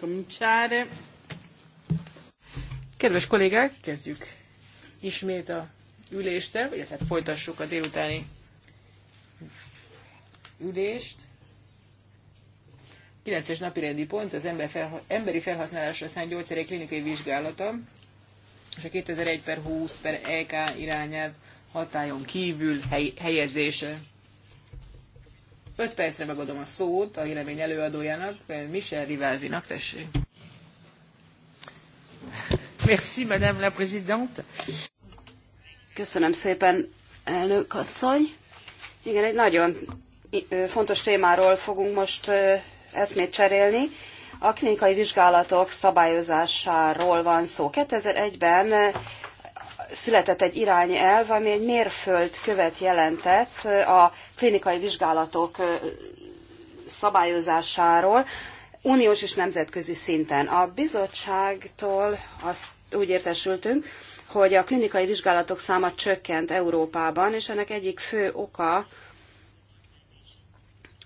cominciare. Kedves kollégák, kezdjük ismét a ülést, illetve hát folytassuk a délutáni ülést. 9-es napirendi pont az ember felha- emberi felhasználásra szánt gyógyszerek klinikai vizsgálata és a 2001 per 20 per EK irányelv hatályon kívül hely- helyezése. 5 percre megadom a szót a vélemény előadójának, Michel Rivázinak, tessék. Merci, Madame la Présidente. Köszönöm szépen, elnök asszony. Igen, egy nagyon fontos témáról fogunk most eszmét cserélni. A klinikai vizsgálatok szabályozásáról van szó. 2001-ben született egy irányelv, ami egy mérföldkövet jelentett a klinikai vizsgálatok szabályozásáról uniós és nemzetközi szinten. A bizottságtól azt úgy értesültünk, hogy a klinikai vizsgálatok száma csökkent Európában, és ennek egyik fő oka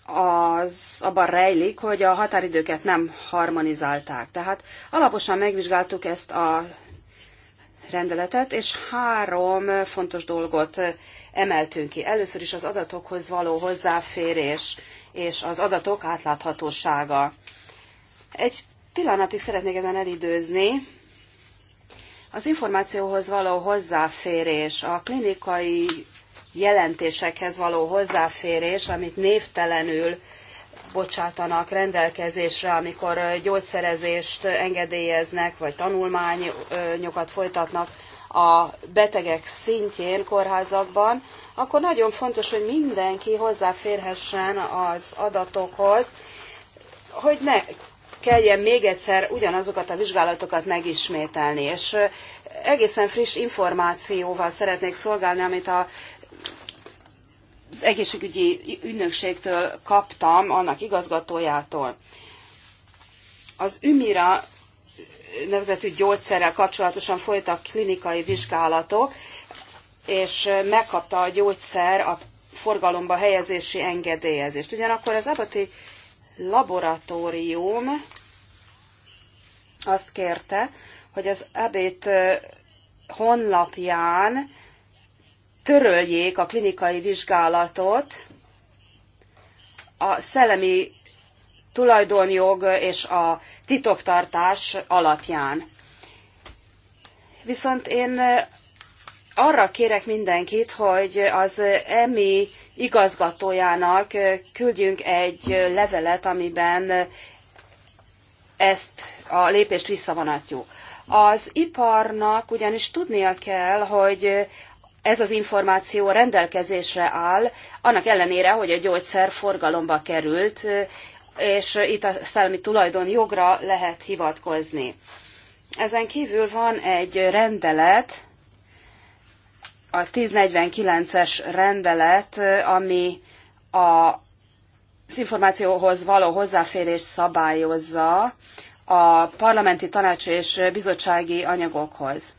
az abban rejlik, hogy a határidőket nem harmonizálták. Tehát alaposan megvizsgáltuk ezt a rendeletet, és három fontos dolgot emeltünk ki. Először is az adatokhoz való hozzáférés és az adatok átláthatósága. Egy pillanatig szeretnék ezen elidőzni. Az információhoz való hozzáférés, a klinikai jelentésekhez való hozzáférés, amit névtelenül bocsátanak rendelkezésre, amikor gyógyszerezést engedélyeznek, vagy tanulmányokat folytatnak a betegek szintjén kórházakban, akkor nagyon fontos, hogy mindenki hozzáférhessen az adatokhoz, hogy ne kelljen még egyszer ugyanazokat a vizsgálatokat megismételni. És egészen friss információval szeretnék szolgálni, amit a az egészségügyi ügynökségtől kaptam, annak igazgatójától. Az Ümira nevezetű gyógyszerrel kapcsolatosan folytak klinikai vizsgálatok, és megkapta a gyógyszer a forgalomba helyezési engedélyezést. Ugyanakkor az Abati laboratórium azt kérte, hogy az EBIT eh, honlapján töröljék a klinikai vizsgálatot a szellemi tulajdonjog és a titoktartás alapján. Viszont én eh, arra kérek mindenkit, hogy az EMI igazgatójának eh, küldjünk egy eh, levelet, amiben ezt a lépést visszavonatjuk. Az iparnak ugyanis tudnia kell, hogy ez az információ rendelkezésre áll, annak ellenére, hogy a gyógyszer forgalomba került, és itt a szellemi tulajdon jogra lehet hivatkozni. Ezen kívül van egy rendelet, a 1049-es rendelet, ami a az információhoz való hozzáférés szabályozza a parlamenti tanács és bizottsági anyagokhoz.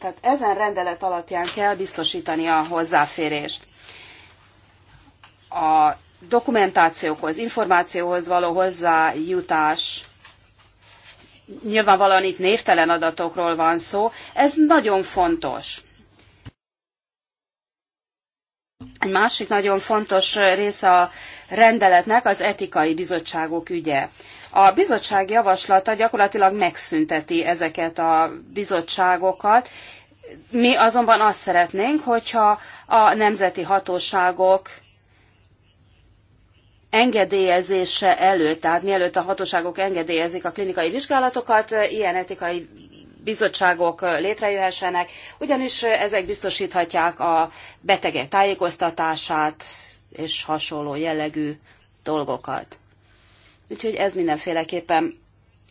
Tehát ezen rendelet alapján kell biztosítani a hozzáférést. A dokumentációkhoz, információhoz való hozzájutás, nyilvánvalóan itt névtelen adatokról van szó, ez nagyon fontos. Egy másik nagyon fontos része a rendeletnek az etikai bizottságok ügye. A bizottság javaslata gyakorlatilag megszünteti ezeket a bizottságokat, mi azonban azt szeretnénk, hogyha a nemzeti hatóságok engedélyezése előtt, tehát mielőtt a hatóságok engedélyezik a klinikai vizsgálatokat, ilyen etikai bizottságok létrejöhessenek, ugyanis ezek biztosíthatják a betegek tájékoztatását és hasonló jellegű dolgokat. Úgyhogy ez mindenféleképpen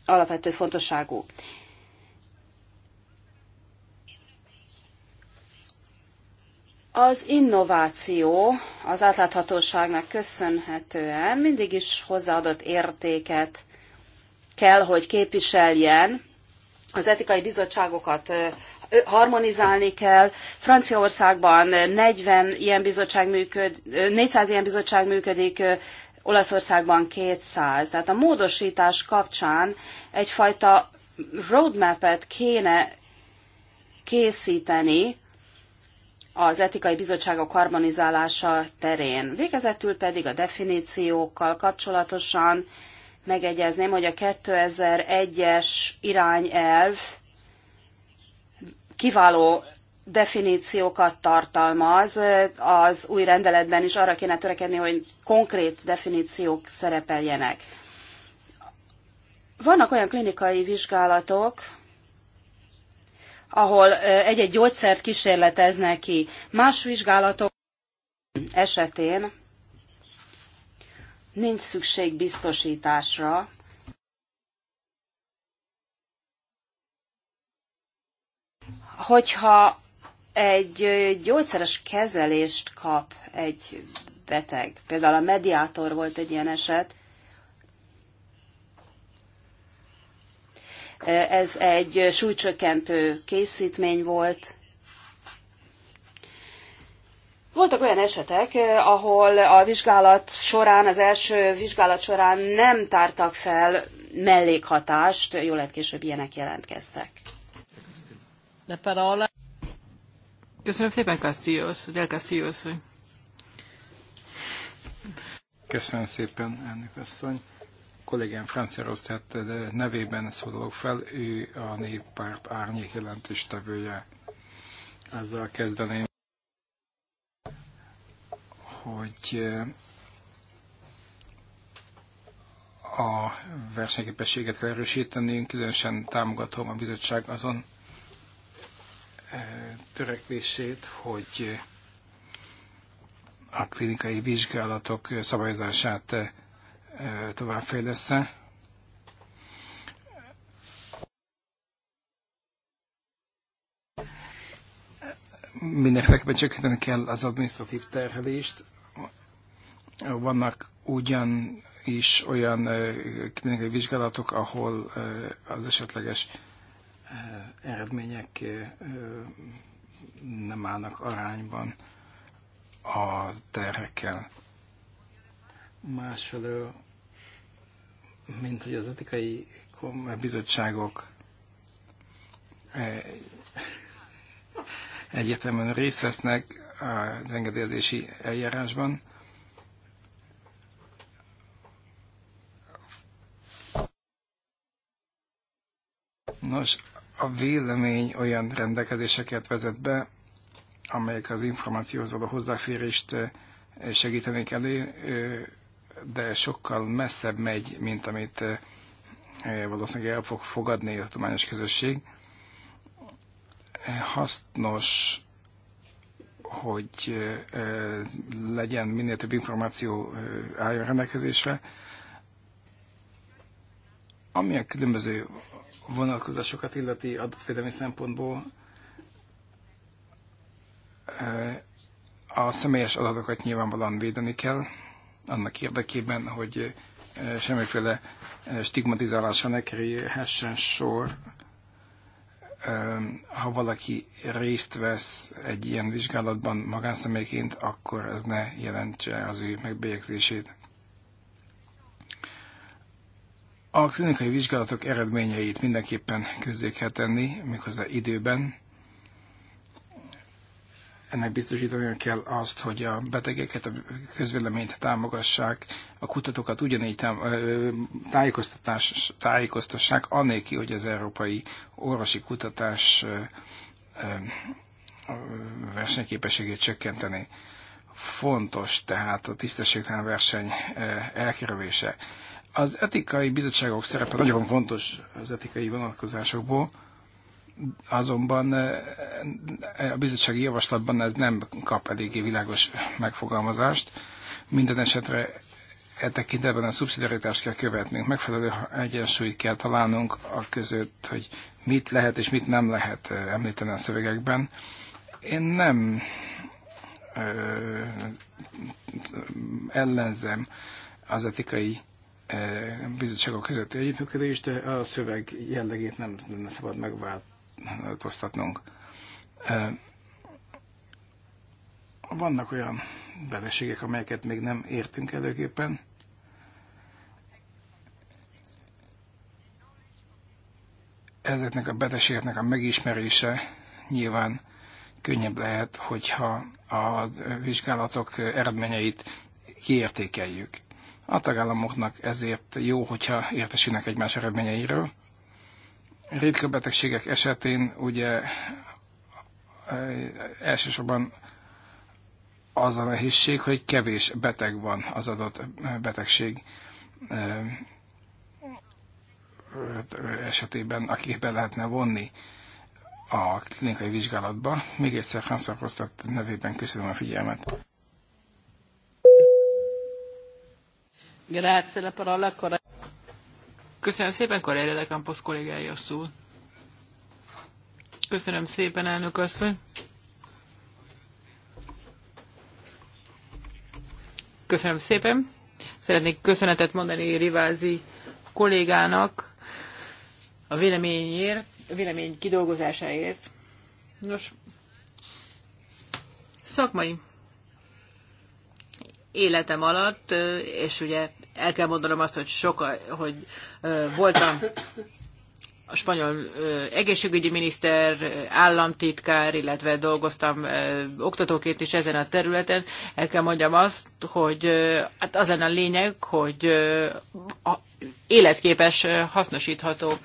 alapvető fontosságú. Az innováció az átláthatóságnak köszönhetően mindig is hozzáadott értéket kell, hogy képviseljen. Az etikai bizottságokat harmonizálni kell. Franciaországban 40 ilyen bizottság működ, 400 ilyen bizottság működik, Olaszországban 200. Tehát a módosítás kapcsán egyfajta roadmap-et kéne készíteni az etikai bizottságok harmonizálása terén. Végezetül pedig a definíciókkal kapcsolatosan megegyezném, hogy a 2001-es irányelv kiváló definíciókat tartalmaz, az új rendeletben is arra kéne törekedni, hogy konkrét definíciók szerepeljenek. Vannak olyan klinikai vizsgálatok, ahol egy-egy gyógyszert kísérleteznek ki. Más vizsgálatok esetén nincs szükség biztosításra, hogyha egy gyógyszeres kezelést kap egy beteg. Például a mediátor volt egy ilyen eset. Ez egy súlycsökkentő készítmény volt. Voltak olyan esetek, ahol a vizsgálat során, az első vizsgálat során nem tártak fel mellékhatást, jó lehet később ilyenek jelentkeztek. De Köszönöm szépen, Castillos, Del Castillos. Köszönöm szépen, elnök asszony. Kollégám Francia Rostett eh, nevében szólalok fel, ő a néppárt árnyék jelentéstevője. Azzal kezdeném, hogy eh, a versenyképességet kell erősíteni, különösen támogatom a bizottság azon törekvését, hogy a klinikai vizsgálatok szabályozását eh, továbbfejlesz-e. Mindenféleképpen csökkenteni kell az administratív terhelést. Vannak ugyan is olyan eh, klinikai vizsgálatok, ahol eh, az esetleges eredmények nem állnak arányban a terhekkel. Másfelől, mint hogy az etikai bizottságok egyetemen részt vesznek az engedélyezési eljárásban, Nos, a vélemény olyan rendelkezéseket vezet be, amelyek az információhoz való hozzáférést eh, segítenék elő, eh, de sokkal messzebb megy, mint amit eh, valószínűleg el fog fogadni a tudományos közösség. Hasznos, hogy legyen minél több információ álljon rendelkezésre, ami a különböző vonatkozásokat illeti adatvédelmi szempontból eh, a személyes adatokat nyilvánvalóan védeni kell, annak érdekében, hogy eh, semmiféle eh, stigmatizálása ne kerülhessen sor, ha valaki részt vesz egy ilyen vizsgálatban magánszemélyként, akkor ez ne jelentse az ő megbélyegzését. A klinikai vizsgálatok eredményeit mindenképpen közzé kell tenni, méghozzá időben. Ennek biztosítani kell azt, hogy a betegeket, a közvéleményt támogassák, a kutatókat ugyanígy tájékoztatás tájékoztassák, anélkül, hogy az európai orvosi kutatás versenyképességét csökkenteni. Fontos tehát a tisztességtelen verseny elkerülése az etikai bizottságok szerepe nagyon fontos az etikai vonatkozásokból, azonban e, e, a bizottsági javaslatban ez nem kap eléggé világos megfogalmazást. Minden esetre e tekintetben a szubszidiaritást kell követnünk, megfelelő egyensúlyt kell találnunk a között, hogy mit lehet és mit nem lehet e, említeni a szövegekben. Én nem ö, ellenzem az etikai E, bizottságok közötti együttműködés, de a szöveg jellegét nem lenne szabad megváltoztatnunk. E, vannak olyan beleségek, amelyeket még nem értünk előképpen, ezeknek a betegségeknek a megismerése nyilván könnyebb lehet, hogyha a vizsgálatok eredményeit kiértékeljük. A tagállamoknak ezért jó, hogyha értesülnek egymás eredményeiről. Ritka betegségek esetén ugye elsősorban az a nehézség, hogy kevés beteg van az adott betegség esetében, akik be lehetne vonni a klinikai vizsgálatba. Még egyszer Hanszor nevében köszönöm a figyelmet. Grazie la parola, Köszönöm szépen, Correa de Campos kollégája szól. Köszönöm szépen, elnök asszony. Köszönöm szépen. Szeretnék köszönetet mondani Rivázi kollégának a véleményért, a vélemény kidolgozásáért. Nos, szakmai életem alatt, és ugye el kell mondanom azt, hogy, soka, hogy voltam a spanyol egészségügyi miniszter, államtitkár, illetve dolgoztam oktatóként is ezen a területen. El kell mondjam azt, hogy hát az lenne a lényeg, hogy a életképes, hasznosítható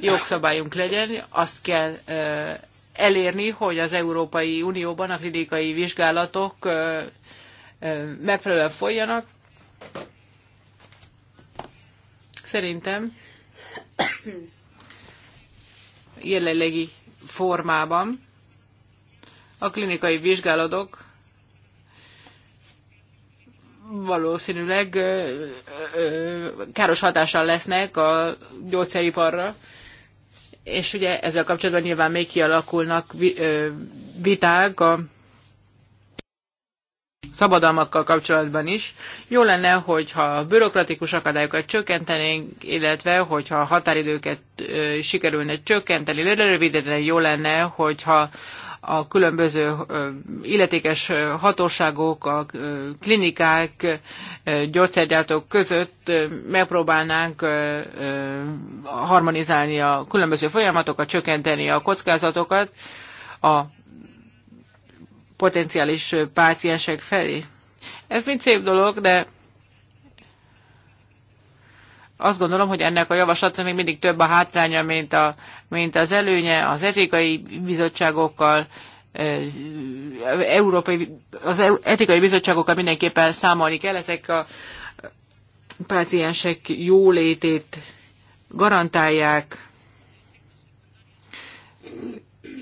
jogszabályunk legyen. Azt kell elérni, hogy az Európai Unióban a klinikai vizsgálatok megfelelően folyjanak. Szerintem jelenlegi formában a klinikai vizsgálatok valószínűleg ö, ö, káros hatással lesznek a gyógyszeriparra, és ugye ezzel kapcsolatban nyilván még kialakulnak viták a szabadalmakkal kapcsolatban is. Jó lenne, hogyha bürokratikus akadályokat csökkentenénk, illetve hogyha a határidőket sikerülne csökkenteni, rövidíteni jó lenne, hogyha a különböző illetékes hatóságok, a klinikák, gyógyszergyártók között megpróbálnánk harmonizálni a különböző folyamatokat, csökkenteni a kockázatokat. A potenciális páciensek felé. Ez mind szép dolog, de azt gondolom, hogy ennek a javaslatnak még mindig több a hátránya, mint, a, mint az előnye az etikai bizottságokkal, európai, az etikai bizottságokkal mindenképpen számolni kell, ezek a páciensek jólétét garantálják,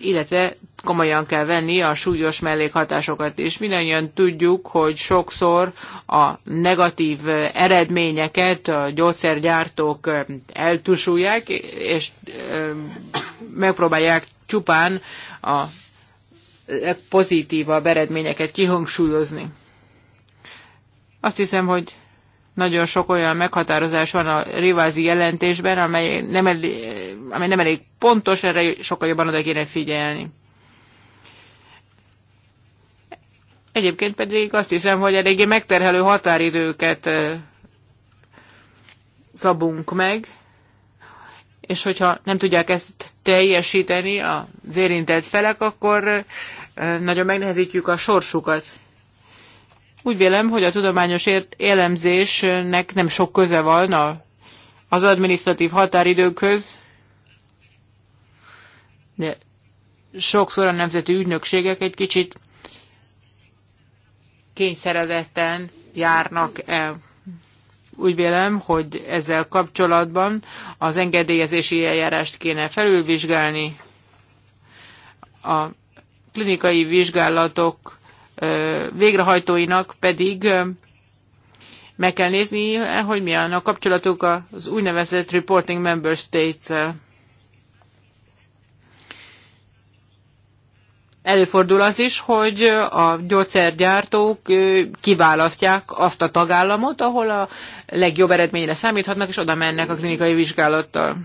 illetve komolyan kell venni a súlyos mellékhatásokat is. Mindannyian tudjuk, hogy sokszor a negatív eredményeket a gyógyszergyártók eltusulják, és megpróbálják csupán a pozitívabb eredményeket kihangsúlyozni. Azt hiszem, hogy nagyon sok olyan meghatározás van a Rivázi jelentésben, amely nem elég, amely nem elég pontos, erre sokkal jobban oda kéne figyelni. Egyébként pedig azt hiszem, hogy eléggé megterhelő határidőket szabunk meg, és hogyha nem tudják ezt teljesíteni az érintett felek, akkor nagyon megnehezítjük a sorsukat. Úgy vélem, hogy a tudományos élemzésnek nem sok köze van a, az administratív határidőkhöz, de sokszor a nemzeti ügynökségek egy kicsit kényszerezetten járnak el. Úgy vélem, hogy ezzel kapcsolatban az engedélyezési eljárást kéne felülvizsgálni. A klinikai vizsgálatok végrehajtóinak pedig meg kell nézni, hogy milyen a kapcsolatuk az úgynevezett reporting member states -el. Előfordul az is, hogy a gyógyszergyártók kiválasztják azt a tagállamot, ahol a legjobb eredményre számíthatnak, és oda mennek a klinikai vizsgálattal.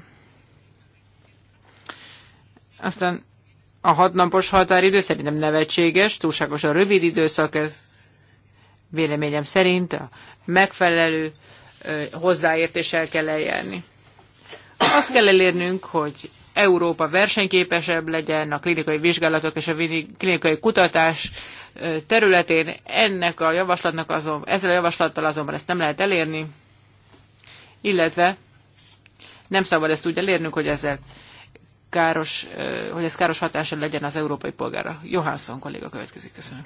Aztán a hatnapos határidő szerintem nevetséges, túlságosan rövid időszak ez véleményem szerint a megfelelő hozzáértéssel kell eljárni. Azt kell elérnünk, hogy Európa versenyképesebb legyen a klinikai vizsgálatok és a klinikai kutatás területén. Ennek a javaslatnak azon, ezzel a javaslattal azonban ezt nem lehet elérni, illetve nem szabad ezt úgy elérnünk, hogy ezzel káros, hogy ez káros hatással legyen az európai polgára. Johansson kolléga következik, köszönöm.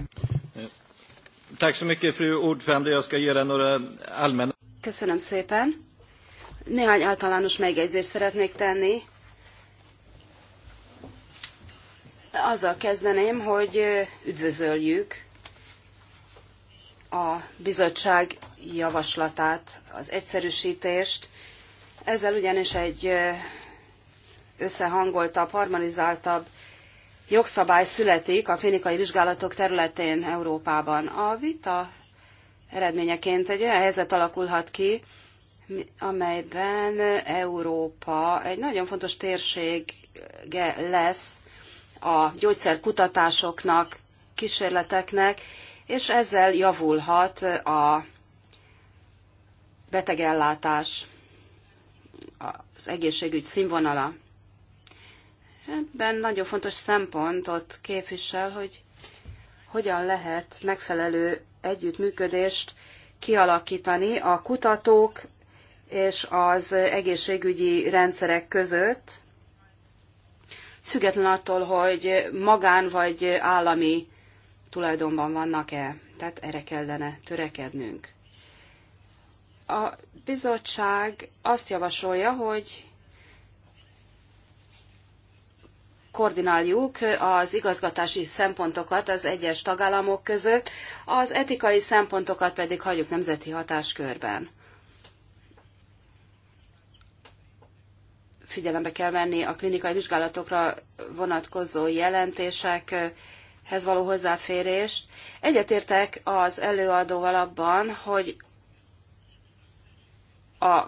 Köszönöm szépen. Néhány általános megjegyzést szeretnék tenni. Azzal kezdeném, hogy üdvözöljük a bizottság javaslatát, az egyszerűsítést. Ezzel ugyanis egy összehangoltabb, harmonizáltabb jogszabály születik a klinikai vizsgálatok területén Európában. A vita eredményeként egy olyan helyzet alakulhat ki, amelyben Európa egy nagyon fontos térsége lesz a gyógyszerkutatásoknak, kísérleteknek, és ezzel javulhat a betegellátás, az egészségügy színvonala. Ebben nagyon fontos szempontot képvisel, hogy hogyan lehet megfelelő együttműködést kialakítani a kutatók és az egészségügyi rendszerek között, független attól, hogy magán vagy állami tulajdonban vannak-e. Tehát erre kellene törekednünk. A bizottság azt javasolja, hogy koordináljuk az igazgatási szempontokat az egyes tagállamok között, az etikai szempontokat pedig hagyjuk nemzeti hatáskörben. figyelembe kell venni a klinikai vizsgálatokra vonatkozó jelentésekhez való hozzáférést. Egyetértek az előadóval abban, hogy a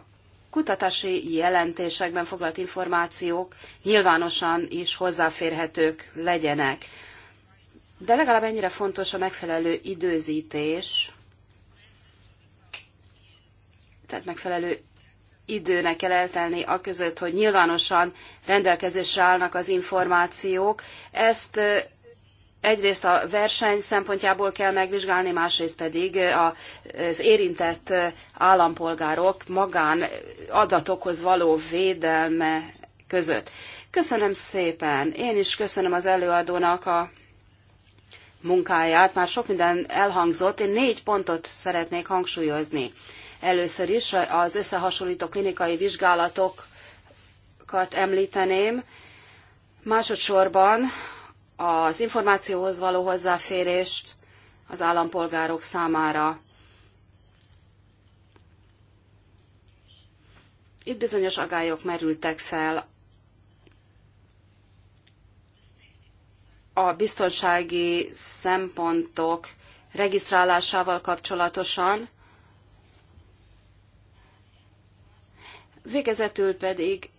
kutatási jelentésekben foglalt információk nyilvánosan is hozzáférhetők legyenek. De legalább ennyire fontos a megfelelő időzítés, tehát megfelelő időnek kell eltelni a között, hogy nyilvánosan rendelkezésre állnak az információk. Ezt egyrészt a verseny szempontjából kell megvizsgálni, másrészt pedig az érintett állampolgárok magán adatokhoz való védelme között. Köszönöm szépen. Én is köszönöm az előadónak a munkáját. Már sok minden elhangzott. Én négy pontot szeretnék hangsúlyozni. Először is az összehasonlító klinikai vizsgálatokat említeném, másodszorban az információhoz való hozzáférést az állampolgárok számára. Itt bizonyos agályok merültek fel a biztonsági szempontok regisztrálásával kapcsolatosan, Végezetül pedig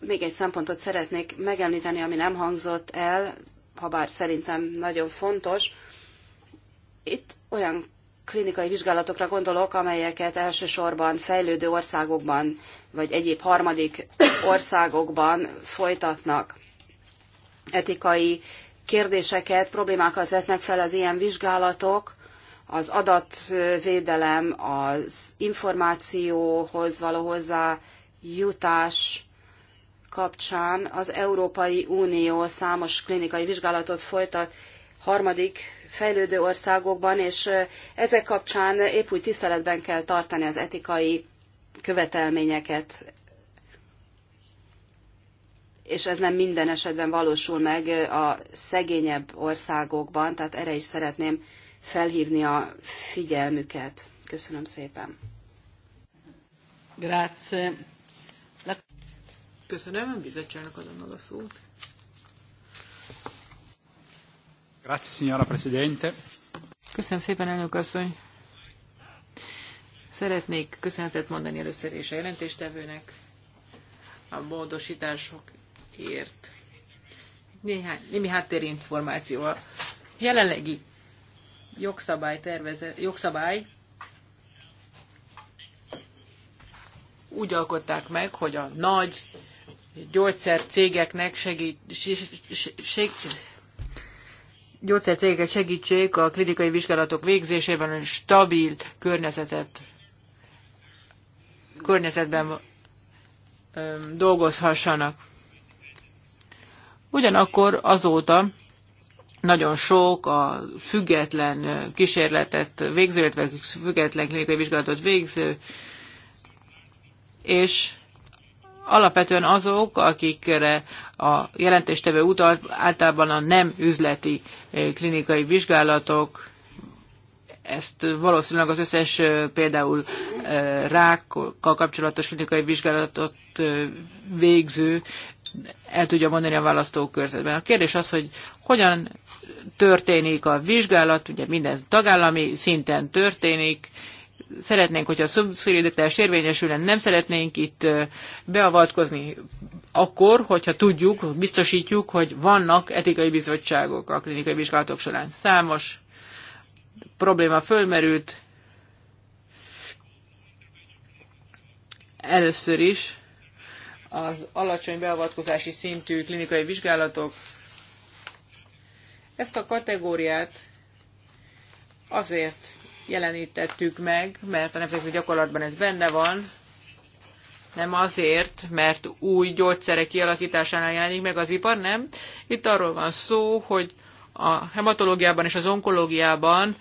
még egy szempontot szeretnék megemlíteni, ami nem hangzott el, habár szerintem nagyon fontos. Itt olyan klinikai vizsgálatokra gondolok, amelyeket elsősorban fejlődő országokban, vagy egyéb harmadik országokban folytatnak. Etikai kérdéseket, problémákat vetnek fel az ilyen vizsgálatok, az adatvédelem, az információhoz való hozzájutás kapcsán az Európai Unió számos klinikai vizsgálatot folytat harmadik fejlődő országokban, és ezek kapcsán épp úgy tiszteletben kell tartani az etikai követelményeket, és ez nem minden esetben valósul meg a szegényebb országokban, tehát erre is szeretném felhívni a figyelmüket. Köszönöm szépen. Grazie. Köszönöm, a bizottságnak adom meg a szót. Grazie, signora Presidente. Köszönöm szépen, elnök asszony. Szeretnék köszönetet mondani először is a jelentéstevőnek a módosításokért. Néhány, némi háttérinformáció a jelenlegi jogszabály, terveze, jogszabály úgy alkották meg, hogy a nagy gyógyszercégeknek segít, seg, gyógyszercégeket segítsék a klinikai vizsgálatok végzésében, stabil környezetet, környezetben dolgozhassanak. Ugyanakkor azóta nagyon sok a független kísérletet végző, illetve független klinikai vizsgálatot végző, és alapvetően azok, akikre a jelentéstevő utal általában a nem üzleti eh, klinikai vizsgálatok, ezt valószínűleg az összes eh, például eh, rákkal kapcsolatos klinikai vizsgálatot végző el tudja mondani a választókörzetben. A kérdés az, hogy hogyan történik a vizsgálat, ugye minden tagállami szinten történik, szeretnénk, hogyha a szubszidiaritás érvényesülne, nem szeretnénk itt beavatkozni akkor, hogyha tudjuk, biztosítjuk, hogy vannak etikai bizottságok a klinikai vizsgálatok során. Számos probléma fölmerült. Először is az alacsony beavatkozási szintű klinikai vizsgálatok ezt a kategóriát azért jelenítettük meg, mert a nemzetközi gyakorlatban ez benne van, nem azért, mert új gyógyszerek kialakításánál jelenik meg az ipar, nem. Itt arról van szó, hogy a hematológiában és az onkológiában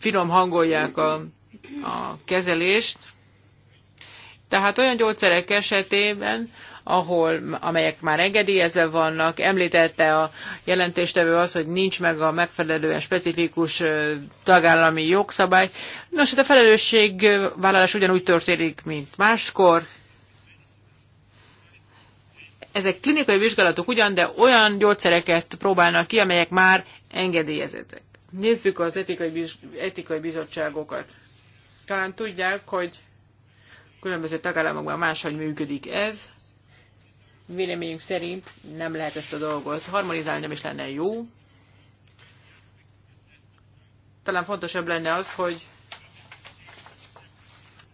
finom hangolják a, a kezelést. Tehát olyan gyógyszerek esetében, ahol, amelyek már engedélyezve vannak. Említette a jelentéstevő az, hogy nincs meg a megfelelően specifikus tagállami jogszabály. Nos, hát a felelősségvállalás ugyanúgy történik, mint máskor. Ezek klinikai vizsgálatok ugyan, de olyan gyógyszereket próbálnak ki, amelyek már engedélyezettek. Nézzük az etikai, biz- etikai bizottságokat. Talán tudják, hogy különböző tagállamokban máshogy működik ez véleményünk szerint nem lehet ezt a dolgot harmonizálni, nem is lenne jó. Talán fontosabb lenne az, hogy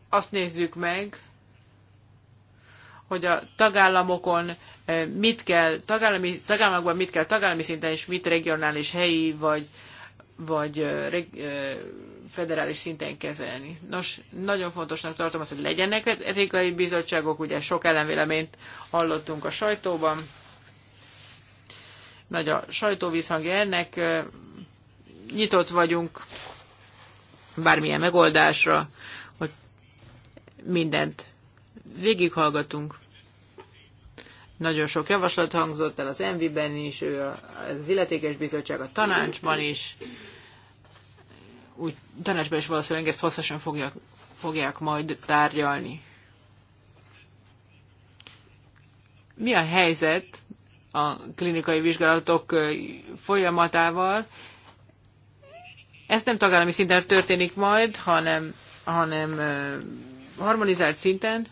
azt nézzük meg, hogy a tagállamokon eh, mit kell, tagállami, tagállamokban mit kell tagállami szinten, és mit regionális, helyi, vagy, vagy eh, eh, federális szinten kezelni. Nos, nagyon fontosnak tartom azt, hogy legyenek etikai bizottságok, ugye sok ellenvéleményt hallottunk a sajtóban. Nagy a sajtóvízhangja ennek, nyitott vagyunk bármilyen megoldásra, hogy mindent végighallgatunk. Nagyon sok javaslat hangzott el az Envi-ben is, az illetékes bizottság a tanácsban is úgy tanácsban is valószínűleg ezt hosszasan fogják, fogják majd tárgyalni. Mi a helyzet a klinikai vizsgálatok folyamatával? Ez nem tagállami szinten történik majd, hanem, hanem harmonizált szinten.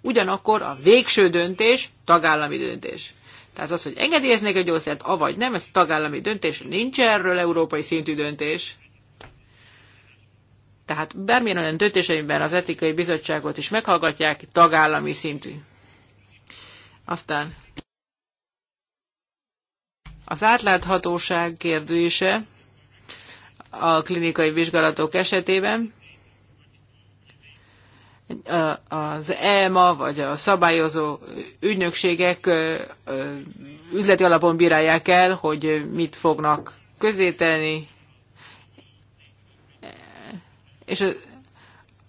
Ugyanakkor a végső döntés tagállami döntés. Tehát az, hogy engedélyeznék a gyógyszert, avagy nem, ez tagállami döntés, nincs erről európai szintű döntés. Tehát bármilyen olyan döntéseimben az etikai bizottságot is meghallgatják, tagállami szintű. Aztán az átláthatóság kérdése a klinikai vizsgálatok esetében az EMA vagy a szabályozó ügynökségek üzleti alapon bírálják el, hogy mit fognak közéteni, és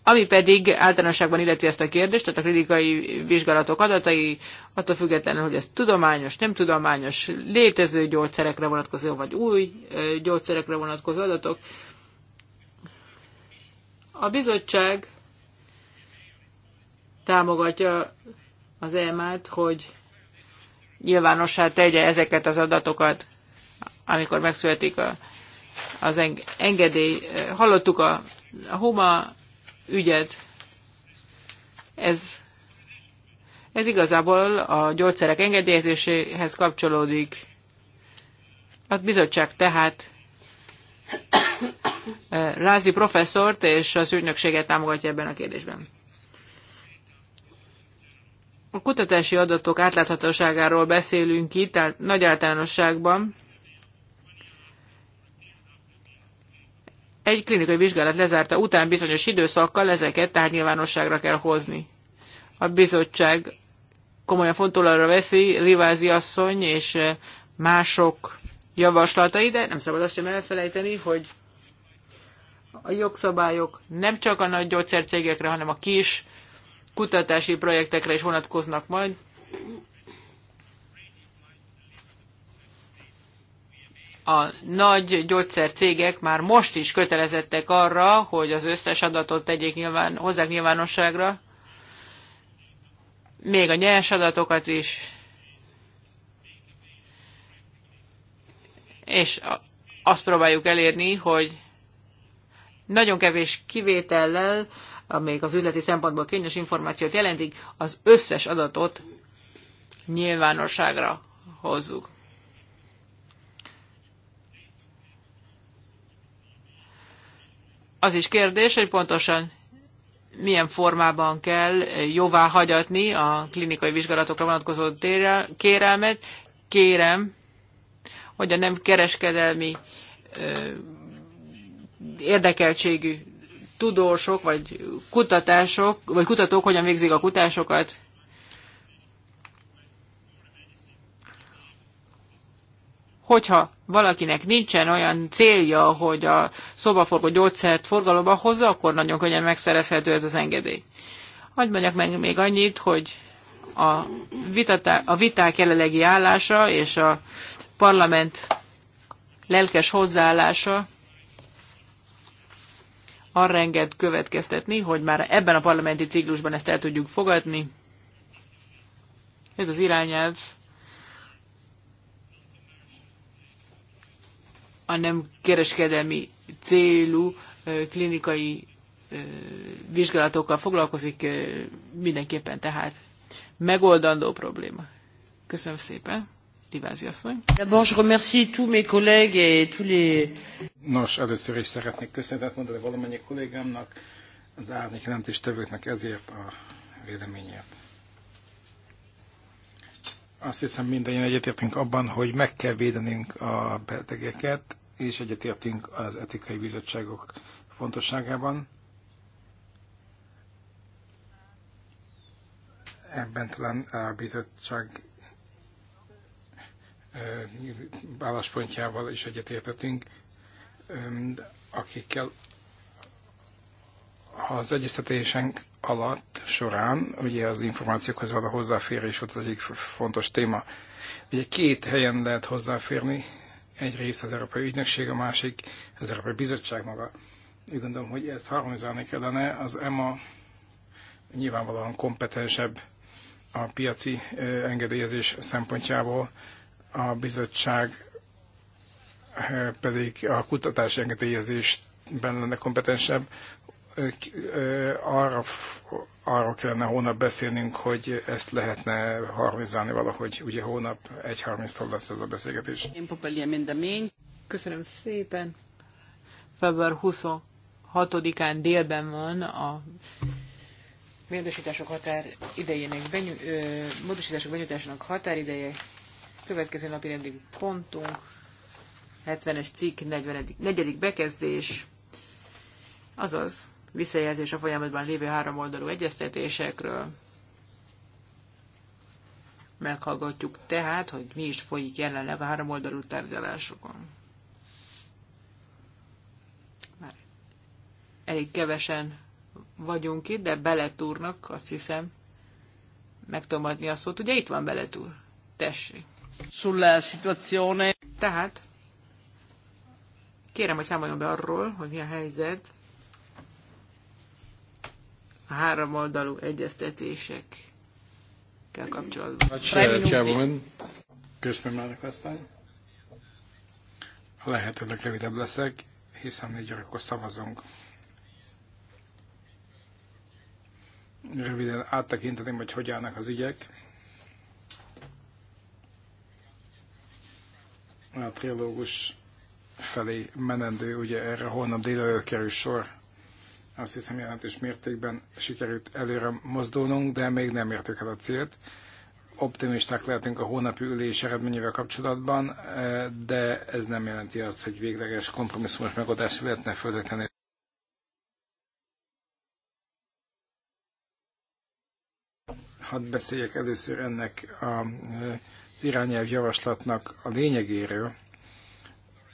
ami pedig általánosságban illeti ezt a kérdést, tehát a klinikai vizsgálatok adatai, attól függetlenül, hogy ez tudományos, nem tudományos, létező gyógyszerekre vonatkozó, vagy új gyógyszerekre vonatkozó adatok. A bizottság támogatja az EMA-t, hogy nyilvánossá tegye ezeket az adatokat, amikor megszületik a, az engedély. Hallottuk a a Homa ügyed. ez, ez igazából a gyógyszerek engedélyezéséhez kapcsolódik. A bizottság tehát Rázi professzort és az ügynökséget támogatja ebben a kérdésben. A kutatási adatok átláthatóságáról beszélünk itt, tehát nagy általánosságban. egy klinikai vizsgálat lezárta után bizonyos időszakkal ezeket tárnyilvánosságra kell hozni. A bizottság komolyan fontolóra veszi Rivázi asszony és eh, mások javaslatai, de nem szabad azt sem elfelejteni, hogy a jogszabályok nem csak a nagy gyógyszercégekre, hanem a kis kutatási projektekre is vonatkoznak majd. a nagy gyógyszercégek már most is kötelezettek arra, hogy az összes adatot tegyék nyilván, hozzák nyilvánosságra, még a nyers adatokat is, és azt próbáljuk elérni, hogy nagyon kevés kivétellel, amelyik az üzleti szempontból kényes információt jelentik, az összes adatot nyilvánosságra hozzuk. az is kérdés, hogy pontosan milyen formában kell jóvá hagyatni a klinikai vizsgálatokra vonatkozó kérelmet. Kérem, hogy a nem kereskedelmi érdekeltségű tudósok, vagy kutatások, vagy kutatók hogyan végzik a kutásokat, hogyha valakinek nincsen olyan célja, hogy a szobaforgó gyógyszert forgalomba hozza, akkor nagyon könnyen megszerezhető ez az engedély. Hagy mondjak meg még annyit, hogy a, vitatá, a viták jelenlegi állása és a parlament lelkes hozzáállása arra enged következtetni, hogy már ebben a parlamenti ciklusban ezt el tudjuk fogadni. Ez az irányelv a nem kereskedelmi célú klinikai vizsgálatokkal foglalkozik mindenképpen, tehát megoldandó probléma. Köszönöm szépen. Livázi asszony. Nos, először is szeretnék köszönetet mondani valamennyi kollégámnak, az árnyék jelentéstevőknek ezért a véleményért. Azt hiszem mindannyian egyetértünk abban, hogy meg kell védenünk a betegeket, és egyetértünk az etikai bizottságok fontosságában. Ebben talán a bizottság álláspontjával is egyetértetünk, akikkel ha az egyeztetésünk alatt során, ugye az információkhoz való hozzáférés ott az egyik fontos téma. Ugye két helyen lehet hozzáférni, egyrészt az Európai Ügynökség, a másik az Európai Bizottság maga. Úgy gondolom, hogy ezt harmonizálni kellene, az EMA nyilvánvalóan kompetensebb a piaci engedélyezés szempontjából, a bizottság pedig a kutatási engedélyezésben lenne kompetensebb, arra, arra kellene hónap beszélnünk, hogy ezt lehetne harmonizálni valahogy. Ugye hónap 1.30-tól lesz ez a beszélgetés. Köszönöm szépen. Február 26-án délben van a módosítások határ idejének benyú, ö, módosítások benyújtásának határideje. Következő napi rendi pontunk 70-es cikk 40. 4. bekezdés azaz visszajelzés a folyamatban lévő háromoldalú egyeztetésekről. Meghallgatjuk tehát, hogy mi is folyik jelenleg a háromoldalú tárgyalásokon. Már elég kevesen vagyunk itt, de beletúrnak, azt hiszem, meg tudom adni a szót. Ugye itt van beletúr. Tessék. Sulla situazione. Tehát, kérem, hogy számoljon be arról, hogy mi a helyzet a oldalú egyeztetésekkel kapcsolatban. Köszönöm, Köszönöm, elnök asszony. Ha a kevidebb leszek, hiszen négy órakor szavazunk. Röviden áttekinteném, hogy hogy állnak az ügyek. A trilógus felé menendő, ugye erre holnap délelőtt kerül sor azt hiszem jelentős mértékben sikerült előre mozdulnunk, de még nem értük el a célt. Optimisták lehetünk a hónapi ülés eredményével kapcsolatban, e, de ez nem jelenti azt, hogy végleges kompromisszumos megoldás lehetne földetlenül. hadd beszéljek először ennek a, az e, irányelv javaslatnak a lényegéről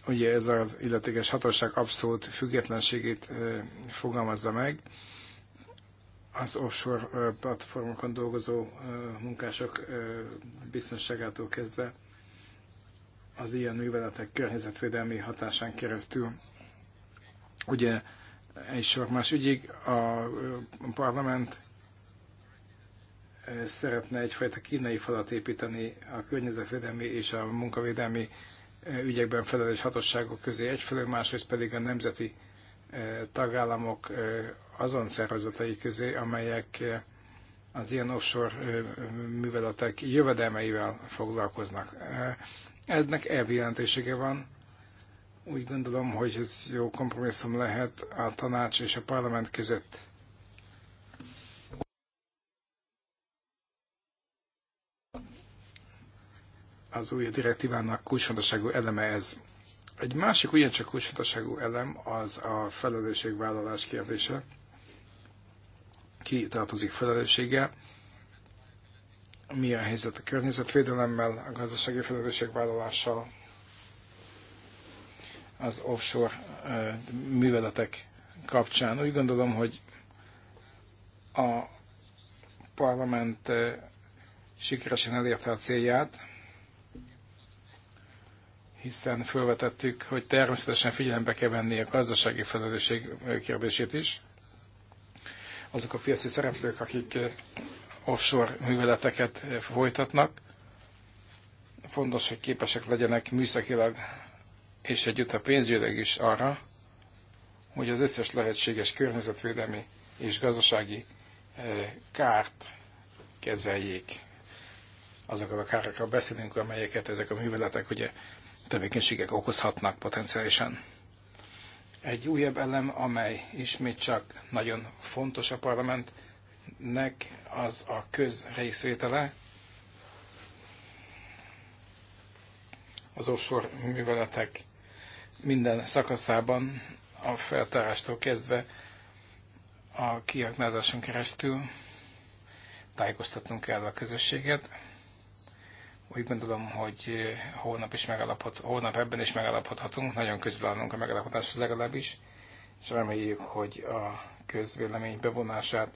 ugye ez az illetékes hatóság abszolút függetlenségét fogalmazza meg. Az offshore platformokon dolgozó munkások biztonságától kezdve az ilyen műveletek környezetvédelmi hatásán keresztül. Ugye egy sor más ügyig a parlament szeretne egyfajta kínai falat építeni a környezetvédelmi és a munkavédelmi ügyekben felelős hatóságok közé egyfelől, másrészt pedig a nemzeti eh, tagállamok eh, azon szervezetei közé, amelyek eh, az ilyen offshore műveletek jövedelmeivel foglalkoznak. Ennek elvi van. Úgy gondolom, hogy ez jó kompromisszum lehet a tanács és a parlament között az új direktívának kulcsfontosságú eleme ez. Egy másik ugyancsak kulcsfontosságú elem az a felelősségvállalás kérdése. Ki tartozik felelőssége? Mi a helyzet a környezetvédelemmel, a gazdasági felelősségvállalással, az offshore műveletek kapcsán? Úgy gondolom, hogy a parlament sikeresen elérte a célját, hiszen felvetettük, hogy természetesen figyelembe kell venni a gazdasági felelősség kérdését is. Azok a piaci szereplők, akik eh, offshore műveleteket eh, folytatnak, fontos, hogy képesek legyenek műszakilag és együtt a pénzügyileg is arra, hogy az összes lehetséges környezetvédelmi és gazdasági eh, kárt kezeljék. Azokat a károkról beszélünk, amelyeket ezek a műveletek ugye tevékenységek okozhatnak potenciálisan. Egy újabb elem, amely ismét csak nagyon fontos a parlamentnek, az a közrészvétele, az offshore műveletek minden szakaszában, a feltárástól kezdve a kiaknázáson keresztül tájékoztatnunk kell a közösséget. Úgy gondolom, hogy eh, holnap, is megalapod, holnap ebben is megalapodhatunk, nagyon közel állunk a megalapodáshoz legalábbis, és reméljük, hogy a közvélemény bevonását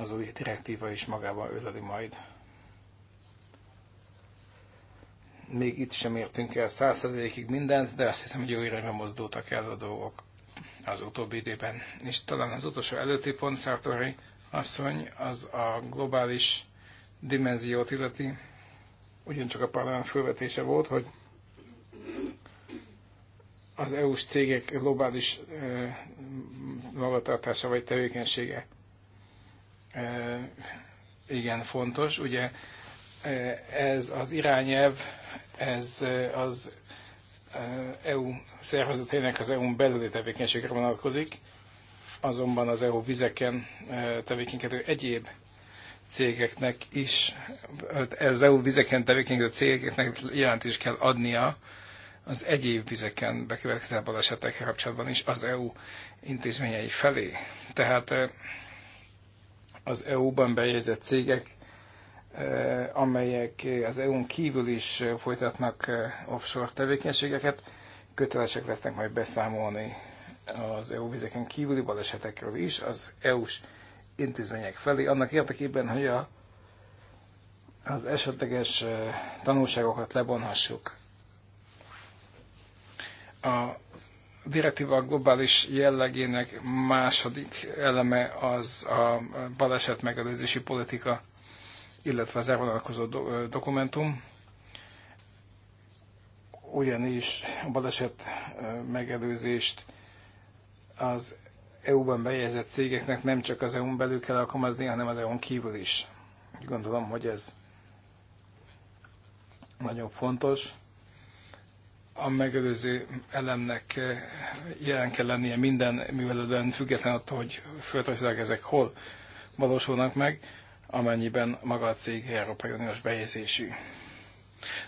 az új direktíva is magába öleli majd. Még itt sem értünk el százszerzelékig mindent, de azt hiszem, hogy jó irányba mozdultak el a dolgok az utóbbi időben. És talán az utolsó előtti pont, Szártori asszony, az a globális dimenziót illeti ugyancsak a parlament fölvetése volt, hogy az EU-s cégek globális magatartása vagy tevékenysége igen fontos. Ugye ez az irányelv, ez az EU szervezetének az EU-n belüli tevékenységre vonatkozik, azonban az EU vizeken tevékenykedő egyéb cégeknek is, hát az EU vizeken tevékenykedő cégeknek jelentést kell adnia az egyéb vizeken bekövetkező balesetek kapcsolatban is az EU intézményei felé. Tehát eh, az EU-ban bejegyzett cégek, eh, amelyek az EU-n kívül is folytatnak eh, offshore tevékenységeket, kötelesek lesznek majd beszámolni az EU vizeken kívüli balesetekről is, az EU-s intézmények felé, annak érdekében, hogy a, az esetleges tanulságokat lebonhassuk. A direktíva globális jellegének második eleme az a baleset megelőzési politika, illetve az elvonalkozó dokumentum. Ugyanis a baleset megelőzést az EU-ban bejegyzett cégeknek nem csak az EU-n belül kell alkalmazni, hanem az EU-n kívül is. Gondolom, hogy ez nagyon fontos. A megelőző elemnek eh, jelen kell lennie minden műveletben, független attól, hogy földrajzilag ezek hol valósulnak meg, amennyiben maga a cég Európai Uniós bejegyzésű.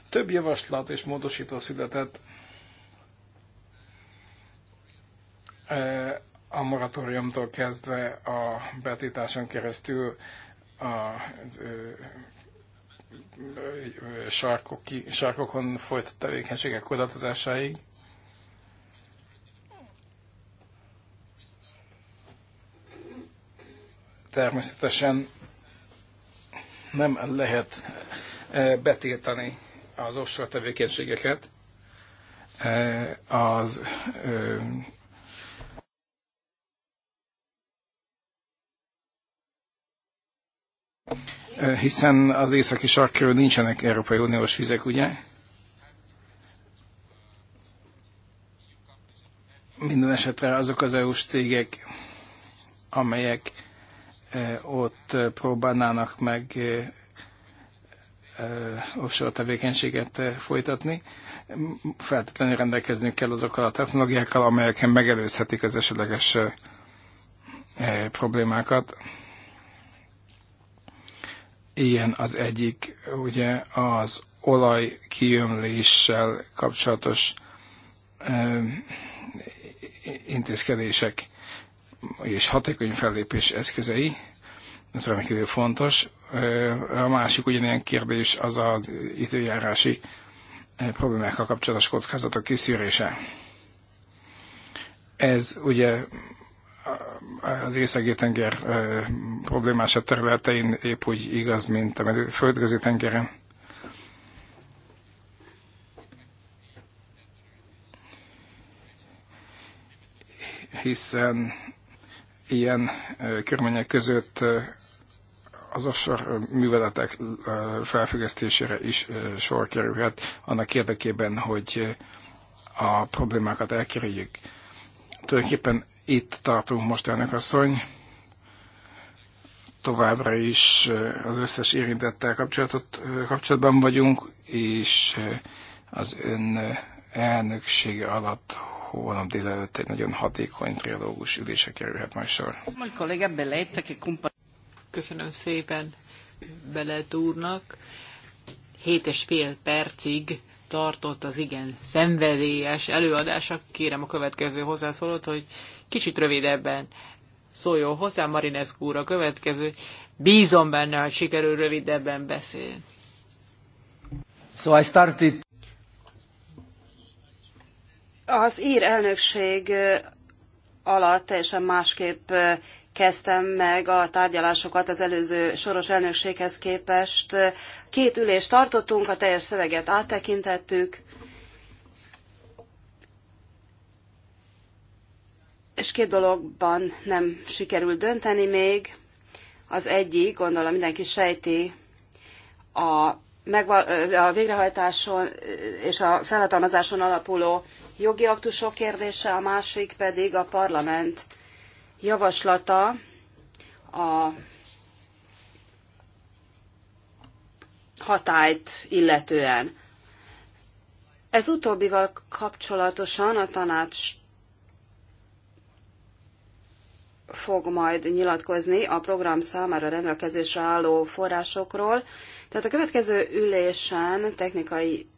Több javaslat és módosító született eh, a moratóriumtól kezdve a betításon keresztül a sarkok, sarkokon folytat tevékenységek korlátozásáig. Természetesen nem lehet betiltani az offshore tevékenységeket az Hiszen az északi sarkról nincsenek Európai Uniós vizek, ugye? Minden esetre azok az EU-s cégek, amelyek e, ott e, próbálnának meg e, offshore tevékenységet folytatni. Feltétlenül rendelkezni kell azokkal a technológiákkal, amelyeken megelőzhetik az esetleges problémákat. Ilyen az egyik, ugye az olaj kiömléssel kapcsolatos ö, intézkedések és hatékony fellépés eszközei. Ez rendkívül fontos. A másik ugyanilyen kérdés az az időjárási problémákkal kapcsolatos kockázatok kiszűrése. Ez ugye az északi tenger problémásabb területein épp úgy igaz, mint a földközi tengeren. Hiszen ilyen körmények között az offshore műveletek felfüggesztésére is sor kerülhet, annak érdekében, hogy a problémákat elkerüljük. Tulajdonképpen itt tartunk most, elnök asszony. Továbbra is az összes érintettel kapcsolatban vagyunk, és az ön elnöksége alatt holnap délelőtt egy nagyon hatékony trilógus ülése kerülhet majd sor. Köszönöm szépen Beletúrnak. úrnak. Hét és fél percig tartott az igen szenvedélyes előadása. Kérem a következő hozzászólót, hogy kicsit rövidebben szóljon hozzá Marinescu úr a következő. Bízom benne, hogy sikerül rövidebben beszélni. So I started... Az ír elnökség alatt teljesen másképp kezdtem meg a tárgyalásokat az előző soros elnökséghez képest. Két ülést tartottunk, a teljes szöveget áttekintettük, és két dologban nem sikerült dönteni még. Az egyik, gondolom mindenki sejti, a, megval- a végrehajtáson és a felhatalmazáson alapuló jogi aktusok kérdése, a másik pedig a parlament javaslata a hatályt illetően. Ez utóbbival kapcsolatosan a tanács fog majd nyilatkozni a program számára rendelkezésre álló forrásokról. Tehát a következő ülésen, technikai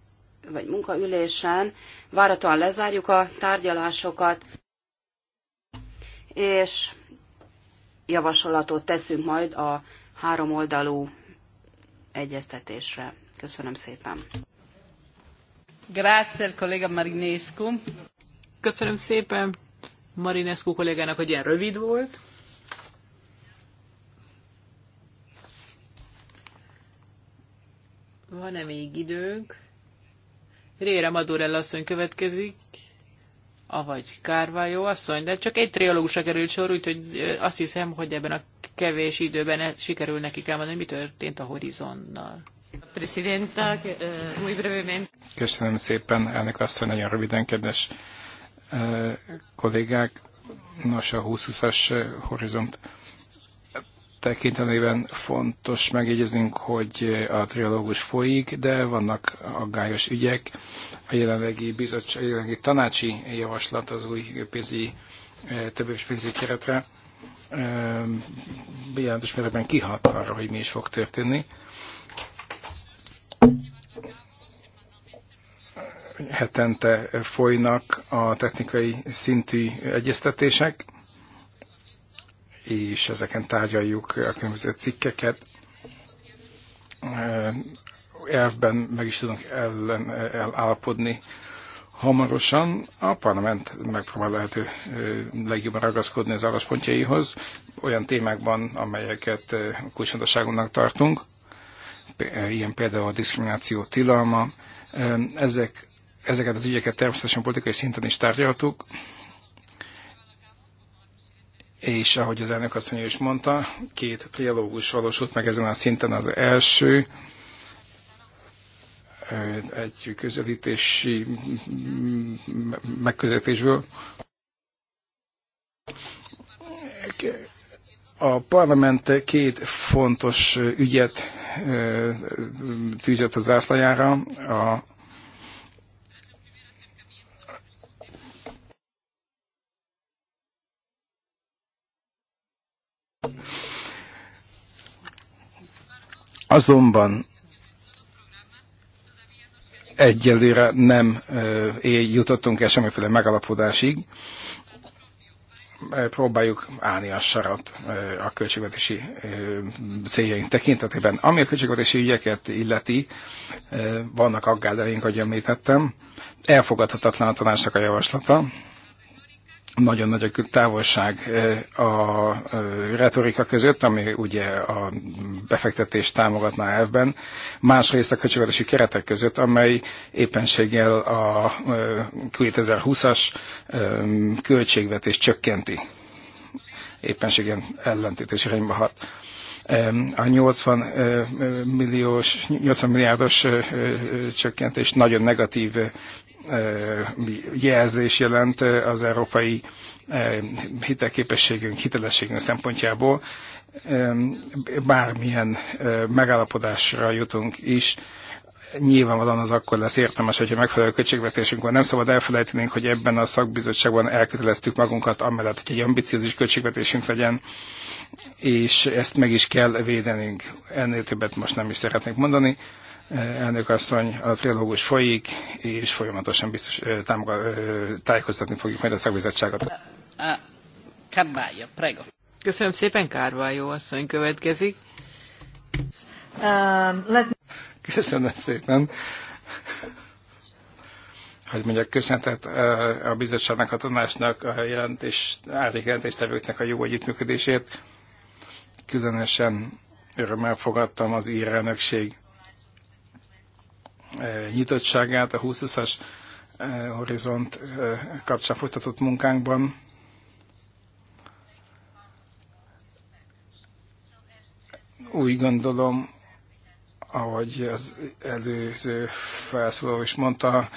vagy munkaülésen várhatóan lezárjuk a tárgyalásokat és javasolatot teszünk majd a háromoldalú egyeztetésre. Köszönöm szépen. Grazie, kolléga Marinescu. Köszönöm szépen Marinescu kollégának, hogy ilyen rövid volt. Van-e még időnk? Rére Madurella asszony következik avagy jó asszony, de csak egy triológusra került sor, úgyhogy azt hiszem, hogy ebben a kevés időben e- sikerül nekik elmondani, mi történt a horizonnal. Köszönöm szépen, elnök asszony, nagyon röviden, kedves kollégák. Nos, a 20 as horizont tekintetében fontos megjegyeznünk, hogy a trialógus folyik, de vannak aggályos ügyek. A jelenlegi, bizottság, a jelenlegi tanácsi javaslat az új pénzügyi, e, éves pénzügyi keretre e, jelentős mértékben kihat arra, hogy mi is fog történni. hetente folynak a technikai szintű egyeztetések és ezeken tárgyaljuk a különböző cikkeket. Elvben meg is tudunk ellen, elállapodni hamarosan. A parlament megpróbál lehető legjobban ragaszkodni az álláspontjaihoz, olyan témákban, amelyeket kulcsfontosságúnak tartunk, ilyen például a diszkrimináció tilalma. Ezek, ezeket az ügyeket természetesen politikai szinten is tárgyaltuk, és ahogy az elnök asszony is mondta, két trialógus valósult meg ezen a szinten az első, egy közelítési mm, megközelítésből. A parlament két fontos ügyet tűzött az zászlajára, a Azonban egyelőre nem jutottunk el semmiféle megalapodásig. Próbáljuk állni a sarat a költségvetési céljaink tekintetében. Ami a költségvetési ügyeket illeti, vannak aggádaink, ahogy említettem. Elfogadhatatlan a tanácsnak a javaslata nagyon nagy a távolság eh, a eh, retorika között, ami ugye a befektetést támogatná elvben, másrészt a költségvetési keretek között, amely éppenséggel a 2020-as eh, költségvetés csökkenti. Éppenséggel ellentétes irányba hat a 80 milliós, 80 milliárdos csökkentés nagyon negatív jelzés jelent az európai hitelképességünk, hitelességünk szempontjából. Bármilyen megállapodásra jutunk is, nyilvánvalóan az akkor lesz értelmes, hogyha megfelelő költségvetésünk van. Nem szabad elfelejtenünk, hogy ebben a szakbizottságban elköteleztük magunkat amellett, hogy egy ambiciózus költségvetésünk legyen, és ezt meg is kell védenünk. Ennél többet most nem is szeretnék mondani elnök asszony, a trilógus folyik, és folyamatosan biztos támogat, tájékoztatni fogjuk majd a szakbizottságot. Carvalho, prego. Köszönöm szépen, Kárvájó asszony következik. Um, Köszönöm szépen. Hogy mondjak, köszönetet a bizottságnak, a tanácsnak, a jelentés, jelentéstevőknek a jó együttműködését. Különösen örömmel fogadtam az ír elnökség nyitottságát a 2020-as horizont kapcsán folytatott munkánkban. Úgy gondolom, ahogy az előző felszóló is mondta,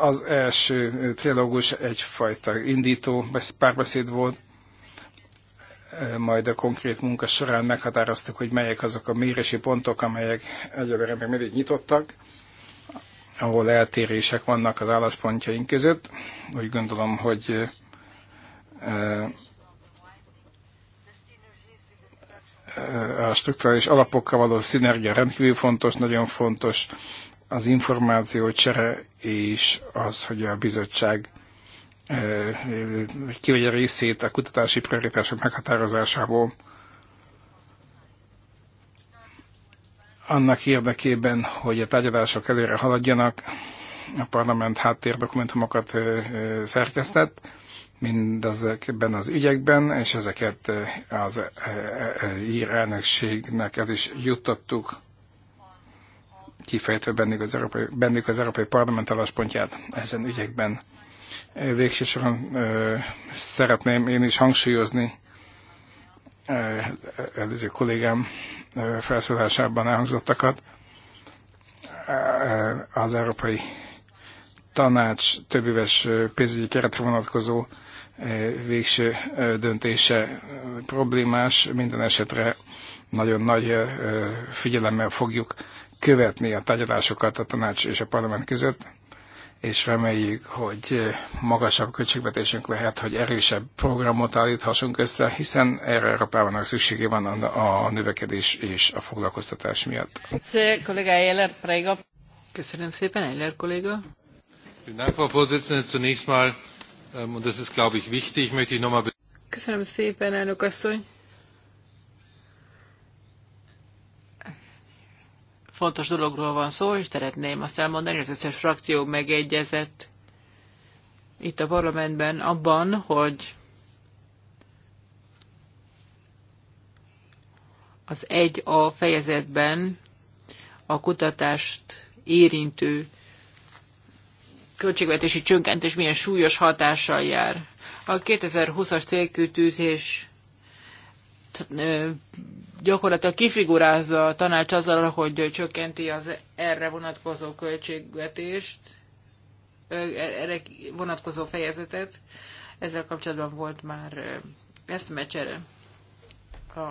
az első trilógus egyfajta indító párbeszéd volt, majd a konkrét munka során meghatároztuk, hogy melyek azok a mérési pontok, amelyek egyelőre még mindig nyitottak ahol eltérések vannak az álláspontjaink között. Úgy gondolom, hogy eh, a strukturális alapokkal való szinergia rendkívül fontos, nagyon fontos az információ csere és az, hogy a bizottság eh, kivegye részét a kutatási prioritások meghatározásából annak érdekében, hogy a tárgyalások előre haladjanak, a parlament háttérdokumentumokat szerkesztett, mindezekben az ügyekben, és ezeket az ír elnökségnek el is juttattuk, kifejtve bennük az Európai, bennük az Európai Parlament álláspontját ezen ügyekben. Végső soron szeretném én is hangsúlyozni, előző kollégám felszólásában elhangzottakat. Az Európai Tanács többéves pénzügyi keretre vonatkozó végső döntése problémás, minden esetre nagyon nagy figyelemmel fogjuk követni a tárgyalásokat a tanács és a parlament között és reméljük, hogy magasabb költségvetésünk lehet, hogy erősebb programot állíthassunk össze, hiszen erre Európának szüksége van a, növekedés és a foglalkoztatás miatt. Köszönöm szépen, Eller kolléga. Ähm, Köszönöm szépen, elnök asszony. fontos dologról van szó, és szeretném azt elmondani, hogy az összes frakció megegyezett itt a parlamentben abban, hogy az egy a fejezetben a kutatást érintő költségvetési csökkentés milyen súlyos hatással jár. A 2020-as célkütőzés gyakorlatilag kifigurázza a tanács azzal, hogy csökkenti az erre vonatkozó költségvetést, erre vonatkozó fejezetet. Ezzel kapcsolatban volt már eszmecsere a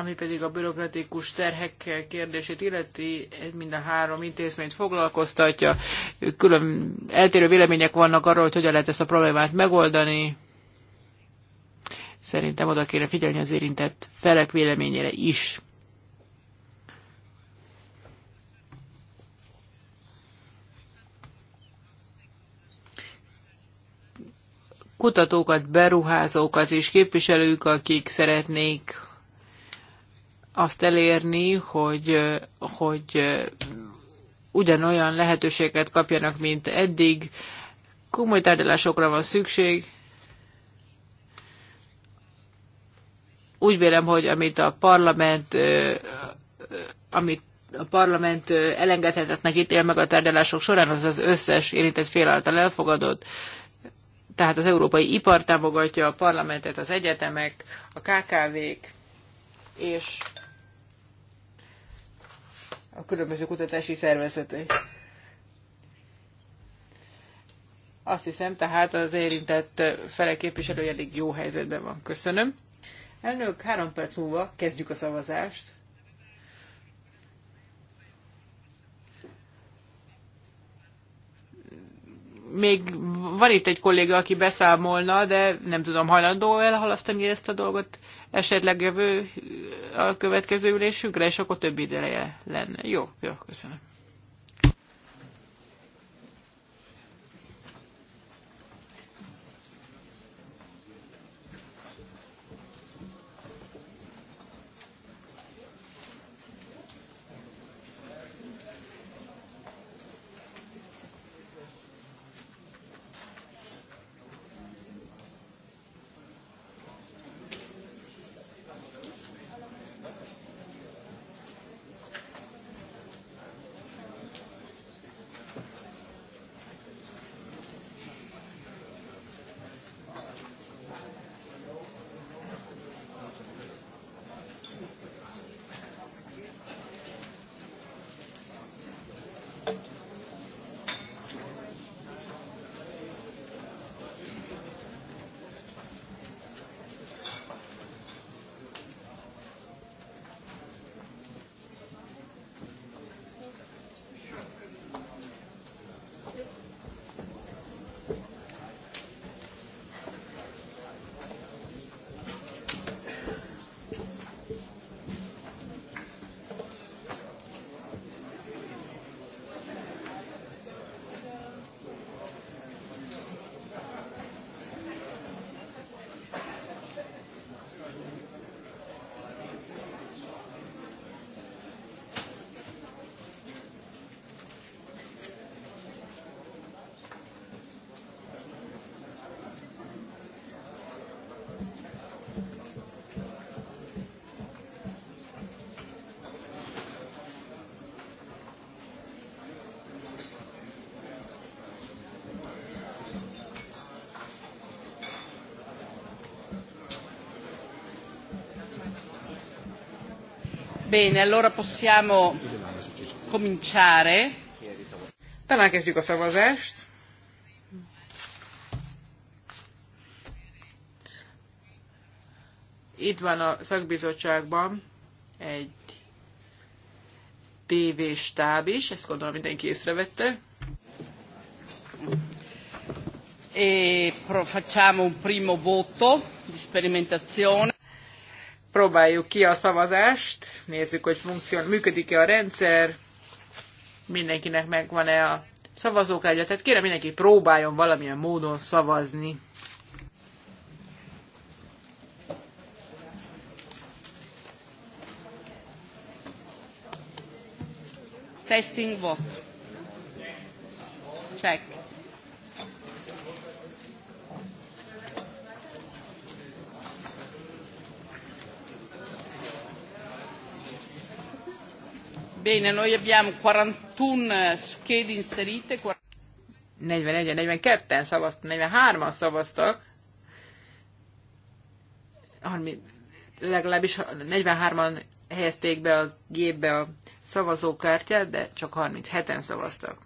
Ami pedig a bürokratikus terhek kérdését illeti, ez mind a három intézményt foglalkoztatja. Külön eltérő vélemények vannak arról, hogy hogyan lehet ezt a problémát megoldani. Szerintem oda kéne figyelni az érintett felek véleményére is. kutatókat, beruházókat és képviselők, akik szeretnék azt elérni, hogy, hogy ugyanolyan lehetőséget kapjanak, mint eddig. Komoly tárgyalásokra van szükség. Úgy vélem, hogy amit a parlament, amit a parlament elengedhetetnek ítél meg a tárgyalások során, az az összes érintett fél által elfogadott. Tehát az európai ipar támogatja a parlamentet, az egyetemek, a KKV-k, és a különböző kutatási szervezetek. Azt hiszem, tehát az érintett felek képviselője elég jó helyzetben van. Köszönöm. Elnök, három perc múlva kezdjük a szavazást. még van itt egy kolléga, aki beszámolna, de nem tudom, hajlandó elhalasztani ezt a dolgot esetleg jövő a következő ülésünkre, és akkor több ideje lenne. Jó, jó, köszönöm. Bene, allora possiamo cominciare. Talán kezdjük a szavazást. Itt van a szakbizottságban egy stáb is, ezt gondolom mindenki észrevette. E facciamo un primo voto di sperimentazione próbáljuk ki a szavazást, nézzük, hogy funkcion, működik-e a rendszer, mindenkinek megvan-e a szavazókártya, tehát kérem mindenki próbáljon valamilyen módon szavazni. Testing what? Bene, noi abbiamo 41 schede inserite. 41 42-en szavaztak, 43-an szavaztak. 30, legalábbis 43-an helyezték be a gépbe a szavazókártyát, de csak 37-en szavaztak.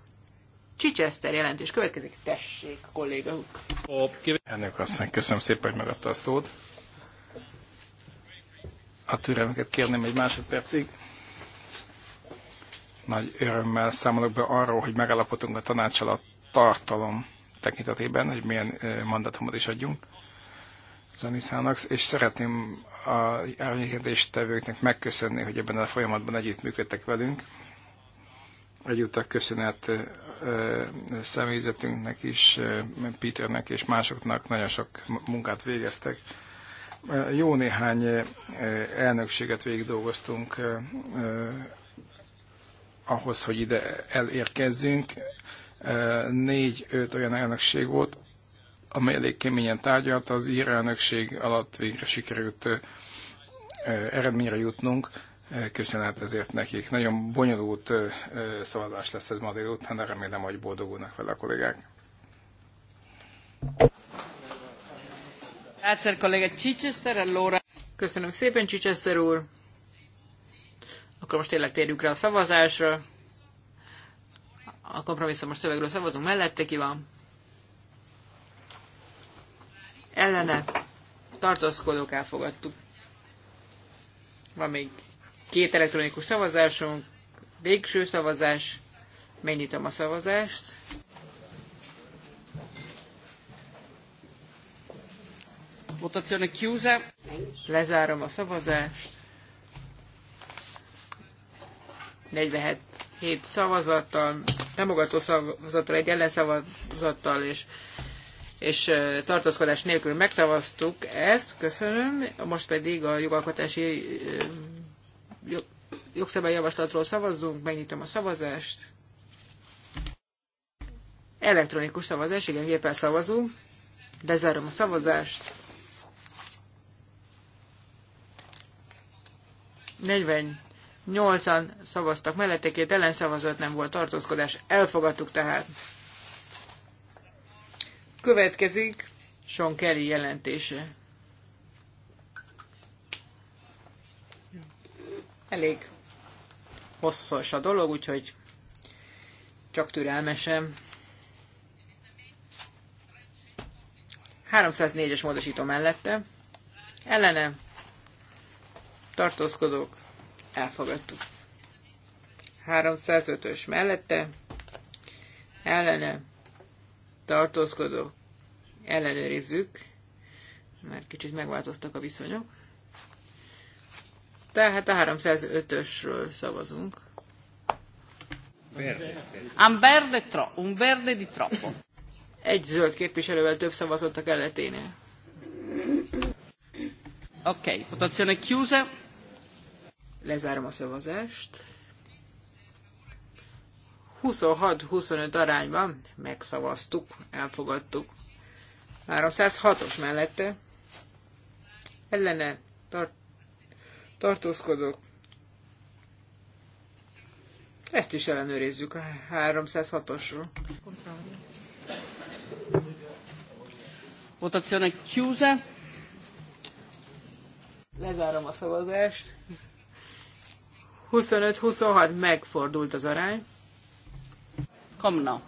Chichester jelentés következik. Tessék, kolléga. Elnök asszony, köszönöm szépen, hogy megadta a szót. A türelmüket kérném egy másodpercig. Nagy örömmel számolok be arról, hogy megállapodtunk a tanácsal a tartalom tekintetében, hogy milyen mandátumot is adjunk Zaniszának, és szeretném a árnyékedéstevőknek megköszönni, hogy ebben a folyamatban együtt működtek velünk. Egyúttal köszönet személyzetünknek is, Peternek és másoknak nagyon sok munkát végeztek. Jó néhány elnökséget dolgoztunk ahhoz, hogy ide elérkezzünk, négy-öt olyan elnökség volt, amely elég keményen tárgyalt, az ír elnökség alatt végre sikerült eredményre jutnunk. Köszönet ezért nekik. Nagyon bonyolult szavazás lesz ez ma délután, de remélem, hogy boldogulnak vele a kollégák. Köszönöm szépen, Csicseszter úr! Akkor most tényleg térjünk rá a szavazásra. A kompromisszumos szövegről szavazunk mellette, ki van? Ellene tartózkodók elfogadtuk. Van még két elektronikus szavazásunk, végső szavazás, megnyitom a szavazást. Votazione chiusa. Lezárom a szavazást. 47 szavazattal, támogató szavazattal, egy ellenszavazattal és, és tartózkodás nélkül megszavaztuk ezt, köszönöm. Most pedig a jogalkotási jogszabályjavaslatról szavazzunk, megnyitom a szavazást. Elektronikus szavazás, igen, géppel szavazunk. Bezárom a szavazást. 40 Nyolcan szavaztak mellette, két ellenszavazat nem volt tartózkodás. Elfogadtuk tehát. Következik Sean Kelly jelentése. Elég hosszos a dolog, úgyhogy csak türelmesen. 304-es módosító mellette. Ellene tartózkodók elfogadtuk. 305-ös mellette, ellene, tartózkodó, ellenőrizzük, mert kicsit megváltoztak a viszonyok. Tehát a 305-ösről szavazunk. Un verde, tro, un verde di troppo. Egy zöld képviselővel több szavazott a keleténél. Oké, okay, votazione chiusa. Lezárom a szavazást. 26-25 arányban megszavaztuk, elfogadtuk. 306-os mellette ellene tart, tartózkodok. Ezt is ellenőrizzük a 306-osról. Votazione chiusa. Lezárom a szavazást. 25-26 megfordult az arány. Komna.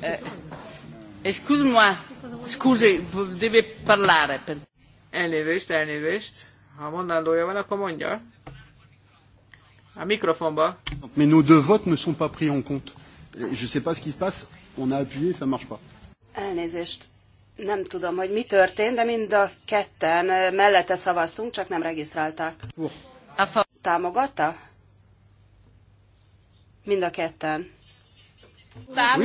Eh, Excuse-moi, excuse, deve parlare. Per... Elnézést, elnézést. Ha mondandója van, akkor mondja. A mikrofonba. Mais nos deux votes ne sont pas pris en compte. Je ne sais pas ce qui se passe. On a appuyé, ça marche pas. Elnézést. Nem tudom, hogy mi történt, de mind a ketten eh, mellette szavaztunk, csak nem regisztrálták. Uh. Támogatta? Mind a ketten. Tehát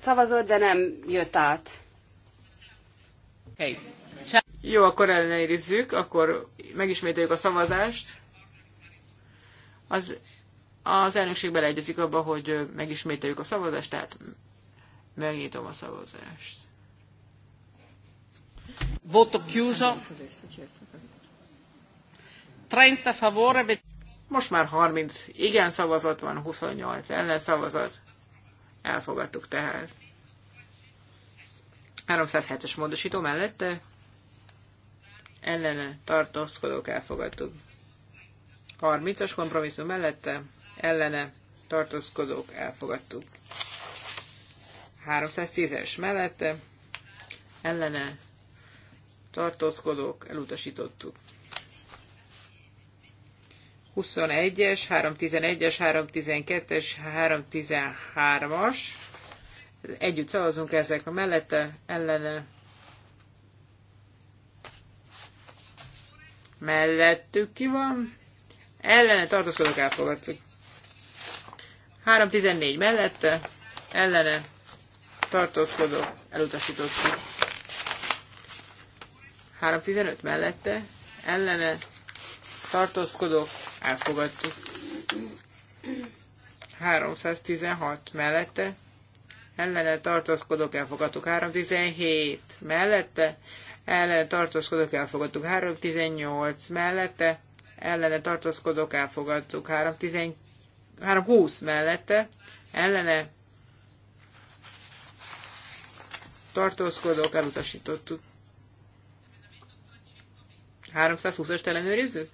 szavazott, de nem jött át. Jó, akkor ellenőrizzük, akkor megismételjük a szavazást. Az az elnökség beleegyezik abba, hogy megismételjük a szavazást, tehát megnyitom a szavazást. Voto chiuso. 30 favore. Most már 30 igen szavazat van, 28 ellen szavazat. Elfogadtuk tehát. 307-es módosító mellette ellene tartózkodók elfogadtuk. 30-as kompromisszum mellette ellene tartózkodók elfogadtuk. 310-es mellette ellene tartózkodók elutasítottuk. 21-es, 311-es, 312-es, 313-as. Együtt szavazunk ezek a mellette, ellene mellettük ki van. Ellene tartózkodók elfogadtuk. 314 mellette, ellene tartózkodók elutasítottuk. 315 mellette, ellene tartózkodók elfogadtuk. 316 mellette, ellene tartózkodok, elfogadtuk. 317 mellette, ellene tartózkodok, elfogadtuk. 318 mellette, ellene tartózkodok, elfogadtuk. 319 320 mellette ellene tartózkodók elutasítottuk. 320-est ellenőrizzük?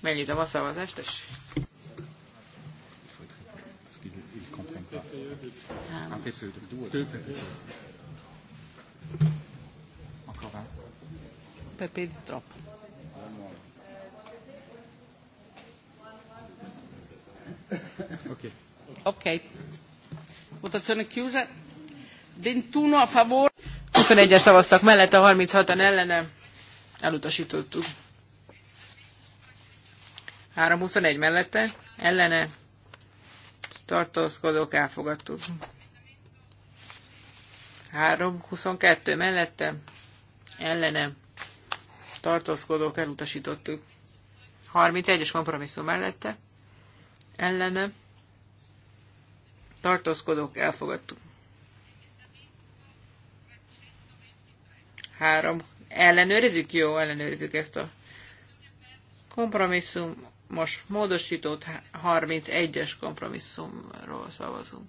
Mennyit a szavazást, tessék. Pepe peu plus, Ok. Ok. Votazione chiusa. 21 a favor. 21-en szavaztak mellette, 36-an ellene. Elutasítottuk. 3-21 mellette, ellene. Tartózkodók elfogadtuk. 3-22 mellette, ellene. Tartózkodók elutasítottuk. 31-es kompromisszum mellette, ellene tartózkodók elfogadtuk. Három. Ellenőrizzük? Jó, ellenőrizzük ezt a kompromisszum. Most módosított 31-es kompromisszumról szavazunk.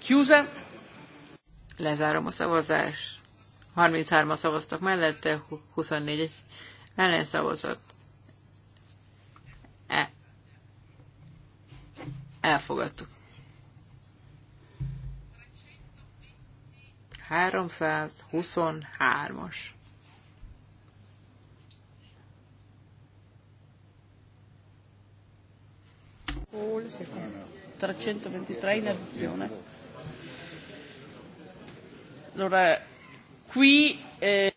Chiusa. Lezárom a szavazást. 33 a szavaztak mellette, 24 ellen szavazott. E. Elfogadtuk. 323-as. Paul, 323 in azione. Allora, Qui eh...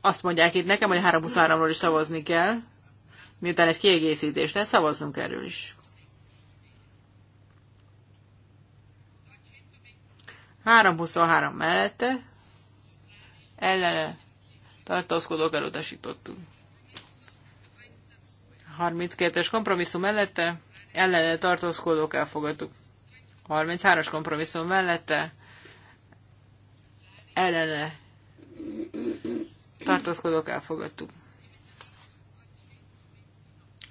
azt mondják itt nekem, hogy a 323-ról is szavazni kell, miután egy kiegészítés, tehát szavazzunk erről is. 323 mellette ellene tartózkodók elutasítottunk. 32-es kompromisszum mellette ellene tartózkodók elfogadtuk. 33-as kompromisszum mellette ellene tartózkodók elfogadtuk.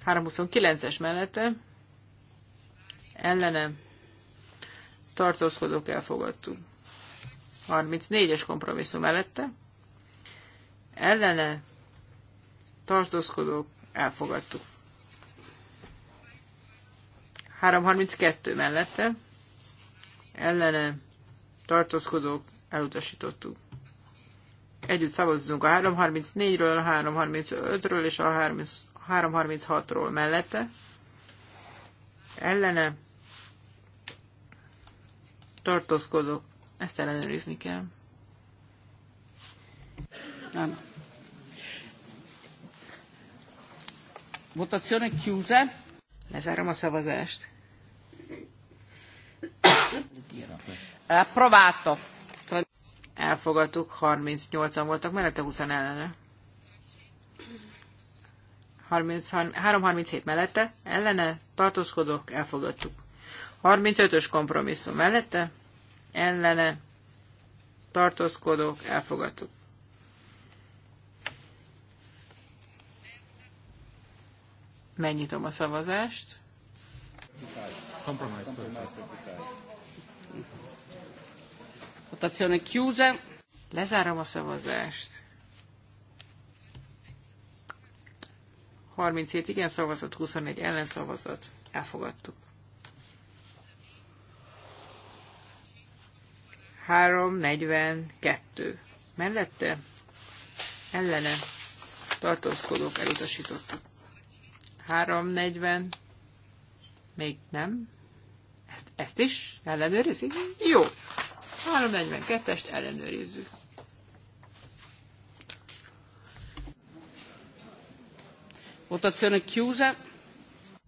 329-es mellette ellene tartózkodók elfogadtuk. 34-es kompromisszum mellette ellene tartózkodók elfogadtuk. 332 mellette ellene tartózkodók elutasítottuk. Együtt szavazzunk a 334-ről, a 335-ről és a 336-ról mellette. Ellene tartózkodók. Ezt ellenőrizni kell. Nem. Votazione chiusa. Lezárom a szavazást. Approvato. Elfogadtuk, 38-an voltak mellette, 20 ellene. 337 mellette, ellene, tartózkodók, elfogadtuk. 35-ös kompromisszum mellette, ellene, tartózkodók, elfogadtuk. Megnyitom a szavazást. Votazione chiusa. Lezárom a szavazást. 37 igen szavazott, 21 ellen szavazott. Elfogadtuk. 342. Mellette ellene tartózkodók elutasítottuk. 340, még nem. Ezt, ezt is ellenőrizik? Jó. 342-est ellenőrizzük. Votazione chiusa.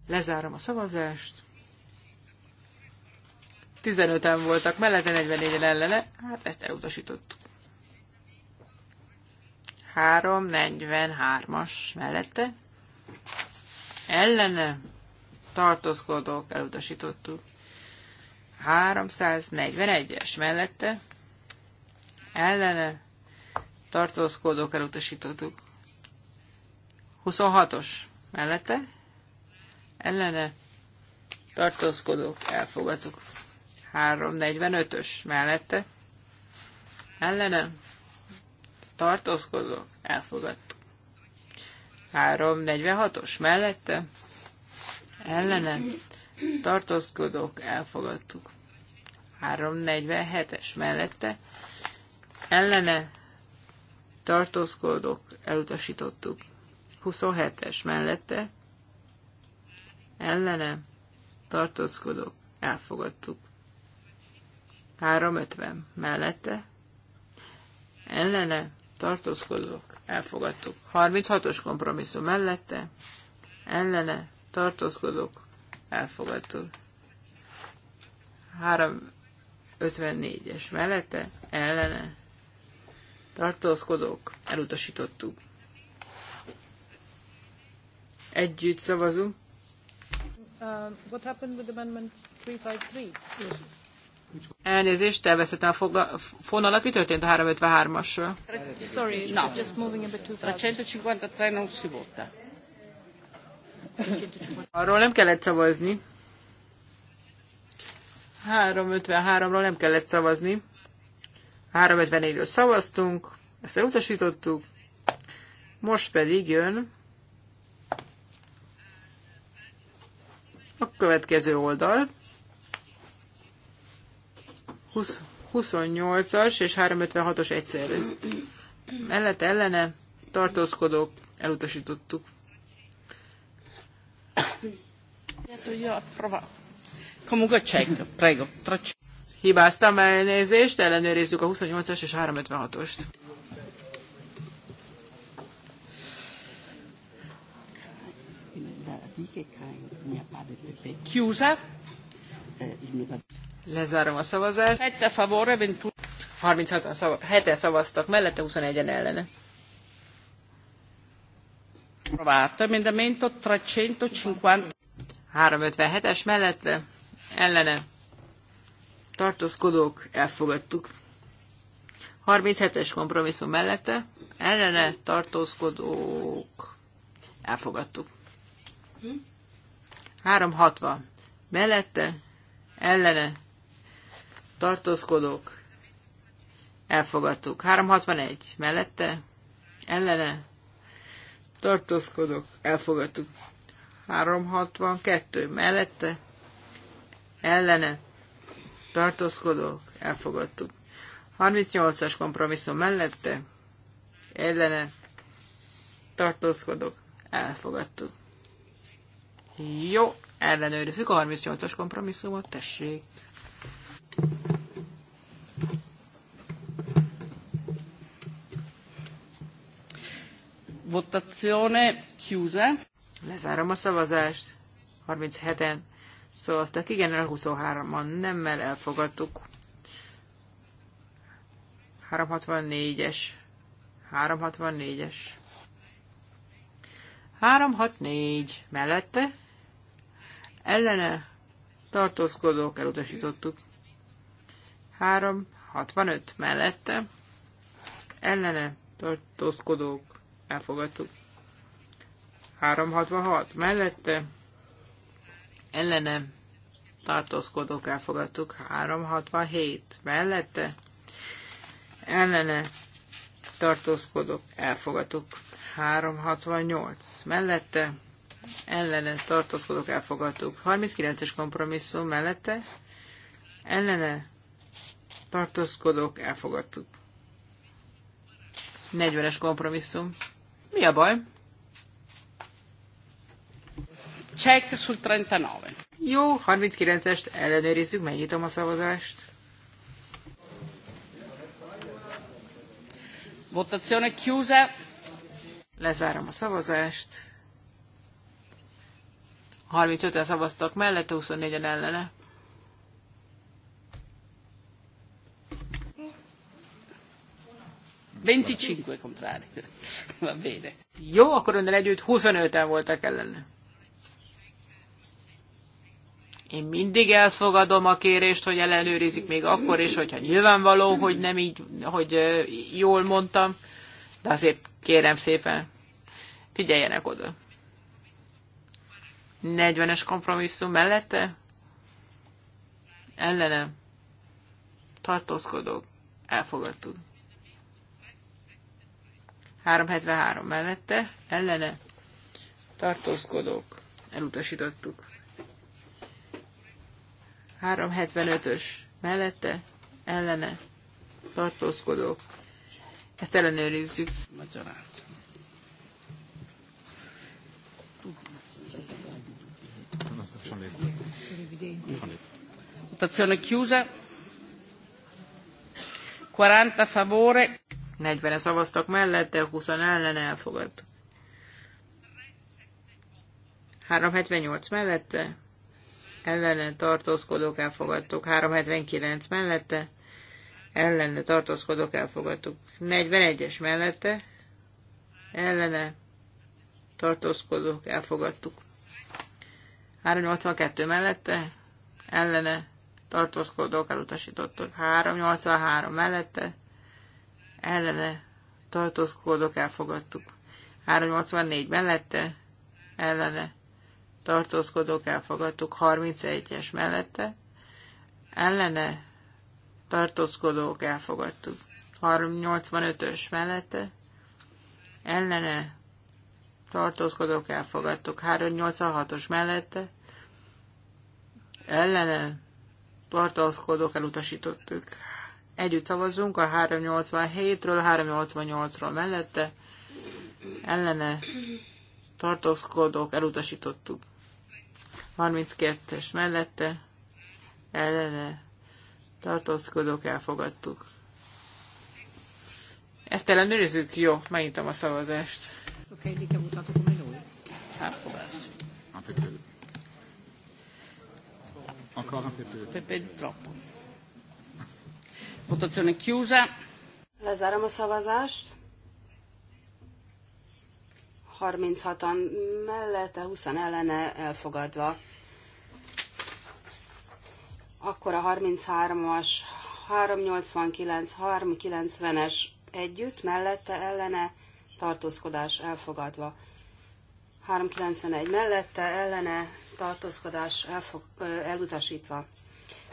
Lezárom a szavazást. 15-en voltak mellette, 44-en ellene. Hát ezt elutasítottuk. 343-as mellette ellene tartózkodók elutasítottuk. 341-es mellette ellene tartózkodók elutasítottuk. 26-os mellette ellene tartózkodók elfogadtuk. 345-ös mellette ellene tartózkodók elfogadtuk. 346-os mellette ellene tartózkodók elfogadtuk. 347-es mellette ellene tartózkodók elutasítottuk. 27-es mellette ellene tartózkodók elfogadtuk. 350 mellette ellene tartózkodók elfogadtuk. 36-os kompromisszum mellette, ellene, tartózkodok, elfogadtuk. 354-es mellette, ellene, tartózkodok, elutasítottuk. Együtt szavazunk. Uh, what happened with amendment 353? Elnézést, elveszettem a fonalat. Mi történt a 353-as? Sorry, no. just moving a bit too fast. 353 non si vota. Arról nem kellett szavazni. 353-ról nem kellett szavazni. 354-ről szavaztunk, ezt elutasítottuk. Most pedig jön a következő oldal. 20, 28-as és 356-os egyszerű. Mellett ellene tartózkodók elutasítottuk. Hibáztam elnézést, ellenőrizzük a 28-as és 356-ost. Chiusa. Lezárom a szavazást. 7 favore, 36 szav- szavaztak, mellette 21-en ellene. Provato, mento 350. 357-es mellette, ellene. Tartózkodók, elfogadtuk. 37-es kompromisszum mellette, ellene tartózkodók, elfogadtuk. 360 mellette, ellene tartózkodók, elfogadtuk. 361 mellette, ellene, tartózkodók, elfogadtuk. 362 mellette, ellene, tartózkodók, elfogadtuk. 38-as kompromisszum mellette, ellene, tartózkodók, elfogadtuk. Jó, ellenőrizzük a 38-as kompromisszumot, tessék. Votazione chiusa. Lezárom a szavazást. 37-en szavaztak igen, el 23-an nemmel elfogadtuk. 364-es. 364-es. 364 mellette ellene tartózkodók elutasítottuk. 365 mellette ellene tartózkodók elfogadtuk. 366 mellette, ellenem tartózkodók elfogadtuk. 367 mellette, ellene, tartózkodók elfogadtuk. 368 mellette, ellene, tartózkodók elfogadtuk. 39-es kompromisszum mellette, ellene, tartózkodók elfogadtuk. 40-es kompromisszum mi a baj? Check sul 39. Jó, 39-est ellenőrizzük, megnyitom a szavazást. Votazione chiusa. Lezárom a szavazást. 35-en szavaztak mellette, 24-en ellene. 25 contrari. Va bene. Jó, akkor önnel együtt 25-en voltak ellene. Én mindig elfogadom a kérést, hogy ellenőrizik még akkor is, hogyha nyilvánvaló, hogy nem így, hogy jól mondtam, de azért kérem szépen, figyeljenek oda. 40-es kompromisszum mellette? Ellenem. Tartózkodok. Elfogadtuk. 373 mellette, ellene tartózkodók, elutasítottuk. 375-ös mellette, ellene tartózkodók. Ezt ellenőrizzük. Magyarát. Votazione chiusa. 40 favore. 40 szavaztak mellette, 20 ellen elfogadt. 378 mellette, ellene tartózkodók elfogadtuk. 379 mellette, ellene tartózkodók elfogadtuk. 41-es mellette, ellene tartózkodók elfogadtuk. 382 mellette, ellene tartózkodók elutasítottuk. 383 mellette, ellene tartózkodók elfogadtuk. 384 mellette, ellene tartózkodók elfogadtuk. 31-es mellette, ellene tartózkodók, elfogadtuk. 385-ös mellette, ellene tartózkodók, elfogadtuk. 386-os mellette, ellene tartózkodók, elutasítottuk. Együtt szavazunk a 387-ről, 388-ról mellette. Ellene tartózkodók elutasítottuk. 32-es mellette. Ellene tartózkodók elfogadtuk. Ezt ellenőrizzük? Jó, megnyitom a szavazást. Ancora un peu Pepe Votazione chiusa. Lezárom a szavazást. 36-an mellette, 20 ellene elfogadva. Akkor a 33-as, 389, 390-es együtt, mellette, ellene, tartózkodás elfogadva. 391 mellette, ellene, tartózkodás elfog, elutasítva.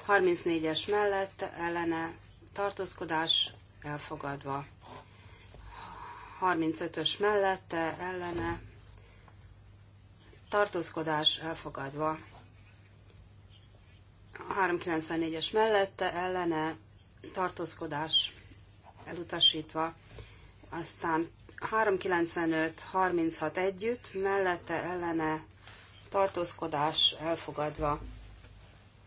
34-es mellette, ellene, tartózkodás elfogadva. 35-ös mellette, ellene, tartózkodás elfogadva. 394-es mellette, ellene, tartózkodás elutasítva. Aztán 395-36 együtt, mellette, ellene, tartózkodás elfogadva.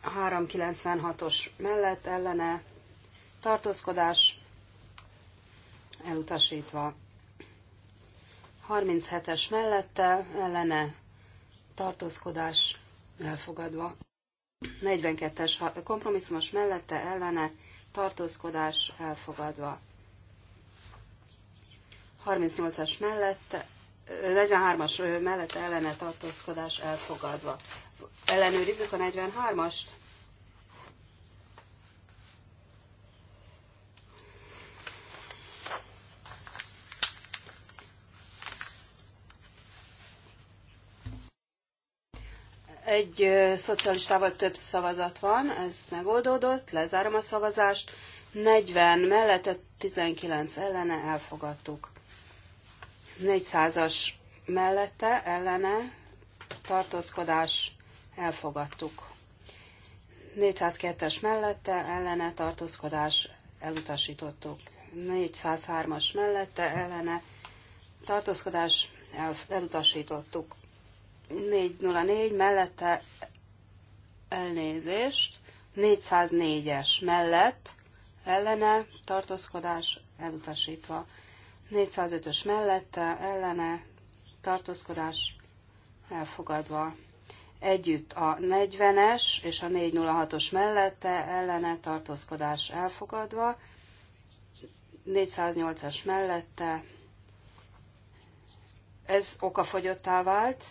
396-os mellett, ellene, tartózkodás elutasítva. 37-es mellette ellene tartózkodás elfogadva. 42-es kompromisszumos mellette ellene tartózkodás elfogadva. 38-as mellette, 43-as mellette ellene tartózkodás elfogadva. Ellenőrizzük a 43-ast. Egy szocialistával több szavazat van, ez megoldódott, lezárom a szavazást. 40 mellette, 19 ellene elfogadtuk. 400-as mellette, ellene, tartózkodás, elfogadtuk. 402-es mellette, ellene, tartózkodás, elutasítottuk. 403-as mellette, ellene, tartózkodás, el, elutasítottuk. 404 mellette elnézést, 404-es mellett ellene tartózkodás elutasítva. 405-ös mellette ellene tartózkodás elfogadva. Együtt a 40-es és a 406-os mellette ellene tartózkodás elfogadva. 408 es mellette ez okafogyottá vált,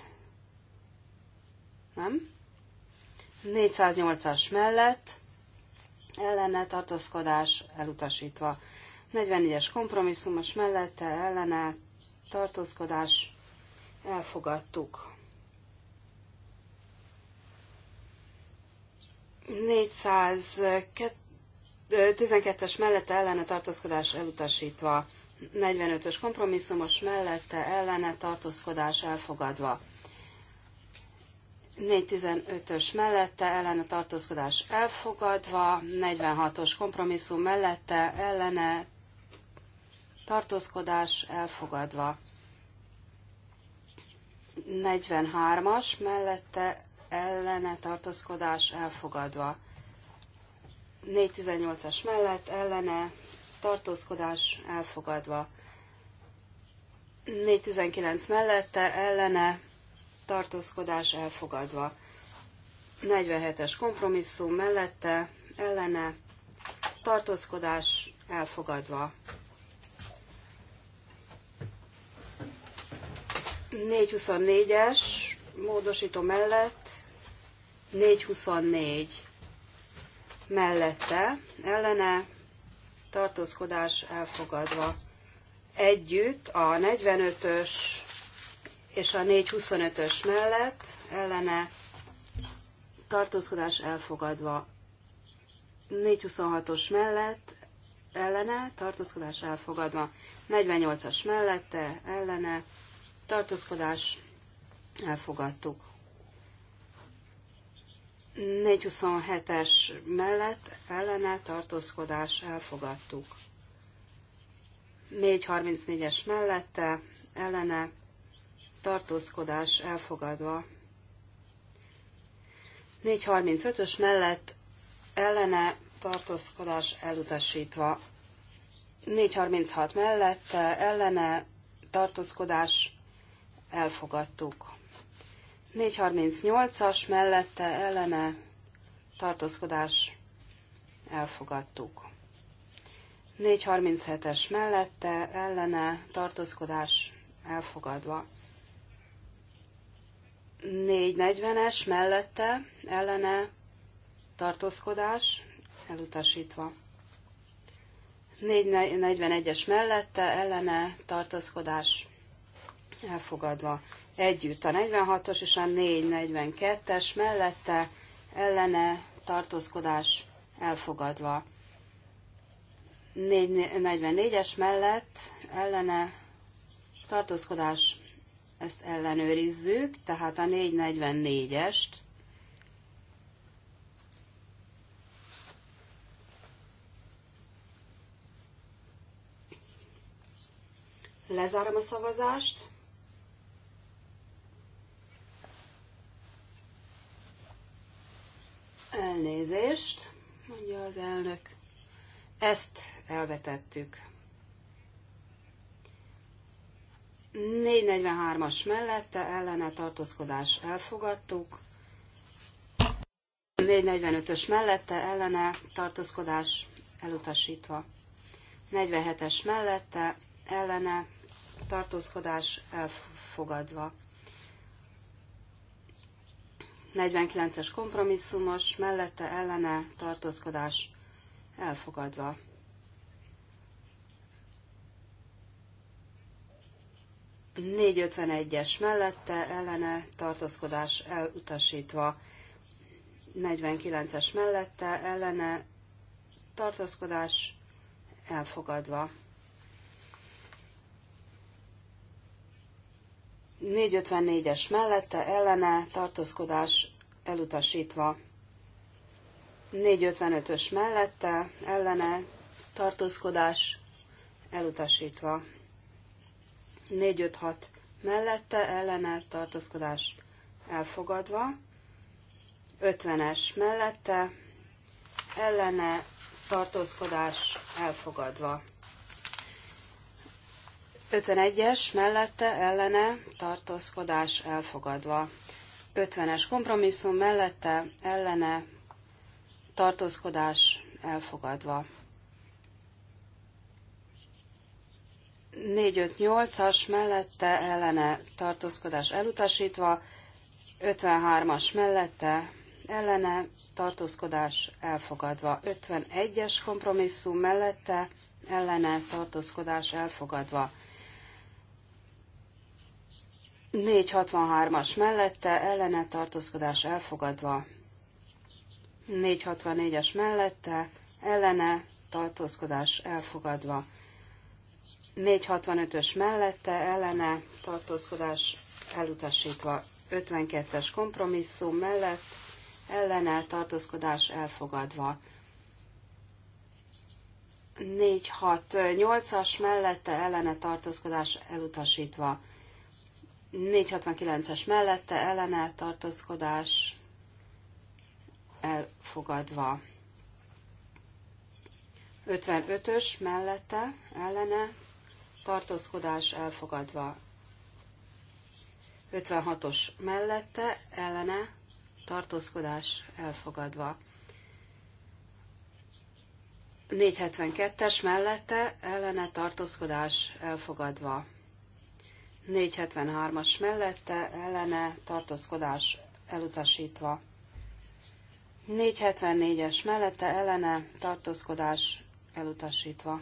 nem? 408-as mellett ellene tartózkodás elutasítva. 44-es kompromisszumos mellette ellene tartózkodás elfogadtuk. 412-es mellette ellene tartózkodás elutasítva. 45-ös kompromisszumos mellette ellene tartózkodás elfogadva. 415-ös mellette ellene tartózkodás elfogadva, 46-os kompromisszum mellette ellene tartózkodás elfogadva. 43-as mellette ellene tartózkodás elfogadva. 418-as mellett ellene tartózkodás elfogadva. 419 mellette ellene tartózkodás elfogadva. 47-es kompromisszum mellette, ellene, tartózkodás elfogadva. 424-es módosító mellett, 424 mellette, ellene, tartózkodás elfogadva. Együtt a 45-ös és a 425-ös mellett ellene tartózkodás elfogadva. 426-os mellett ellene tartózkodás elfogadva. 48-as mellette ellene tartózkodás elfogadtuk. 427-es mellett ellene tartózkodás elfogadtuk. 434-es mellette ellene tartózkodás elfogadva. 435-ös mellett ellene tartózkodás elutasítva. 436 mellett ellene tartózkodás elfogadtuk. 438-as mellette ellene tartózkodás elfogadtuk. 437-es mellette ellene tartózkodás elfogadva. 440-es mellette ellene tartózkodás elutasítva. 441-es mellette ellene tartózkodás elfogadva. Együtt a 46-os és a 442-es mellette ellene tartózkodás elfogadva. 444-es mellett ellene tartózkodás ezt ellenőrizzük, tehát a 444-est. Lezárom a szavazást. Elnézést, mondja az elnök. Ezt elvetettük. 443-as mellette ellene tartózkodás elfogadtuk. 445-ös mellette ellene tartózkodás elutasítva. 47-es mellette ellene tartózkodás elfogadva. 49-es kompromisszumos mellette ellene tartózkodás elfogadva. 451-es mellette ellene tartózkodás elutasítva, 49-es mellette ellene tartózkodás elfogadva. 454-es mellette ellene tartózkodás elutasítva. 455-ös mellette ellene tartózkodás elutasítva. 4-5-6 mellette ellene tartózkodás elfogadva, 50-es mellette ellene tartózkodás elfogadva. 51-es mellette ellene tartózkodás elfogadva. 50-es kompromisszum mellette ellene tartózkodás elfogadva. 458-as mellette ellene tartózkodás elutasítva, 53-as mellette ellene tartózkodás elfogadva, 51-es kompromisszum mellette ellene tartózkodás elfogadva, 463-as mellette ellene tartózkodás elfogadva, 464-es mellette ellene tartózkodás elfogadva, 465-ös mellette ellene tartózkodás elutasítva. 52-es kompromisszum mellett ellene tartózkodás elfogadva. 468-as mellette ellene tartózkodás elutasítva. 469-es mellette ellene tartózkodás elfogadva. 55-ös mellette ellene tartózkodás elfogadva. 56-os mellette, ellene, tartózkodás elfogadva. 472-es mellette, ellene, tartózkodás elfogadva. 473-as mellette, ellene, tartózkodás elutasítva. 474-es mellette, ellene, tartózkodás elutasítva.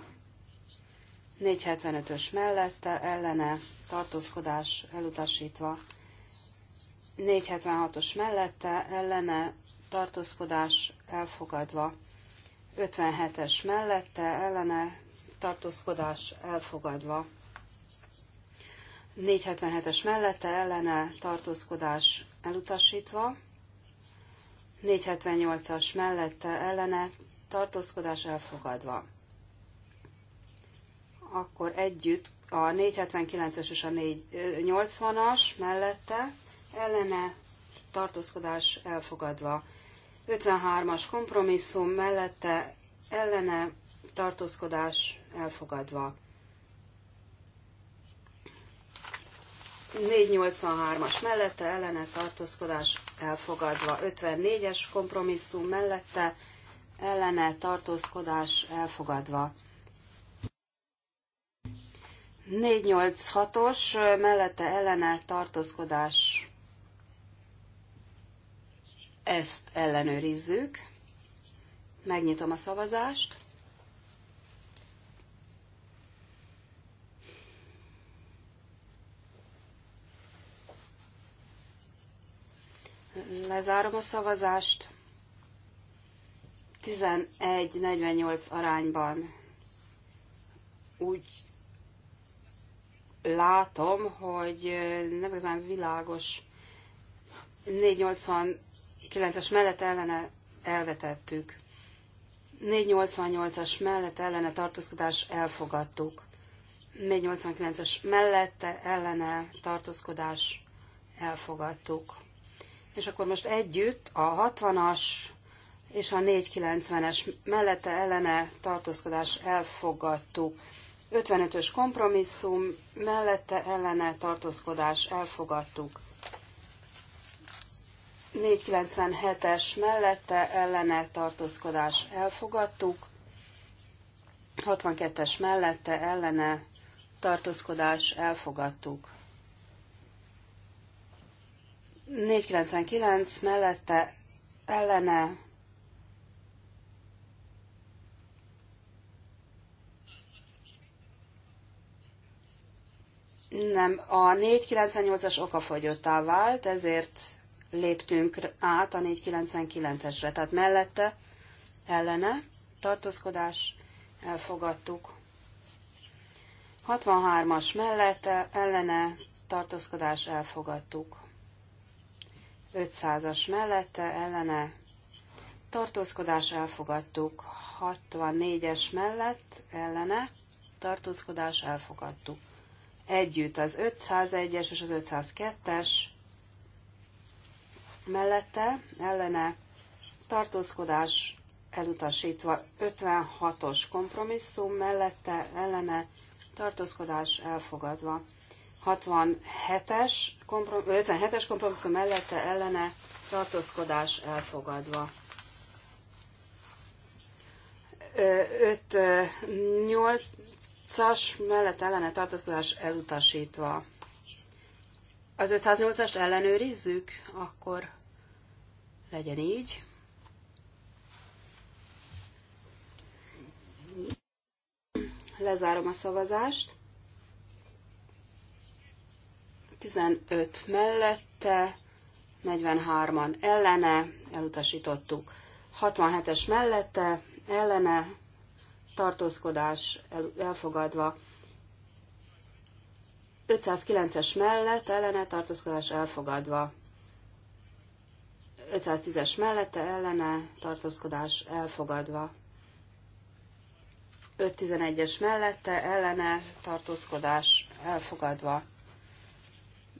475-ös mellette ellene tartózkodás elutasítva, 476-os mellette ellene tartózkodás elfogadva, 57-es mellette ellene tartózkodás elfogadva, 477-es mellette ellene tartózkodás elutasítva, 478-as mellette ellene tartózkodás elfogadva akkor együtt a 479-es és a 480-as mellette ellene tartózkodás elfogadva. 53-as kompromisszum mellette ellene tartózkodás elfogadva. 483-as mellette ellene tartózkodás elfogadva, 54-es kompromisszum mellette ellene tartózkodás elfogadva, 486-os mellette ellene tartózkodás. Ezt ellenőrizzük. Megnyitom a szavazást. Lezárom a szavazást. 11-48 arányban úgy látom, hogy nem igazán világos 489-es mellett ellene elvetettük. 488-as mellett ellene tartózkodás elfogadtuk. 489-es mellette ellene tartózkodás elfogadtuk. És akkor most együtt a 60-as és a 490-es mellette ellene tartózkodás elfogadtuk. 55-ös kompromisszum, mellette ellene tartózkodás elfogadtuk. 497-es mellette ellene tartózkodás elfogadtuk. 62-es mellette ellene tartózkodás elfogadtuk. 499 mellette ellene Nem, a 498-as okafogyottá vált, ezért léptünk át a 499-esre, tehát mellette ellene tartózkodás elfogadtuk. 63-as mellette ellene tartózkodás elfogadtuk. 500-as mellette ellene tartózkodás elfogadtuk. 64-es mellett ellene tartózkodás elfogadtuk együtt az 501-es és az 502-es mellette ellene tartózkodás elutasítva 56-os kompromisszum mellette ellene tartózkodás elfogadva. 67-es kompromisszum, kompromisszum mellette ellene tartózkodás elfogadva. 5, 8, 508-as mellett ellene tartózkodás elutasítva. Az 508-ast ellenőrizzük, akkor legyen így. Lezárom a szavazást. 15 mellette, 43-an ellene, elutasítottuk. 67-es mellette, ellene, tartózkodás elfogadva. 509-es mellett ellene tartózkodás elfogadva. 510-es mellette ellene tartózkodás elfogadva. 511-es mellette ellene tartózkodás elfogadva.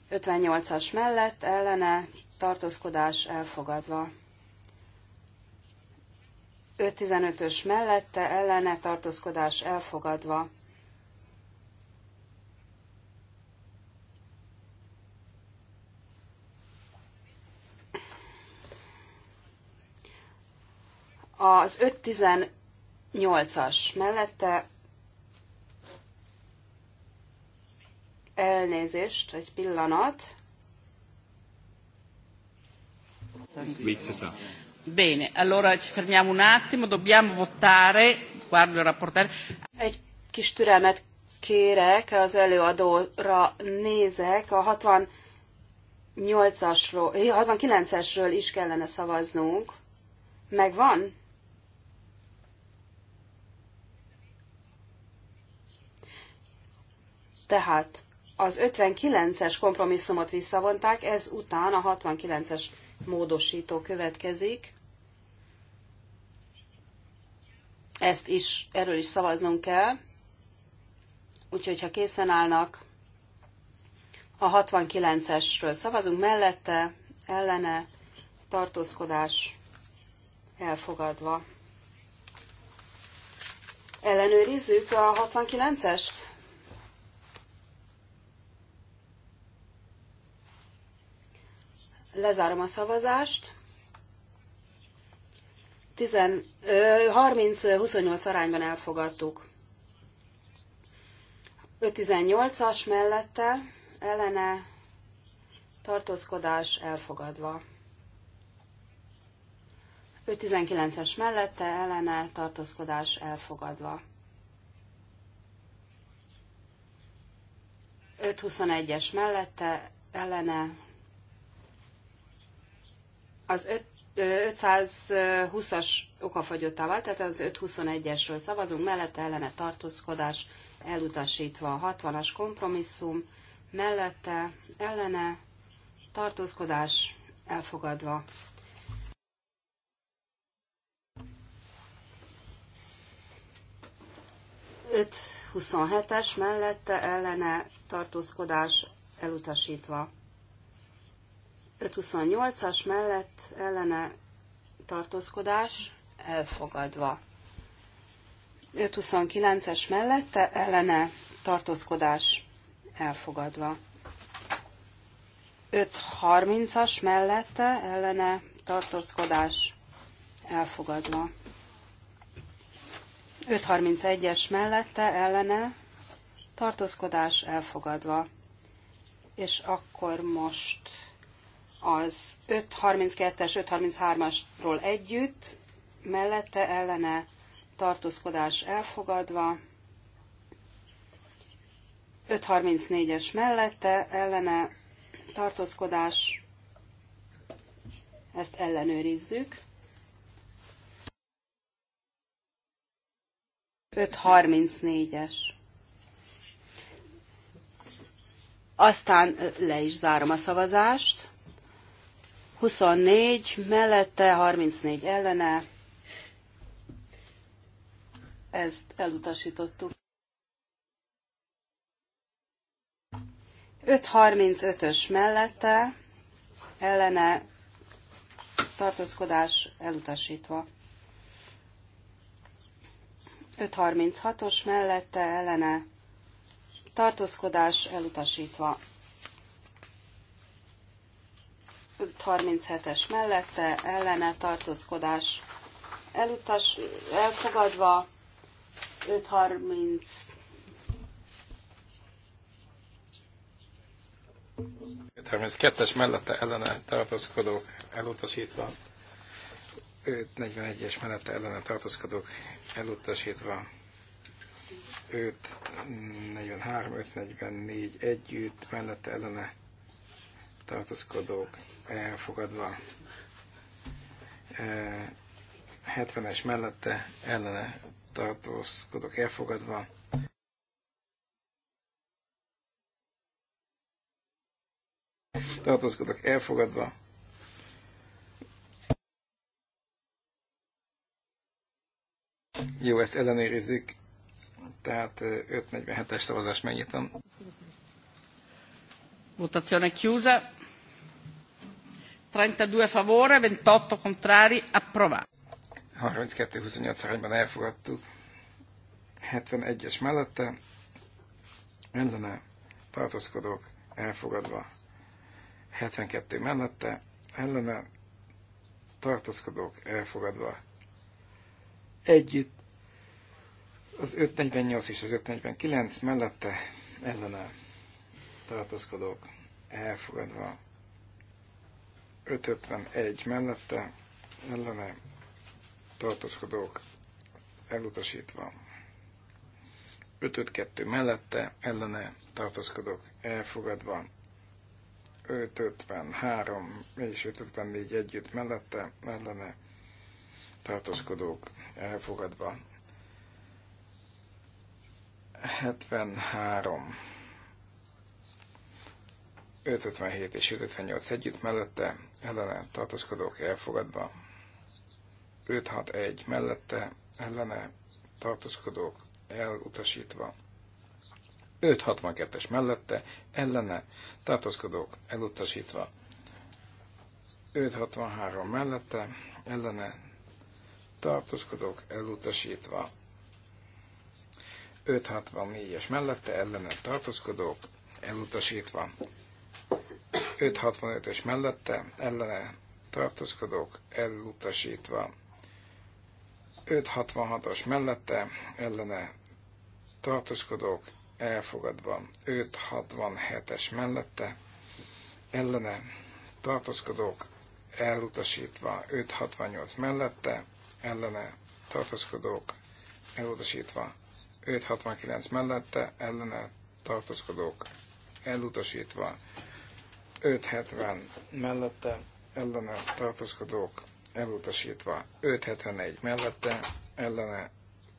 58-as mellett ellene tartózkodás elfogadva. 5.15-ös mellette ellene tartózkodás elfogadva. Az 5.18-as mellette elnézést, egy pillanat. Vicces. Bene, allora ci fermiamo un attimo, dobbiamo votare, guardo il rapportare. Egy kis türelmet kérek, az előadóra nézek, a 68-asról, 69-esről eh, is kellene szavaznunk. Megvan? Tehát az 59-es kompromisszumot visszavonták, ez után a 69-es módosító következik. Ezt is, erről is szavaznunk kell. Úgyhogy, ha készen állnak, a 69-esről szavazunk mellette, ellene, tartózkodás elfogadva. Ellenőrizzük a 69-est? Lezárom a szavazást. 30-28 arányban elfogadtuk. 5-18-as mellette ellene tartózkodás elfogadva. 5-19-es mellette ellene tartózkodás elfogadva. 5-21-es mellette ellene az 520-as okafogyottá vált, tehát az 521-esről szavazunk, mellette ellene tartózkodás elutasítva, 60-as kompromisszum, mellette ellene tartózkodás elfogadva. Öt 27-es mellette ellene tartózkodás elutasítva. 528-as mellett ellene tartózkodás elfogadva. 529-es mellette ellene tartózkodás elfogadva. 530-as mellette ellene tartózkodás elfogadva. 531-es mellette ellene tartózkodás elfogadva. És akkor most az 532-es, 533-asról együtt, mellette ellene tartózkodás elfogadva, 534-es mellette ellene tartózkodás, ezt ellenőrizzük. 534-es. Aztán le is zárom a szavazást. 24 mellette, 34 ellene. Ezt elutasítottuk. 5.35-ös mellette ellene tartózkodás elutasítva. 5.36-os mellette ellene tartózkodás elutasítva. 37-es mellette ellene tartózkodás elutas, elfogadva 530 32-es mellette ellene tartózkodók elutasítva, 541-es mellette ellene tartózkodók elutasítva, 543, 544 együtt mellette ellene tartózkodók elfogadva. 70-es eh, mellette ellene tartózkodók elfogadva. Tartózkodók elfogadva. Jó, ezt ellenérizzük. Tehát 547-es eh, szavazást megnyitom. Votazione chiusa. 32 a favore, 28 contrari, approvato. 32-28 arányban elfogadtuk. 71-es mellette ellene tartózkodók elfogadva. 72 mellette ellene tartózkodók elfogadva. Együtt az 548 és az 549 mellette ellene tartózkodók elfogadva. 551 mellette ellene tartózkodók elutasítva. 552 mellette ellene tartózkodók elfogadva. 553 és 554 együtt mellette ellene tartózkodók elfogadva. 73 557 és 558 együtt mellette ellene tartózkodók elfogadva, 561 mellette ellene tartózkodók elutasítva, 562-es mellette ellene tartózkodók elutasítva, 563 mellette ellene tartózkodók elutasítva, 564-es mellette ellene tartózkodók elutasítva, 565-ös mellette ellene tartózkodók elutasítva. 566-os mellette ellene tartózkodók elfogadva. 567-es mellette ellene tartózkodók elutasítva. 568 mellette ellene tartózkodók elutasítva. 569 mellette ellene tartózkodók elutasítva. 570 mellette ellene tartózkodók elutasítva, 571 mellette ellene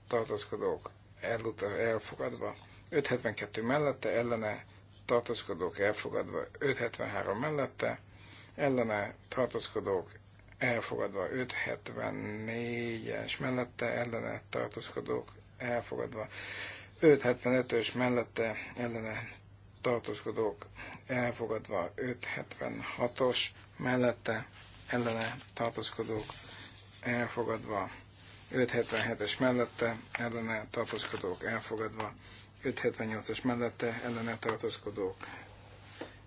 tartózkodók elfogadva, 572 mellette ellene tartózkodók elfogadva, 573 mellette ellene tartózkodók elfogadva, 574-es mellette ellene tartózkodók elfogadva, 575-ös mellette ellene tartózkodók elfogadva 576-os mellette ellene tartózkodók elfogadva 577-es mellette ellene tartózkodók elfogadva 578-as mellette ellene tartózkodók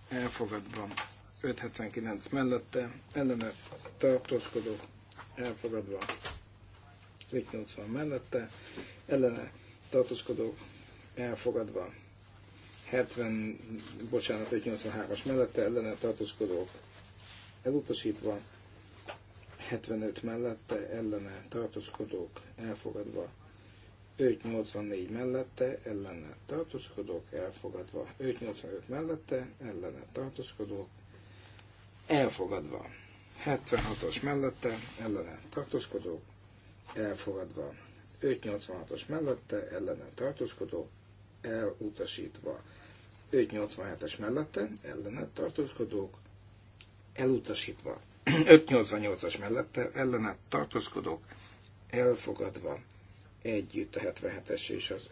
elfogadva 579 mellette ellene tartózkodók elfogadva 580 mellette ellene tartózkodók elfogadva 70, bocsánat, 83-as mellette ellene tartózkodók elutasítva, 75 mellette ellene tartózkodók elfogadva, 584 mellette ellene tartózkodók elfogadva, 585 mellette ellene tartózkodók elfogadva, 76-os mellette ellene tartózkodók elfogadva, 586-os mellette ellene tartózkodók elutasítva. 587-es mellette ellenet tartózkodók elutasítva. 588-as mellette ellenet tartózkodók elfogadva együtt a 77-es és az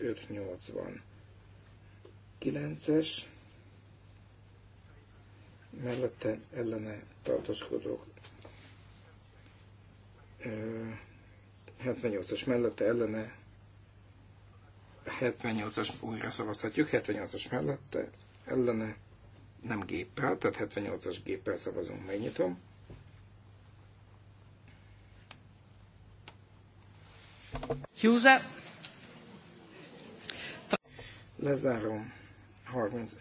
589-es mellette ellene tartózkodók 78-as mellette ellene 78-as újra szavaztatjuk, 78-as mellette, ellene, nem géppel, tehát 78-as géppel szavazunk, megnyitom. Chiusa. Lezárom 31-26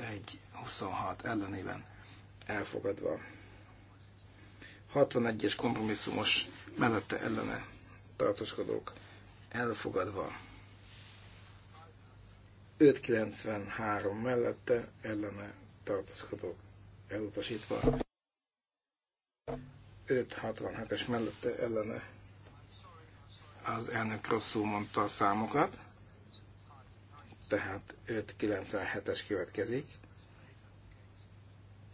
ellenében elfogadva. 61-es kompromisszumos mellette ellene tartoskodók elfogadva. 593 mellette ellene tartózkodók elutasítva. 567-es mellette ellene az elnök rosszul mondta a számokat, tehát 597-es következik,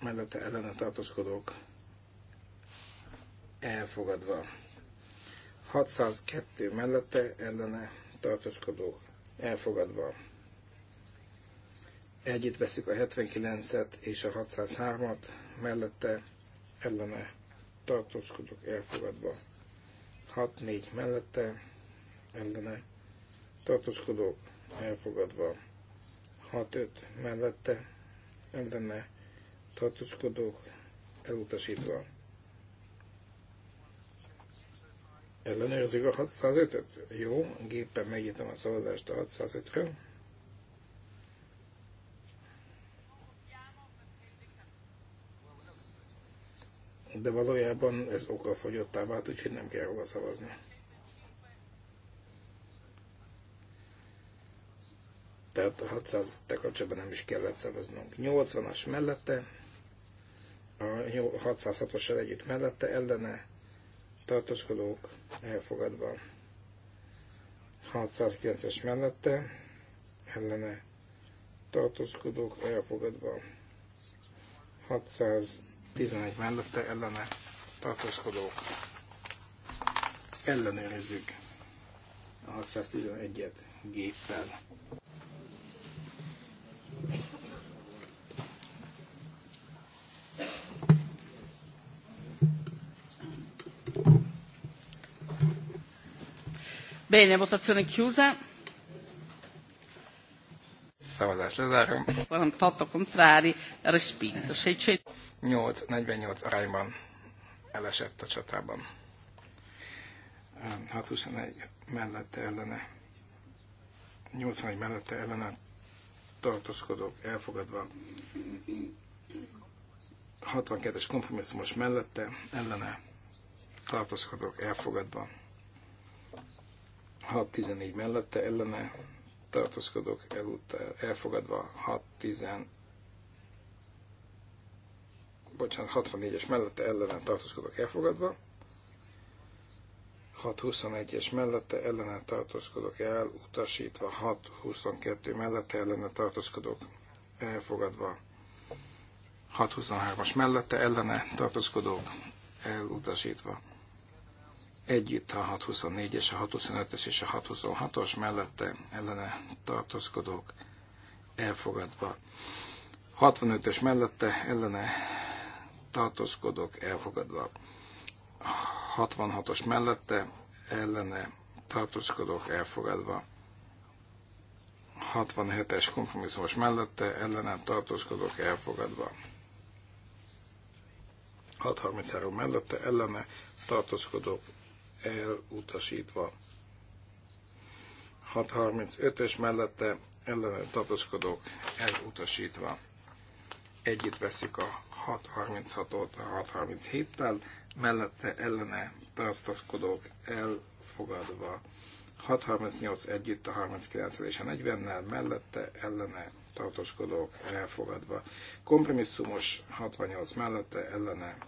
mellette ellene tartózkodók elfogadva. 602 mellette ellene tartózkodók elfogadva. Együtt veszük a 79-et és a 603-at, mellette ellene tartózkodok elfogadva. 6-4 mellette ellene tartózkodok elfogadva. 6-5 mellette ellene tartózkodok elutasítva. Ellenőrzik a 605-öt? Jó, gépen megnyitom a szavazást a 605-ről. de valójában ez fogyottá vált, úgyhogy nem kell róla szavazni. Tehát a 600 kapcsolatban nem is kellett szavaznunk. 80-as mellette, a 606-ossal együtt mellette ellene tartózkodók elfogadva. 609-es mellette ellene tartózkodók elfogadva. 600 11 mellette ellene tartózkodók. Ellenőrizzük a 611-et géppel. Bene, votazione chiusa szavazást lezárom. Van tatto contrari, respinto. 8-48 arányban elesett a csatában. 61 mellette ellene, 81 mellette ellene tartózkodók elfogadva. 62-es kompromisszumos mellette ellene tartózkodók elfogadva. 6-14 mellette ellene tartózkodók elutal, elfogadva 6 bocsánat, 64-es mellette ellenen tartózkodók elfogadva, 621 es mellette ellene tartózkodók elutasítva, 6-22 mellette ellene tartózkodók elfogadva, 623 as mellette ellene tartózkodók elutasítva, együtt a 624-es, a 625-es és a 626-os mellette ellene tartózkodók elfogadva. 65-ös mellette ellene tartózkodók elfogadva. 66-os mellette ellene tartózkodók elfogadva. 67-es kompromisszumos mellette ellene tartózkodók elfogadva. 633 mellette ellene tartózkodók elutasítva. 635-ös mellette ellene tartozkodók elutasítva. Együtt veszik a 636-ot a 637-tel, mellette ellene tartozkodók elfogadva. 638 együtt a 39 és a 40-nel, mellette ellene tartózkodók elfogadva. Kompromisszumos 68 mellette ellene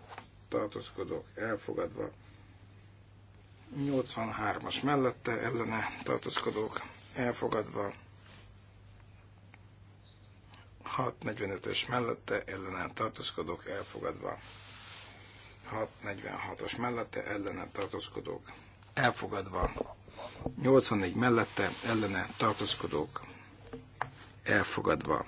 tartózkodók elfogadva. 83-as mellette ellene tartózkodók elfogadva, 645-ös mellette ellene tartózkodók elfogadva, 646-os mellette ellene tartózkodók elfogadva, 84 mellette ellene tartózkodók elfogadva.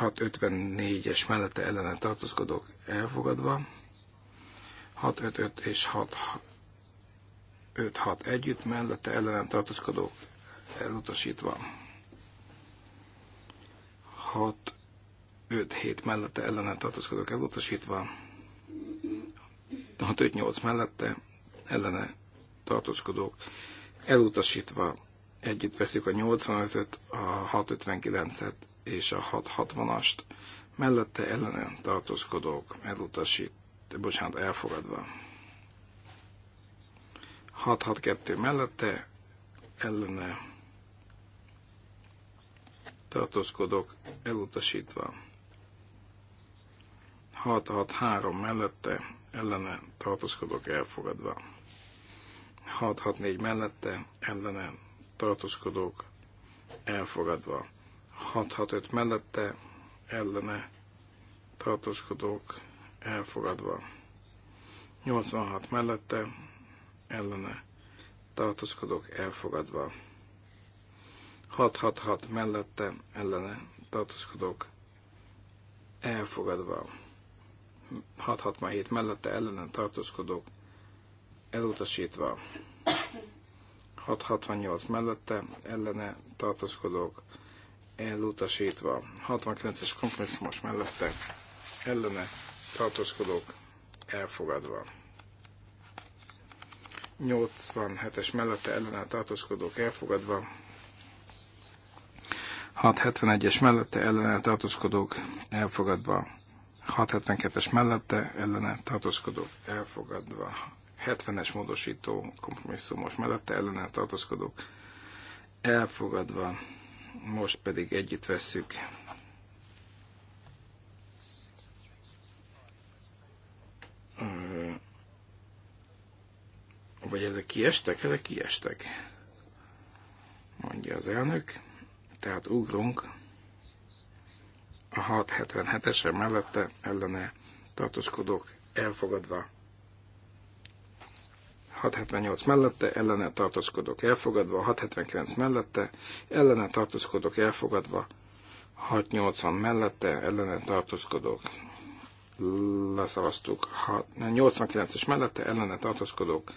654-es mellette ellene tartózkodók elfogadva, 655 és 656 együtt mellette ellenen tartózkodók elutasítva, 657 mellette ellenen tartózkodók elutasítva, 658 mellette ellene tartózkodók elutasítva, együtt veszik a 85-öt, a 659-et és a 660-ast, mellette ellenen tartózkodók elutasít, bocsánat, elfogadva. 662 mellette ellene tartózkodók elutasítva. 663 mellette ellene tartózkodók elfogadva. 664 mellette ellene tartózkodók elfogadva. 665 mellette ellene tartózkodók elfogadva. 86 mellette ellene tartózkodók elfogadva. 666 mellette ellene tartózkodók elfogadva. 667 mellette ellene tartózkodók elutasítva. 668 mellette ellene tartózkodók elutasítva. 69-es kompromisszumos mellette ellene tartózkodók elfogadva. 87-es mellette ellene tartózkodók elfogadva. 671-es mellette ellene tartózkodók elfogadva. 672-es mellette ellene tartózkodók elfogadva. 70-es módosító kompromisszumos mellette ellene tartózkodók elfogadva most pedig együtt vesszük Vagy ezek kiestek? Ezek kiestek, mondja az elnök. Tehát ugrunk a 677 esen mellette ellene tartózkodók elfogadva 678 mellette, ellene tartózkodok elfogadva, 679 mellette, ellene tartózkodok elfogadva, 680 mellette, ellene tartózkodok leszavaztuk, 89-es mellette, ellene tartózkodok,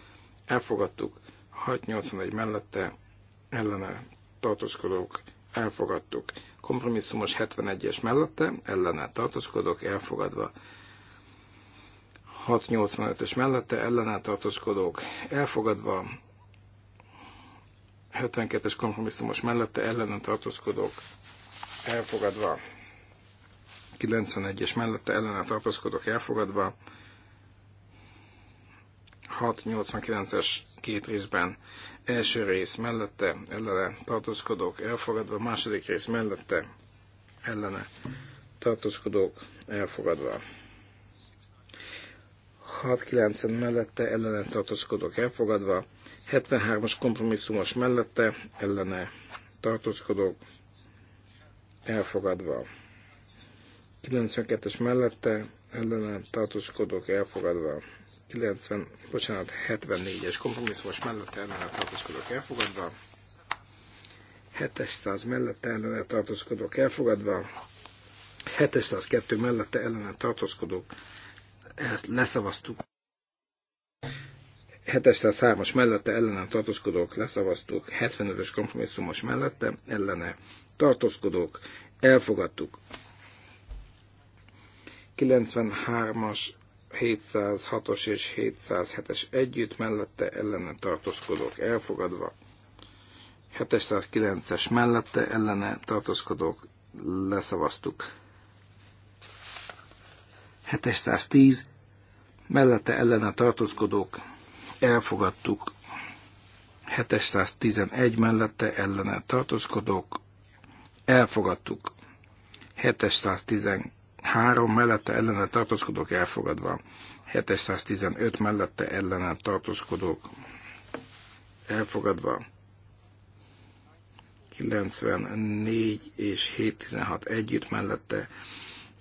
elfogadtuk, 681 mellette, ellene tartózkodok, elfogadtuk, kompromisszumos 71-es mellette, ellene tartózkodok, elfogadva, 685-ös mellette ellenálltartózkodók elfogadva, 72-es kompromisszumos mellette ellenálltartózkodók elfogadva, 91-es mellette ellenálltartózkodók elfogadva, 689-es két részben első rész mellette ellene tartózkodók elfogadva, második rész mellette ellene tartózkodók elfogadva. 690 mellette ellene tartózkodok elfogadva, 73-as kompromisszumos mellette ellene tartózkodok elfogadva. 92-es mellette ellene tartózkodok elfogadva. 90, bocsánat, 74-es kompromisszumos mellette ellene tartózkodok elfogadva. 700 mellette ellene tartózkodok elfogadva. 702 mellette ellene tartózkodok elfogadva ezt leszavaztuk. 703-as mellette ellenem tartózkodók leszavaztuk, 75-ös kompromisszumos mellette ellene tartózkodók elfogadtuk. 93-as 706-os és 707-es együtt, mellette ellene tartózkodók elfogadva, 709-es mellette ellene tartózkodók leszavaztuk, 710 mellette ellene tartózkodók elfogadtuk 711 mellette ellene tartózkodók elfogadtuk 713 mellette ellene tartózkodók elfogadva 715 mellette ellene tartózkodók elfogadva 94 és 716 együtt mellette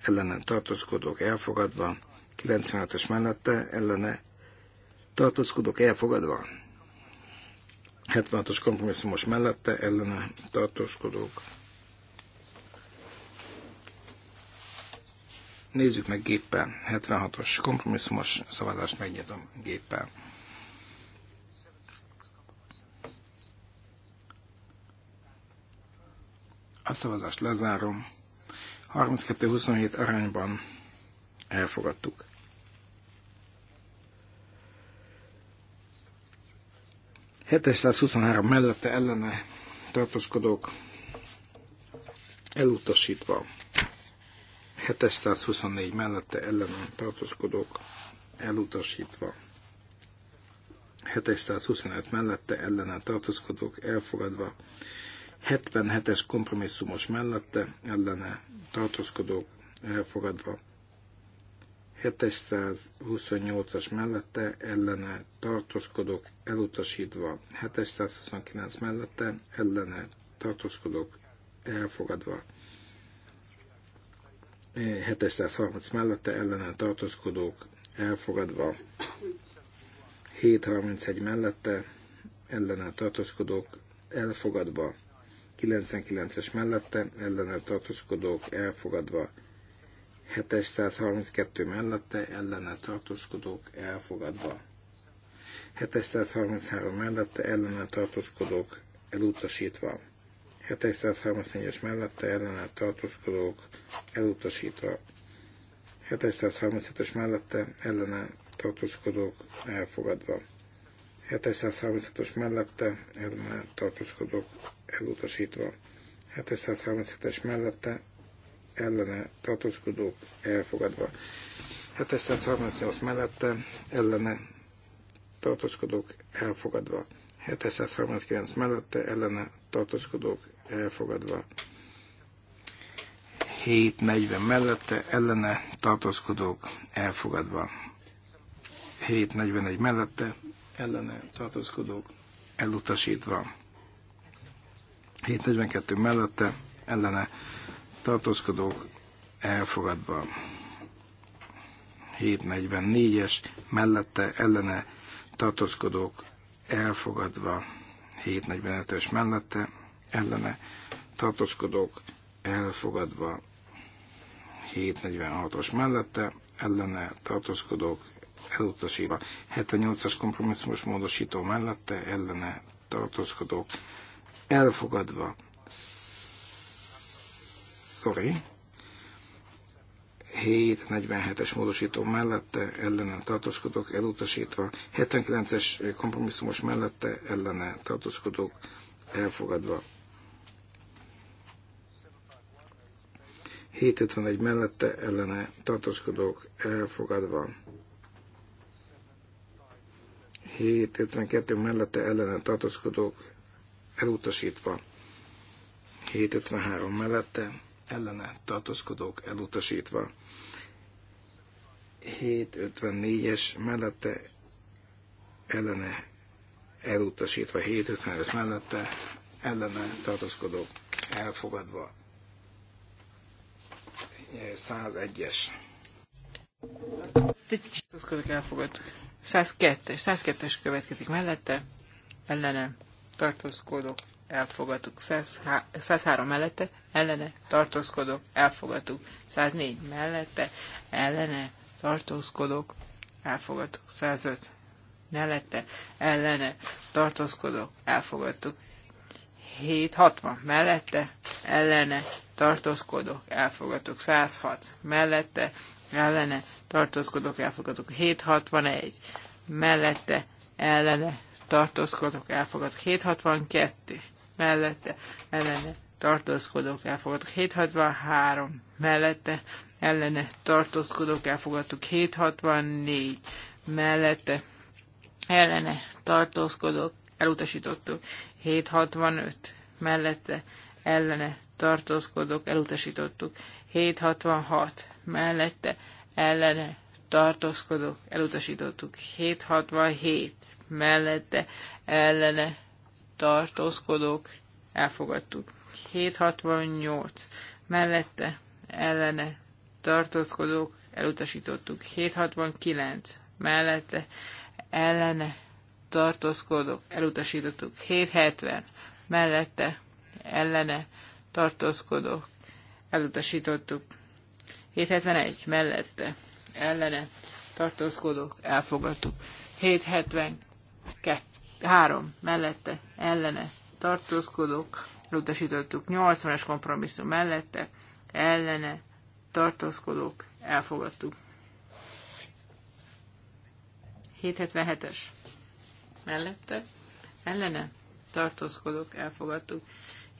ellene tartózkodók elfogadva, 96-os mellette ellene tartózkodók elfogadva, 76-os kompromisszumos mellette ellene tartózkodók. Nézzük meg géppel, 76-os kompromisszumos szavazást megnyitom géppel. A szavazást lezárom. 32-27 arányban elfogadtuk. ...723 mellette ellene tartózkodók elutasítva. 724 mellette ellene tartózkodók elutasítva. 725 mellette ellene tartózkodók elfogadva. 77-es kompromisszumos mellette ellene tartózkodók elfogadva. 728-as mellette ellene tartózkodók elutasítva, 729 mellette ellene tartózkodók elfogadva, 730 mellette ellene tartózkodók elfogadva, 731 mellette ellene tartózkodók elfogadva, 99-es mellette, ellene tartózkodók elfogadva, 732 mellette, ellene tartózkodók elfogadva, 733 mellette, ellene tartózkodók elutasítva, 734-es mellette, ellene tartózkodók elutasítva, 737-es mellette, ellene tartózkodók elfogadva. 736-os mellette ez már tartózkodok elutasítva. 737-es mellette ellene tartózkodók elfogadva. 738 mellette ellene tartózkodók elfogadva. 739 mellette ellene tartózkodók elfogadva. 740 mellette ellene tartózkodók elfogadva. 741 mellette ellene tartózkodók elutasítva. 742 mellette ellene tartózkodók elfogadva. 744-es mellette ellene tartózkodók elfogadva. 745-ös mellette ellene tartózkodók elfogadva. 746-os mellette ellene tartózkodók elutasítva. 78-as kompromisszumos módosító mellette ellene tartózkodó elfogadva. Sorry. 747-es módosító mellette ellene tartózkodók elutasítva, 79-es kompromisszumos mellette ellene tartózkodók elfogadva. 751 mellette ellene tartózkodók elfogadva. 752 mellette ellene tartózkodók elutasítva. 753 mellette ellene tartózkodók elutasítva. 754-es mellette ellene elutasítva, 755 mellette ellene tartózkodók elfogadva. 101-es. Tartózkodók elfogadtak. 102-es, 102-es következik mellette, ellene tartózkodok, elfogadtuk. 103, mellette, ellene tartózkodok, elfogadtuk. 104 mellette, ellene tartózkodok, elfogadtuk. 105 mellette, ellene tartózkodok, elfogadtuk. 760 mellette, ellene tartózkodok, elfogadtuk. 106 mellette, ellene tartózkodok, elfogadok. 761 mellette ellene tartózkodok, elfogadok. 762 mellette ellene tartózkodok, elfogadok. 763 mellette ellene tartózkodok, elfogadok 764 mellette ellene tartózkodok, elutasítottuk. 765 mellette ellene tartózkodok, elutasítottuk. 766 mellette ellene tartózkodók elutasítottuk. 767 mellette ellene tartózkodók elfogadtuk. 768 mellette ellene tartózkodók elutasítottuk. 769 mellette ellene tartózkodók elutasítottuk. 770 mellette ellene tartózkodók elutasítottuk. 771 mellette ellene tartózkodók elfogadtuk. 773 mellette ellene tartózkodók elutasítottuk. 80 es kompromisszum mellette ellene tartózkodók elfogadtuk. 777-es mellette ellene tartózkodók elfogadtuk.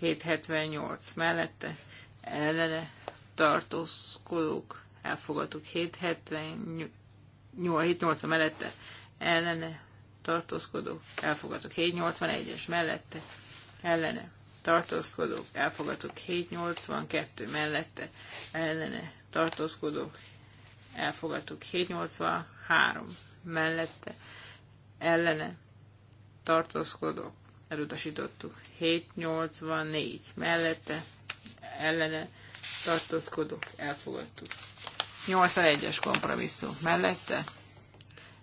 778 mellette ellene tartózkodók elfogadtuk 778 mellette ellene tartózkodók elfogadtuk 781-es mellette ellene tartózkodók elfogadtuk 782 mellette ellene tartózkodók elfogadtuk 783 mellette ellene tartózkodók elutasítottuk 784 mellette ellene tartózkodok, elfogadtuk. 81-es kompromisszum mellette,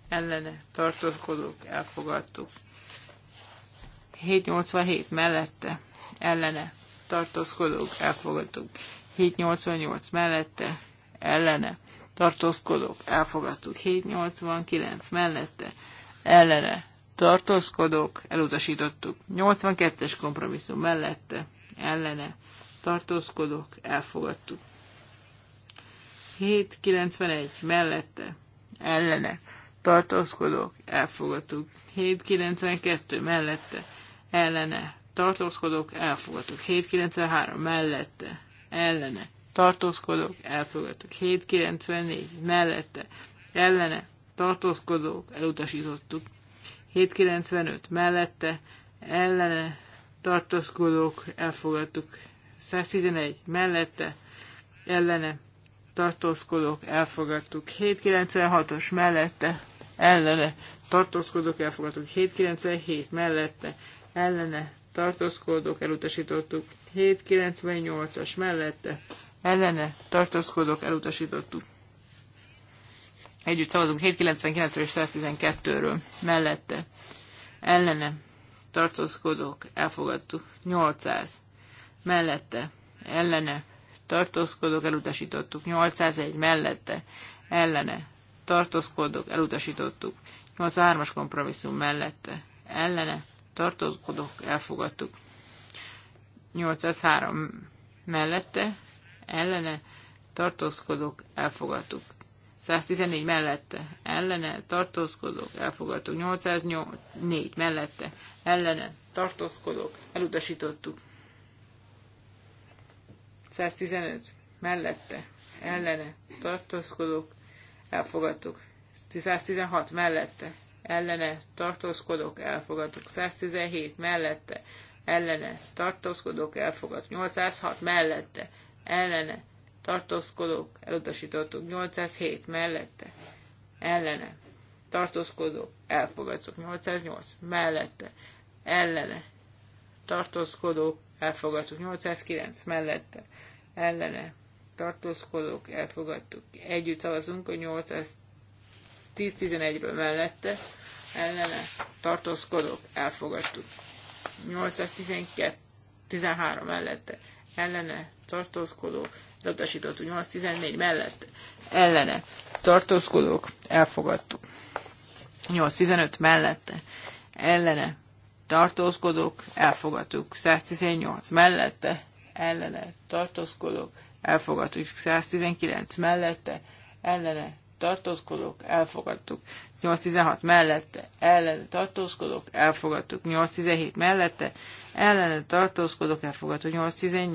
ellene tartózkodok, elfogadtuk. 787 mellette, ellene tartózkodók, elfogadtuk. 788 mellette, ellene tartózkodók, elfogadtuk. 789 mellette, ellene tartózkodók, elutasítottuk. 82-es kompromisszum mellette, ellene tartózkodok, elfogadtuk. 791 mellette, ellene, tartózkodok, elfogadtuk. 792 mellette, ellene, tartózkodok, elfogadtuk. 793 mellette, ellene, tartózkodok, elfogadtuk. 794 mellette, ellene, tartózkodók, elutasítottuk. 795 mellette, ellene, tartózkodók, elfogadtuk. 111 mellette ellene tartózkodók elfogadtuk. 796-os mellette ellene tartózkodók elfogadtuk. 797 mellette ellene tartózkodók elutasítottuk. 798-as mellette ellene tartózkodók elutasítottuk. Együtt szavazunk 799 és 112-ről mellette ellene tartózkodók elfogadtuk. 800 mellette, ellene, tartózkodok, elutasítottuk. 801 mellette, ellene, tartózkodok, elutasítottuk. 83-as kompromisszum mellette, ellene, tartózkodok, elfogadtuk. 803 mellette, ellene, tartózkodok, elfogadtuk. 114 mellette, ellene, tartózkodok, elfogadtuk. 804 mellette, ellene, tartózkodok, elutasítottuk. 115 mellette, ellene, tartózkodók, elfogadtuk. 116 mellette, ellene, tartózkodók, elfogadtuk. 117 mellette, ellene, tartózkodók, elfogadtuk. 806 mellette, ellene, tartózkodók, elutasítottuk. 807 mellette, ellene, tartózkodók, elfogadtuk. 808 mellette, ellene, tartózkodók, elfogadtuk. 809 mellette, ellene tartózkodók elfogadtuk. Együtt szavazunk a 810 11 ből mellette ellene tartózkodók elfogadtuk. 813 mellette ellene tartózkodók elutasítottuk. 814 mellette ellene tartózkodók elfogadtuk. 815 mellette ellene tartózkodók elfogadtuk. 118 mellette ellene tartózkodok, elfogadtuk. 119 mellette, ellene tartózkodok, elfogadtuk. 816 mellette, ellene tartózkodok, elfogadtuk. 817 mellette, ellene tartózkodok, elfogadtuk. 818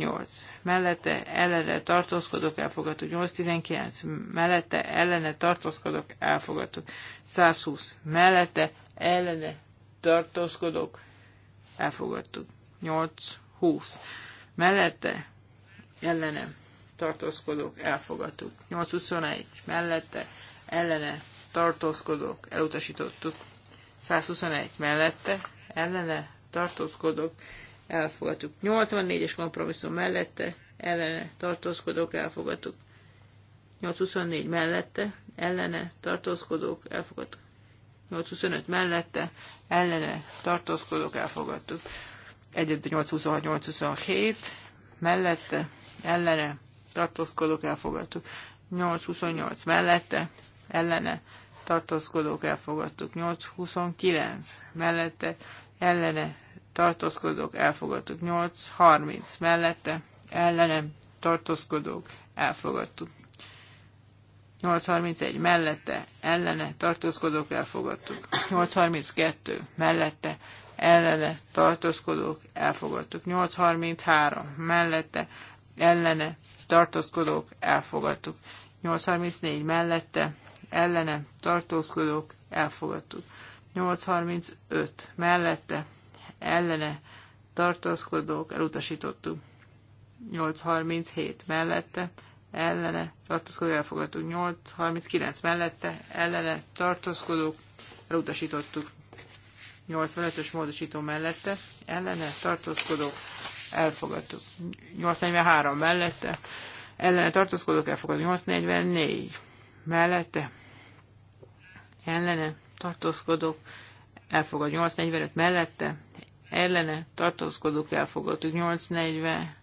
mellette, ellene tartózkodok, elfogadtuk. 819 mellette, ellene tartózkodok, elfogadtuk. 120 mellette, ellene tartózkodok, elfogadtuk. 820 mellette ellene tartózkodók elfogadtuk. 821 mellette ellene tartózkodók elutasítottuk. 121 mellette ellene tartózkodók elfogadtuk. 84-es kompromisszum mellette ellene tartózkodók elfogadtuk. 824 mellette ellene tartózkodók elfogadtuk. 825 mellette ellene tartózkodók elfogadtuk. 1 827 mellette, ellene, tartózkodók elfogadtuk. 828 mellette, ellene, tartózkodók elfogadtuk. 829 mellette, ellene, tartózkodók elfogadtuk. 830 mellette, ellene, tartózkodók elfogadtuk. 831 mellette, ellene, tartózkodók elfogadtuk. 832 mellette, ellene tartózkodók elfogadtuk. 833 mellette ellene tartózkodók elfogadtuk. 834 mellette ellene tartózkodók elfogadtuk. 835 mellette ellene tartózkodók elutasítottuk. 837 mellette ellene tartózkodók elfogadtuk. 839 mellette ellene tartózkodók elutasítottuk. 85-ös módosító mellette, ellene tartózkodók elfogadtuk. 843 mellette, ellene tartózkodók elfogadtuk. 844 mellette, ellene tartózkodók elfogadtuk. 845 mellette, ellene tartózkodók elfogadtuk. 846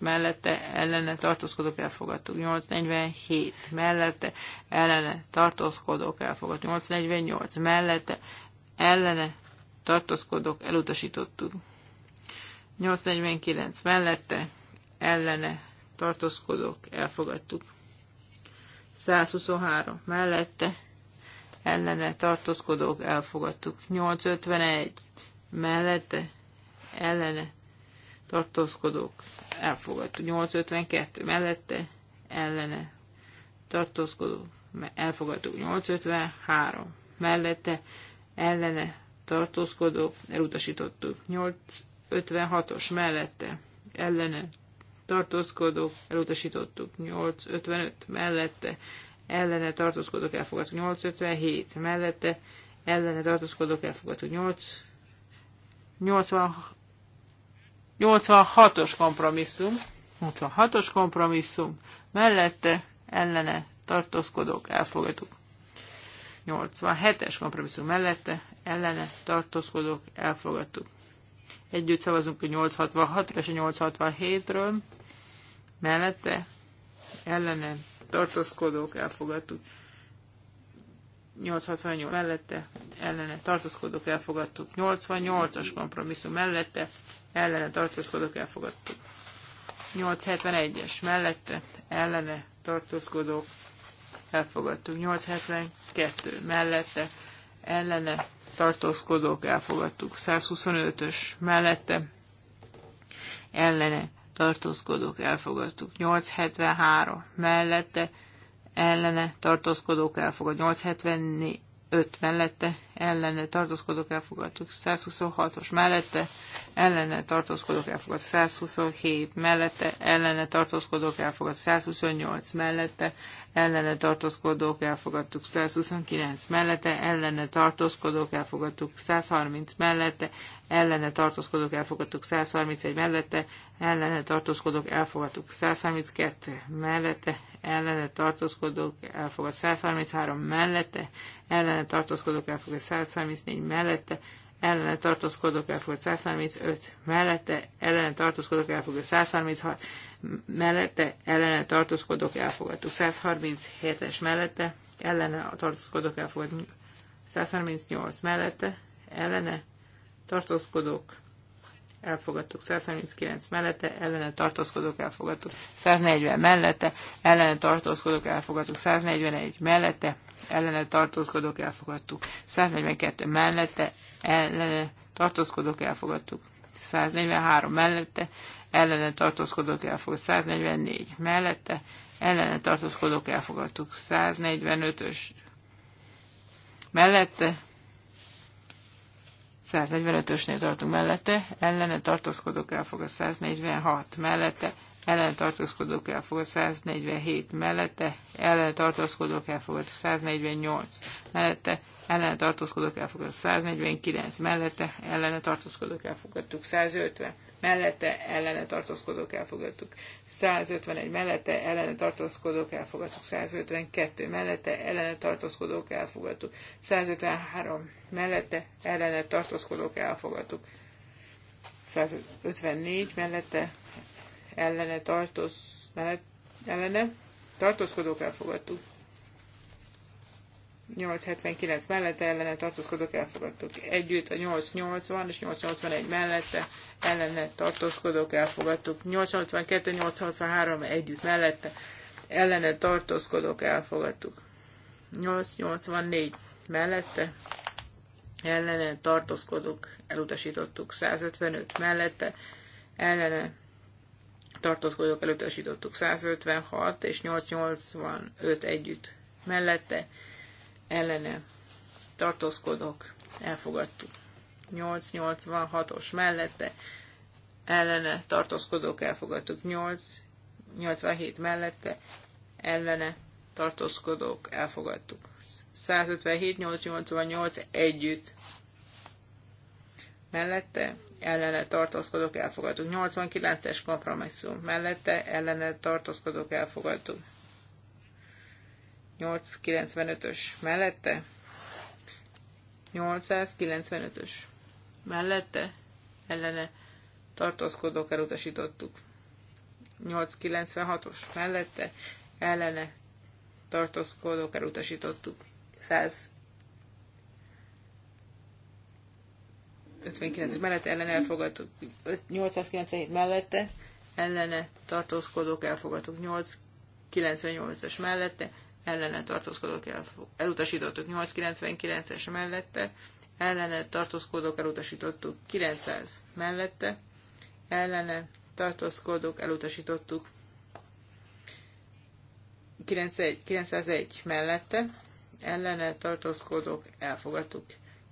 mellette, ellene tartózkodók elfogadtuk. 847 mellette, ellene tartózkodók elfogadtuk. 848 mellette, ellene tartózkodók elutasítottuk. 849 mellette ellene tartózkodók elfogadtuk. 123 mellette ellene tartózkodók elfogadtuk. 851 mellette ellene tartózkodók elfogadtuk. 852 mellette ellene tartózkodók elfogadtuk. 853 mellette ellene tartózkodók elutasítottuk. 856-os mellette ellene tartózkodók elutasítottuk. 855 mellette ellene tartózkodók elfogadtuk. 857 mellette ellene tartózkodók elfogadtuk. 8 86-os kompromisszum, 86-os kompromisszum, mellette ellene tartózkodók elfogadtuk. 87-es kompromisszum mellette ellene tartózkodók elfogadtuk. Együtt szavazunk a 866-ra és a 867-ről. Mellette ellene tartózkodók elfogadtuk. 868 mellette ellene tartózkodók elfogadtuk. 88-as kompromisszum mellette ellene tartózkodók elfogadtuk. 871-es mellette ellene tartózkodók elfogadtuk. 872 mellette ellene tartózkodók elfogadtuk. 125-ös mellette ellene tartózkodók elfogadtuk. 873 mellette ellene tartózkodók elfogadtuk. 875 mellette, ellene tartózkodók elfogadtuk, 126-os mellette, ellene tartózkodók elfogadtuk, 127 mellette, ellene tartózkodók elfogadtuk, 128 mellette, ellene tartózkodók elfogadtuk 129 mellette, ellene tartózkodók elfogadtuk 130 mellette, ellene tartózkodók elfogadtuk 131 mellette, ellene tartózkodók elfogadtuk 132 mellette, ellene tartózkodók elfogadtuk 133 mellette, ellene tartózkodók elfogadtuk 134 mellette, ellene tartózkodok, elfogadott 135, mellette ellene tartózkodok, elfogadott 136, mellette ellene tartózkodok, elfogadtuk 137-es mellette, ellene tartózkodok, elfogadtuk 138 mellette, ellene tartózkodok, elfogadtuk 139 mellette, ellene tartózkodok, elfogadtuk 140 mellette, ellene tartózkodok, elfogadtuk 141 mellette, ellene tartózkodok, elfogadtuk. 142 mellette ellene tartózkodok, elfogadtuk. 143 mellette ellene tartózkodok, elfogadtuk. 144 mellette ellene tartózkodok, elfogadtuk. 145-ös mellette 145-ösnél tartunk mellette, ellene tartózkodok, elfogad 146 mellette ellen tartózkodók elfogad 147 mellette, ellen tartózkodók elfogad 148 mellette, ellen tartózkodók elfogad 149 mellette, ellen tartózkodók elfogadtuk 150 mellette, ellen tartózkodók elfogadtuk 151 mellette, ellen tartózkodók elfogadtuk 152 mellette, ellen tartózkodók elfogadtuk 153 mellette, ellen tartózkodók elfogadtuk 154 mellette ellene, tartoz, mellett, ellene tartózkodók elfogadtuk. 879 mellette ellene tartózkodók elfogadtuk. Együtt a 880 és 881 mellette ellene tartózkodók elfogadtuk. 882, 863 együtt mellette ellene tartózkodók elfogadtuk. 884 mellette ellene tartózkodók elutasítottuk. 155 mellette ellene tartózkodók elutasítottuk 156 és 885 együtt mellette, ellene tartózkodók elfogadtuk 886-os mellette, ellene tartózkodók elfogadtuk 887 mellette, ellene tartózkodók elfogadtuk 157-888 együtt mellette ellene tartózkodok, elfogadtuk. 89-es kompromisszum mellette ellene tartózkodok, elfogadtuk. 895-ös mellette 895-ös mellette ellene tartózkodók elutasítottuk. 896-os mellette ellene tartózkodók elutasítottuk. 100 59 mellett ellen elfogadtuk, 897 mellette ellene tartózkodók elfogadtuk, 898 es mellette ellene tartózkodók elfog, elutasítottuk, 899-es mellette ellene tartózkodók elutasítottuk, 900 mellette ellene tartózkodók elutasítottuk, 901, 901 mellette ellene tartózkodók elfogadtuk,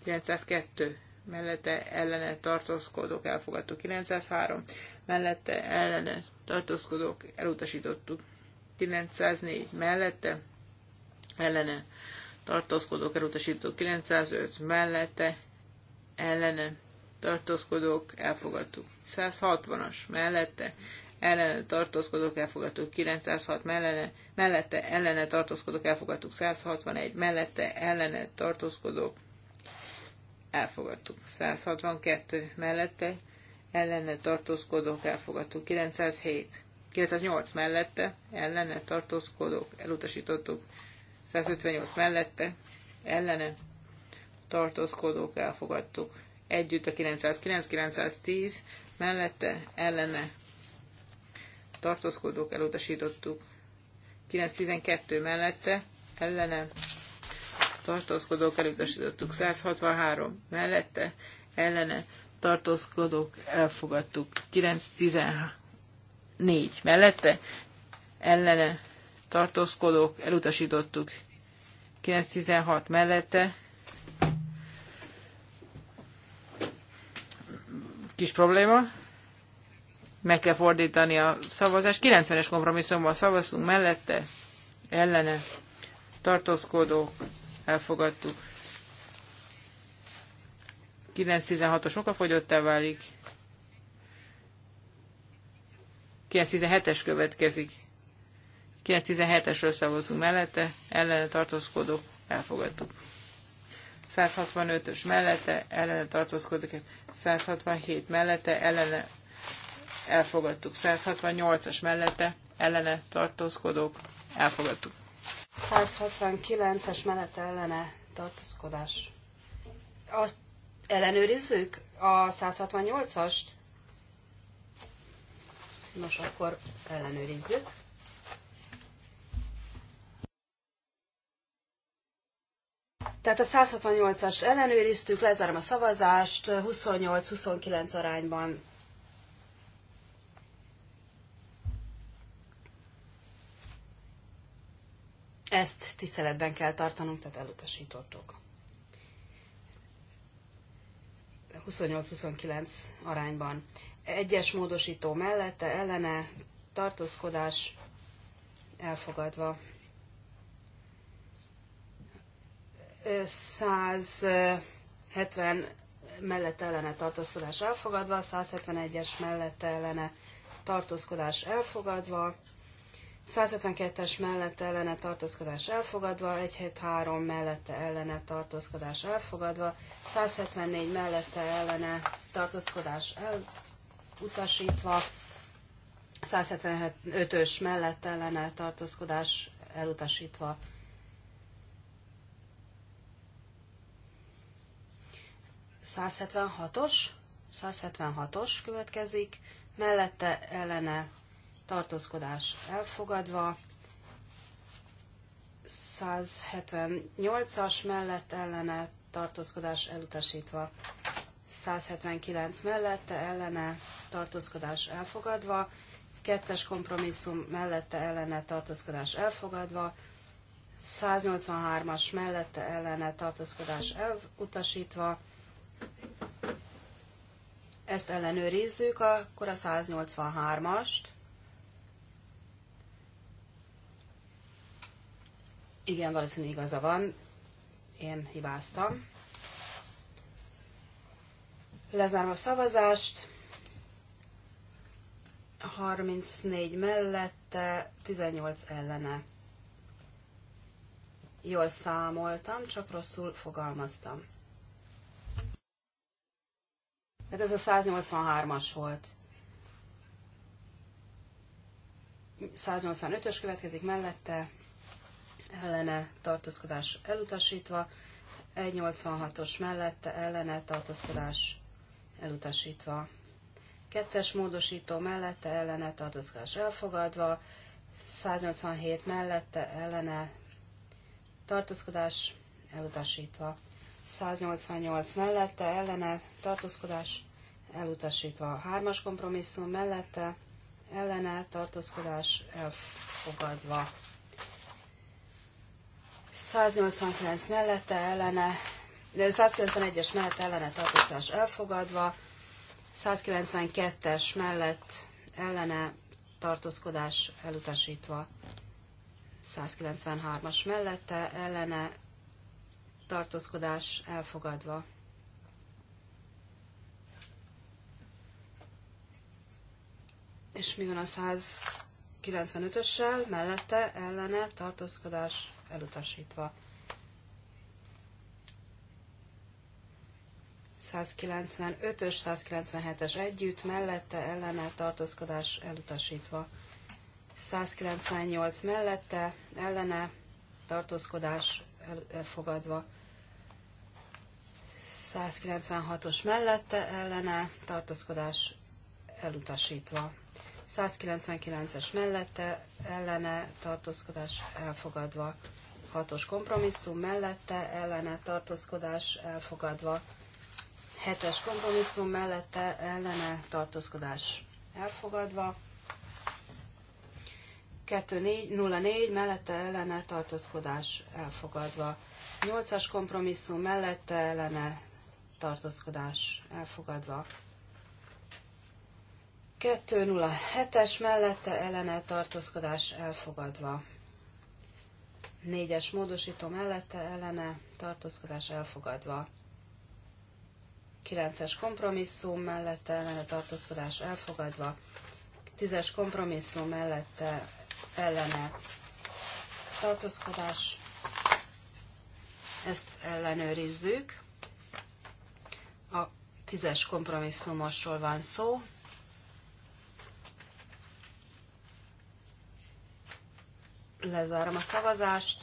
902 mellette ellene tartózkodók elfogadtuk. 903 mellette ellene tartózkodók elutasítottuk. 904 mellette ellene tartózkodók elutasítottuk. 905 mellette ellene tartózkodók elfogadtuk. 160-as mellette ellene tartózkodók elfogadtuk 906 mellene, mellette ellene tartózkodók elfogadtuk 161 mellette ellene tartózkodók elfogadtuk. 162 mellette ellene tartózkodók elfogadtuk. 907 908 mellette ellene tartózkodók elutasítottuk. 158 mellette ellene tartózkodók elfogadtuk. Együtt a 909-910 mellette ellene tartózkodók elutasítottuk. 912 mellette ellene tartózkodók elutasítottuk. 163 mellette ellene tartózkodók elfogadtuk. 914 mellette ellene tartózkodók elutasítottuk. 916 mellette kis probléma. Meg kell fordítani a szavazást. 90-es kompromisszumban szavazunk mellette, ellene, tartózkodók, elfogadtuk. 9.16-os okafogyottá válik. 9.17-es következik. 9.17-esről szavazunk mellette, ellene tartózkodók, elfogadtuk. 165-ös mellette, ellene tartózkodók, 167 mellette, ellene elfogadtuk. 168-as mellette, ellene tartózkodók, elfogadtuk. 169-es mellett ellene tartózkodás. Azt ellenőrizzük a 168-ast? Nos, akkor ellenőrizzük. Tehát a 168-ast ellenőriztük, lezárom a szavazást, 28-29 arányban ezt tiszteletben kell tartanunk, tehát elutasítottuk. 28-29 arányban. Egyes módosító mellette, ellene, tartózkodás elfogadva. 170 mellette ellene tartózkodás elfogadva, 171-es mellette ellene tartózkodás elfogadva, 172-es mellette ellene tartózkodás elfogadva, 173 mellette ellene tartózkodás elfogadva, 174 mellette ellene tartózkodás elutasítva, 175-ös mellette ellene tartózkodás elutasítva. os 176-os következik, mellette ellene tartózkodás elfogadva, 178-as mellett ellene tartózkodás elutasítva, 179 mellette ellene tartózkodás elfogadva, kettes kompromisszum mellette ellene tartózkodás elfogadva, 183-as mellette ellene tartózkodás elutasítva, ezt ellenőrizzük, akkor a 183-ast. Igen, valószínűleg igaza van. Én hibáztam. Lezárom a szavazást. 34 mellette, 18 ellene. Jól számoltam, csak rosszul fogalmaztam. Hát ez a 183-as volt. 185-ös következik mellette, ellene tartózkodás elutasítva, 186-os mellette ellene tartózkodás elutasítva. Kettes módosító mellette ellene tartózkodás elfogadva, 187 mellette ellene tartózkodás elutasítva. 188 mellette ellene tartózkodás elutasítva. A hármas kompromisszum mellette ellene tartózkodás elfogadva. 189 mellette ellene, 191-es mellett ellene tartózkodás elfogadva, 192-es mellett ellene tartózkodás elutasítva, 193-as mellette ellene tartózkodás elfogadva. És mi van a 195-össel? Mellette ellene tartózkodás elutasítva. 195-ös, 197-es együtt, mellette ellene tartózkodás elutasítva. 198 mellette ellene tartózkodás elfogadva. 196-os mellette ellene tartózkodás elutasítva. 199-es mellette ellene tartózkodás elfogadva. 6-os kompromisszum mellette ellene tartózkodás elfogadva. 7-es kompromisszum mellette ellene tartózkodás elfogadva. 204 mellette ellene tartózkodás elfogadva. 8-as kompromisszum mellette ellene tartózkodás elfogadva. 207-es mellette ellene tartózkodás elfogadva. Négyes módosító mellette ellene tartózkodás elfogadva. Kilences kompromisszum mellette ellene tartózkodás elfogadva. Tízes kompromisszum mellette ellene tartózkodás. Ezt ellenőrizzük. A tízes kompromisszumosról van szó. Lezárom a szavazást.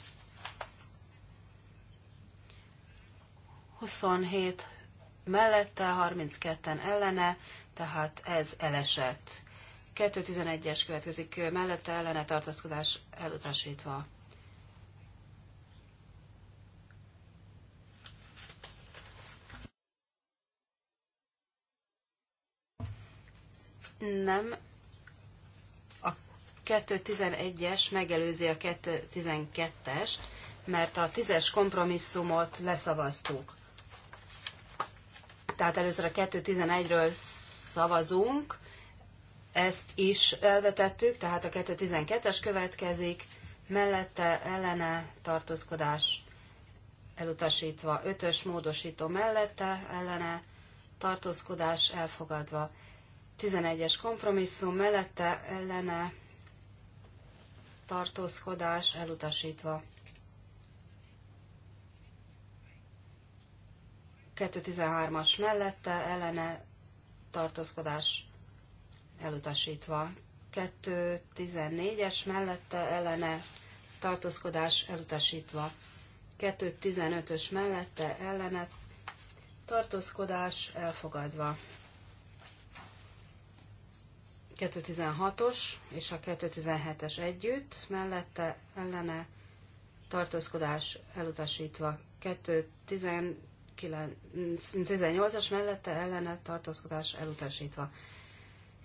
27 mellette, 32-en ellene, tehát ez elesett. 2.11-es következik mellette ellene tartaszkodás elutasítva. Nem 2.11-es megelőzi a 2.12-est, mert a 10-es kompromisszumot leszavaztuk. Tehát először a 2.11-ről szavazunk, ezt is elvetettük, tehát a 2.12-es következik, mellette ellene tartózkodás elutasítva, 5-ös módosító mellette ellene tartózkodás elfogadva, 11-es kompromisszum mellette ellene tartózkodás elutasítva. 213-as mellette ellene tartózkodás elutasítva. 214-es mellette ellene tartózkodás elutasítva. 215-ös mellette ellene tartózkodás elfogadva. 216-os és a 217-es együtt, mellette ellene tartózkodás elutasítva 218-as mellette ellene tartózkodás elutasítva.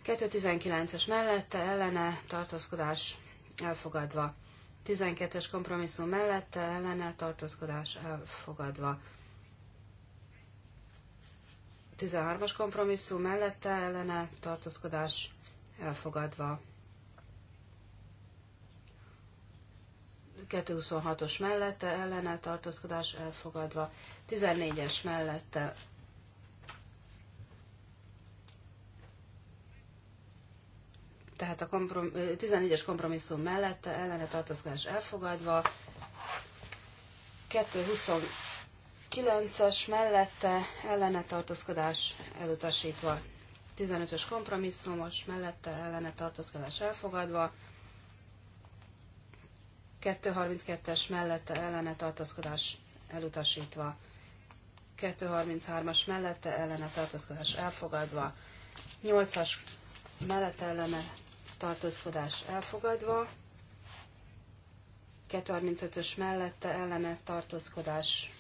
219-es mellette ellene tartózkodás elfogadva. 12-es kompromisszum mellette ellene tartózkodás elfogadva. 13-as kompromisszum mellette ellene tartózkodás elfogadva. 226-os mellette ellene tartózkodás elfogadva, 14-es mellette tehát a komprom, 14-es kompromisszum mellette ellene tartózkodás elfogadva, 229-es mellette ellene tartózkodás elutasítva, 15-ös kompromisszumos, mellette ellene tartózkodás elfogadva, 232-es mellette ellene tartózkodás elutasítva, 233-as mellette ellene tartózkodás elfogadva, 8-as mellette ellene tartózkodás elfogadva, 235-ös mellette ellene tartózkodás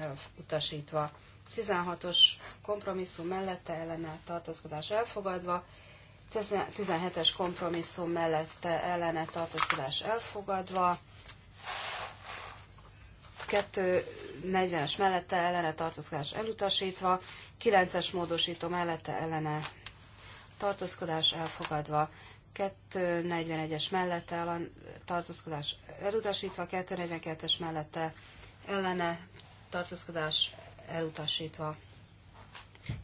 elutasítva. 16-os kompromisszum mellette ellene tartózkodás elfogadva, 17-es kompromisszum mellette ellene tartózkodás elfogadva, 240-es mellette ellene tartózkodás elutasítva, 9-es módosító mellette ellene tartózkodás elfogadva, 241-es mellette ellen tartózkodás elutasítva, 242-es mellette ellene tartózkodás elutasítva.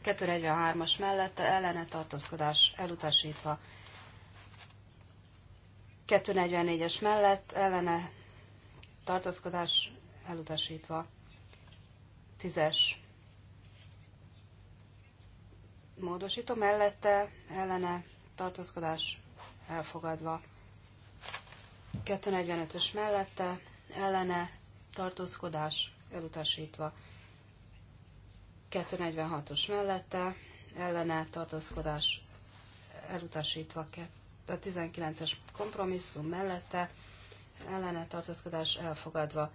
243-as mellette ellene tartózkodás elutasítva. 244-es mellett ellene tartózkodás elutasítva. 10-es módosító mellette ellene tartózkodás elfogadva. 245-ös mellette ellene tartózkodás elutasítva. 246-os mellette, ellene tartózkodás elutasítva, a 19-es kompromisszum mellette, ellene tartózkodás elfogadva,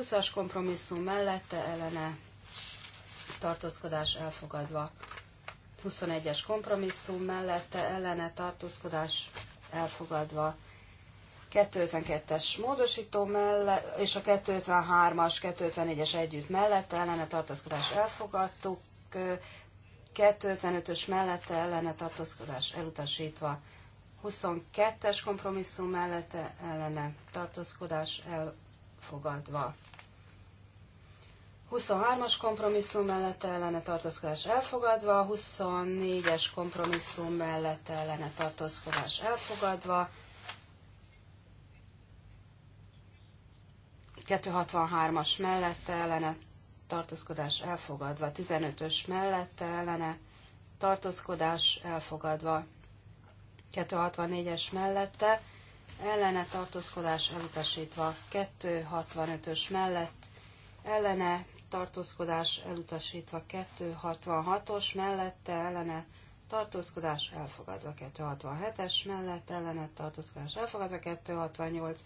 20-as kompromisszum mellette, ellene tartózkodás elfogadva, 21-es kompromisszum mellette, ellene tartózkodás elfogadva, 252-es módosító mellett, és a 253-as, 254-es együtt mellette ellene tartózkodás elfogadtuk, 255-ös mellette ellene tartózkodás elutasítva, 22-es kompromisszum mellette ellene tartózkodás elfogadva. 23-as kompromisszum mellett ellene tartózkodás elfogadva, 24-es kompromisszum mellett ellene tartózkodás elfogadva, 263-as mellette ellene tartózkodás elfogadva, 15-ös mellette ellene tartózkodás elfogadva, 264-es mellette ellene tartózkodás elutasítva, 265-ös mellett ellene tartózkodás elutasítva, 266-os mellette ellene tartózkodás elfogadva, 267-es mellett ellene tartózkodás elfogadva, 268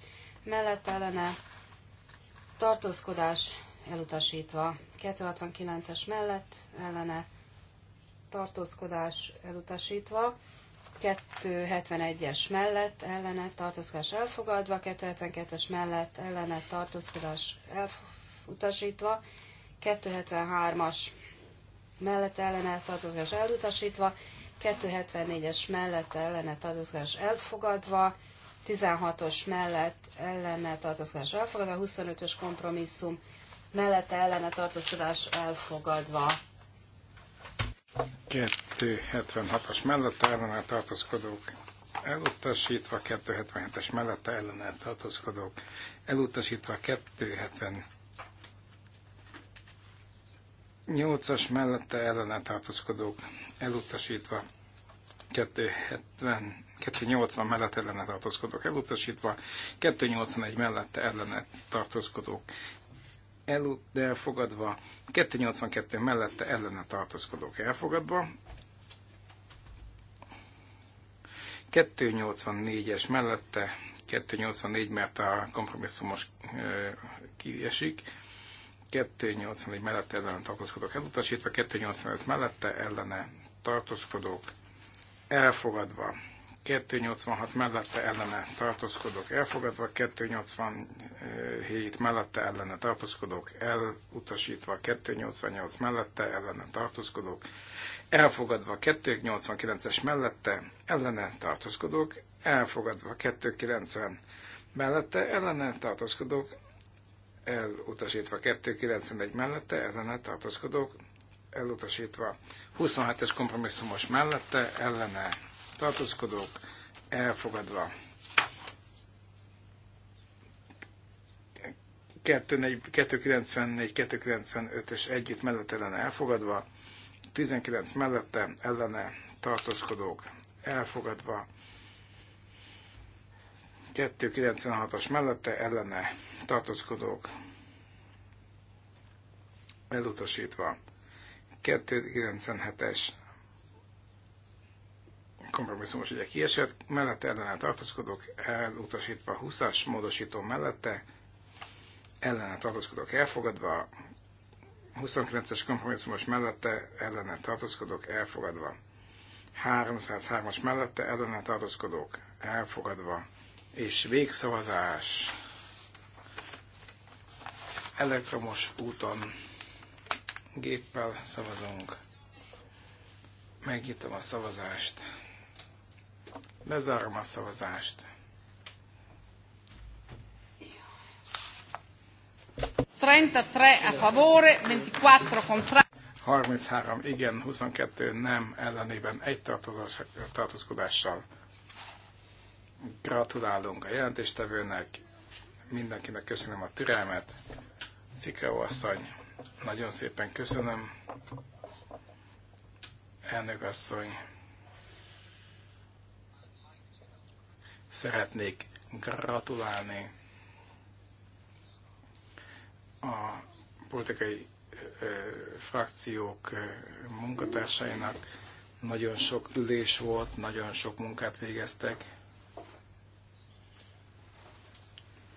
mellett ellene tartózkodás elutasítva. 269-es mellett ellene tartózkodás elutasítva. 271-es mellett ellene tartózkodás elfogadva, 272-es mellett ellene tartózkodás elutasítva, 273-as mellett ellene tartózkodás elutasítva, 274-es mellett ellene tartózkodás elfogadva, 16-os mellett ellene tartózkodás elfogadva, 25-ös kompromisszum mellette ellene tartózkodás elfogadva. 276-as mellette ellene tartózkodók elutasítva, 277-es mellette ellene tartózkodók elutasítva, 270 8-as mellette ellene tartózkodók elutasítva, 280 mellett ellene tartózkodók elutasítva, 281 mellett ellene tartózkodók el, elfogadva, 282 mellette ellene tartózkodók elfogadva, 284-es mellette, 284 mert a kompromisszumos ö, kiesik, 284 mellette ellene tartózkodók elutasítva, 285 mellette ellene tartózkodók elfogadva. 286 mellette ellene tartózkodók elfogadva, 287 mellette ellene tartózkodók elutasítva, 288 mellette ellene tartózkodók elfogadva, 289-es mellette ellene tartózkodók elfogadva, 290 mellette ellene tartózkodók elutasítva, 291 mellette ellene tartózkodók elutasítva, 27-es kompromisszumos mellette ellene tartózkodók elfogadva. 294 295 és együtt mellett ellen elfogadva, 19 mellette ellene tartózkodók elfogadva, 296-as mellette ellene tartózkodók elutasítva, 297-es kompromisszumos ugye kiesett, mellette ellene tartózkodok, elutasítva 20-as módosító mellette, ellene tartózkodok elfogadva, 29-es kompromisszumos mellette ellene tartózkodok elfogadva, 303-as mellette ellene tartózkodok elfogadva, és végszavazás elektromos úton géppel szavazunk. Megnyitom a szavazást. Lezárom a szavazást. favore, 24 contra. 33 igen, 22 nem ellenében egy tartózkodással. Gratulálunk a jelentéstevőnek, mindenkinek köszönöm a türelmet. Cikeó asszony, nagyon szépen köszönöm. Elnök asszony. szeretnék gratulálni a politikai frakciók munkatársainak. Nagyon sok ülés volt, nagyon sok munkát végeztek.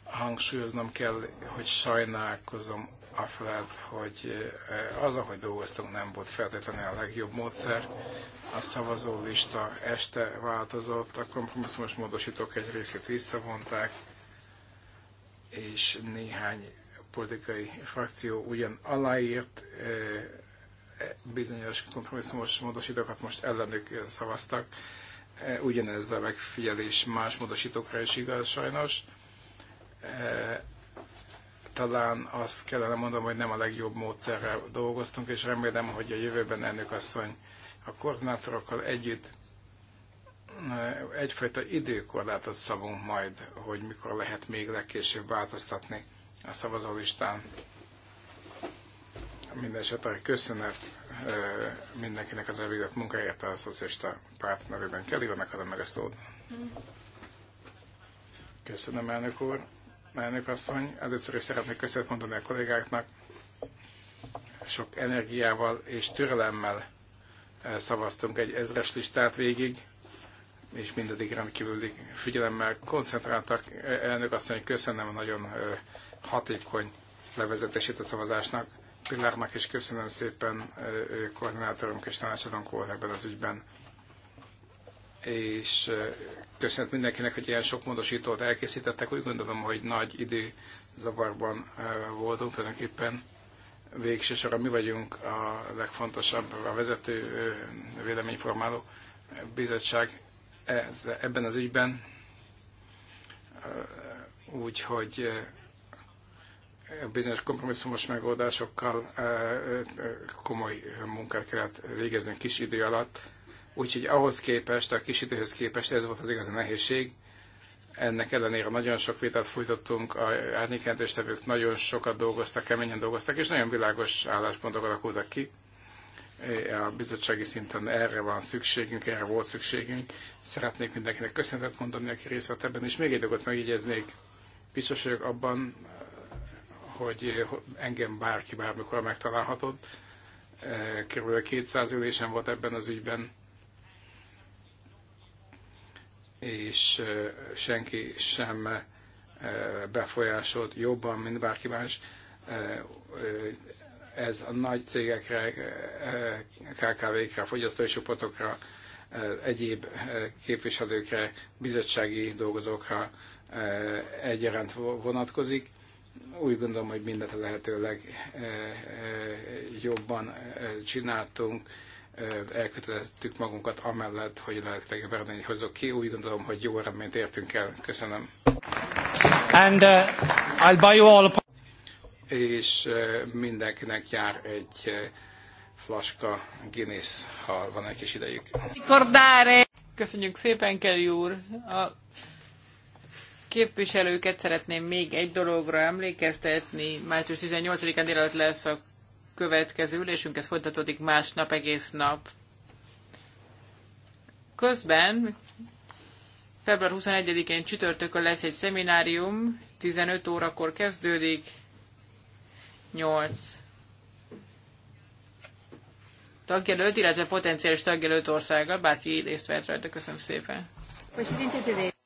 Hangsúlyoznom kell, hogy sajnálkozom afölött, hogy eh, az, ahogy dolgoztunk, nem volt feltétlenül a legjobb módszer. A szavazólista este változott, a kompromisszumos módosítók egy részét visszavonták, és néhány politikai frakció ugyan aláírt eh, bizonyos kompromisszumos módosítókat most ellenük szavaztak. Eh, ugyanez a megfigyelés más módosítókra is igaz sajnos talán azt kellene mondanom, hogy nem a legjobb módszerrel dolgoztunk, és remélem, hogy a jövőben elnök asszony a koordinátorokkal együtt egyfajta időkorlátot szabunk majd, hogy mikor lehet még legkésőbb változtatni a szavazólistán. Mindenesetre köszönet mindenkinek az elvégzett munkáért a szocialista párt nevében. Kelly, annak adom meg a szót. Mm. Köszönöm, elnök úr elnök asszony. Először is szeretnék köszönet mondani a kollégáknak. Sok energiával és türelemmel eh, szavaztunk egy ezres listát végig, és mindedig rendkívüli figyelemmel koncentráltak. Eh, elnök asszony, köszönöm a nagyon eh, hatékony levezetését a szavazásnak. Pillárnak is köszönöm szépen, koordinátorunk és tanácsadónk voltak ebben az ügyben és köszönet mindenkinek, hogy ilyen sok módosítót elkészítettek. Úgy gondolom, hogy nagy idő zavarban voltunk, tulajdonképpen végső sorra mi vagyunk a legfontosabb, a vezető véleményformáló bizottság ez, ebben az ügyben, úgyhogy bizonyos kompromisszumos megoldásokkal komoly munkát kellett végezni kis idő alatt. Úgyhogy ahhoz képest, a kis időhöz képest ez volt az igazi nehézség. Ennek ellenére nagyon sok vitát folytattunk, a árnyékentéstevők nagyon sokat dolgoztak, keményen dolgoztak, és nagyon világos álláspontok alakultak ki. A bizottsági szinten erre van szükségünk, erre volt szükségünk. Szeretnék mindenkinek köszönetet mondani, aki részt vett ebben, és még egy dolgot megígyeznék. Biztos vagyok abban, hogy engem bárki bármikor megtalálhatott. Körülbelül 200 ülésem volt ebben az ügyben és senki sem befolyásolt jobban, mint bárki más. Ez a nagy cégekre, KKV-kre, fogyasztói csoportokra, egyéb képviselőkre, bizottsági dolgozókra egyaránt vonatkozik. Úgy gondolom, hogy mindent a lehető legjobban csináltunk elköteleztük magunkat amellett, hogy a lehető legjobb eredményt ki. Úgy gondolom, hogy jó eredményt értünk el. Köszönöm. And, uh, I'll buy you all a... És uh, mindenkinek jár egy uh, flaska Guinness, ha van egy kis idejük. Köszönjük szépen, Kelly úr! A képviselőket szeretném még egy dologra emlékeztetni. Március 18-án délelőtt lesz a következő ülésünk, ez folytatódik másnap egész nap. Közben február 21-én csütörtökön lesz egy szeminárium, 15 órakor kezdődik, 8 tagjelölt, illetve potenciális tagjelölt országgal, bárki részt vehet rajta. Köszönöm szépen.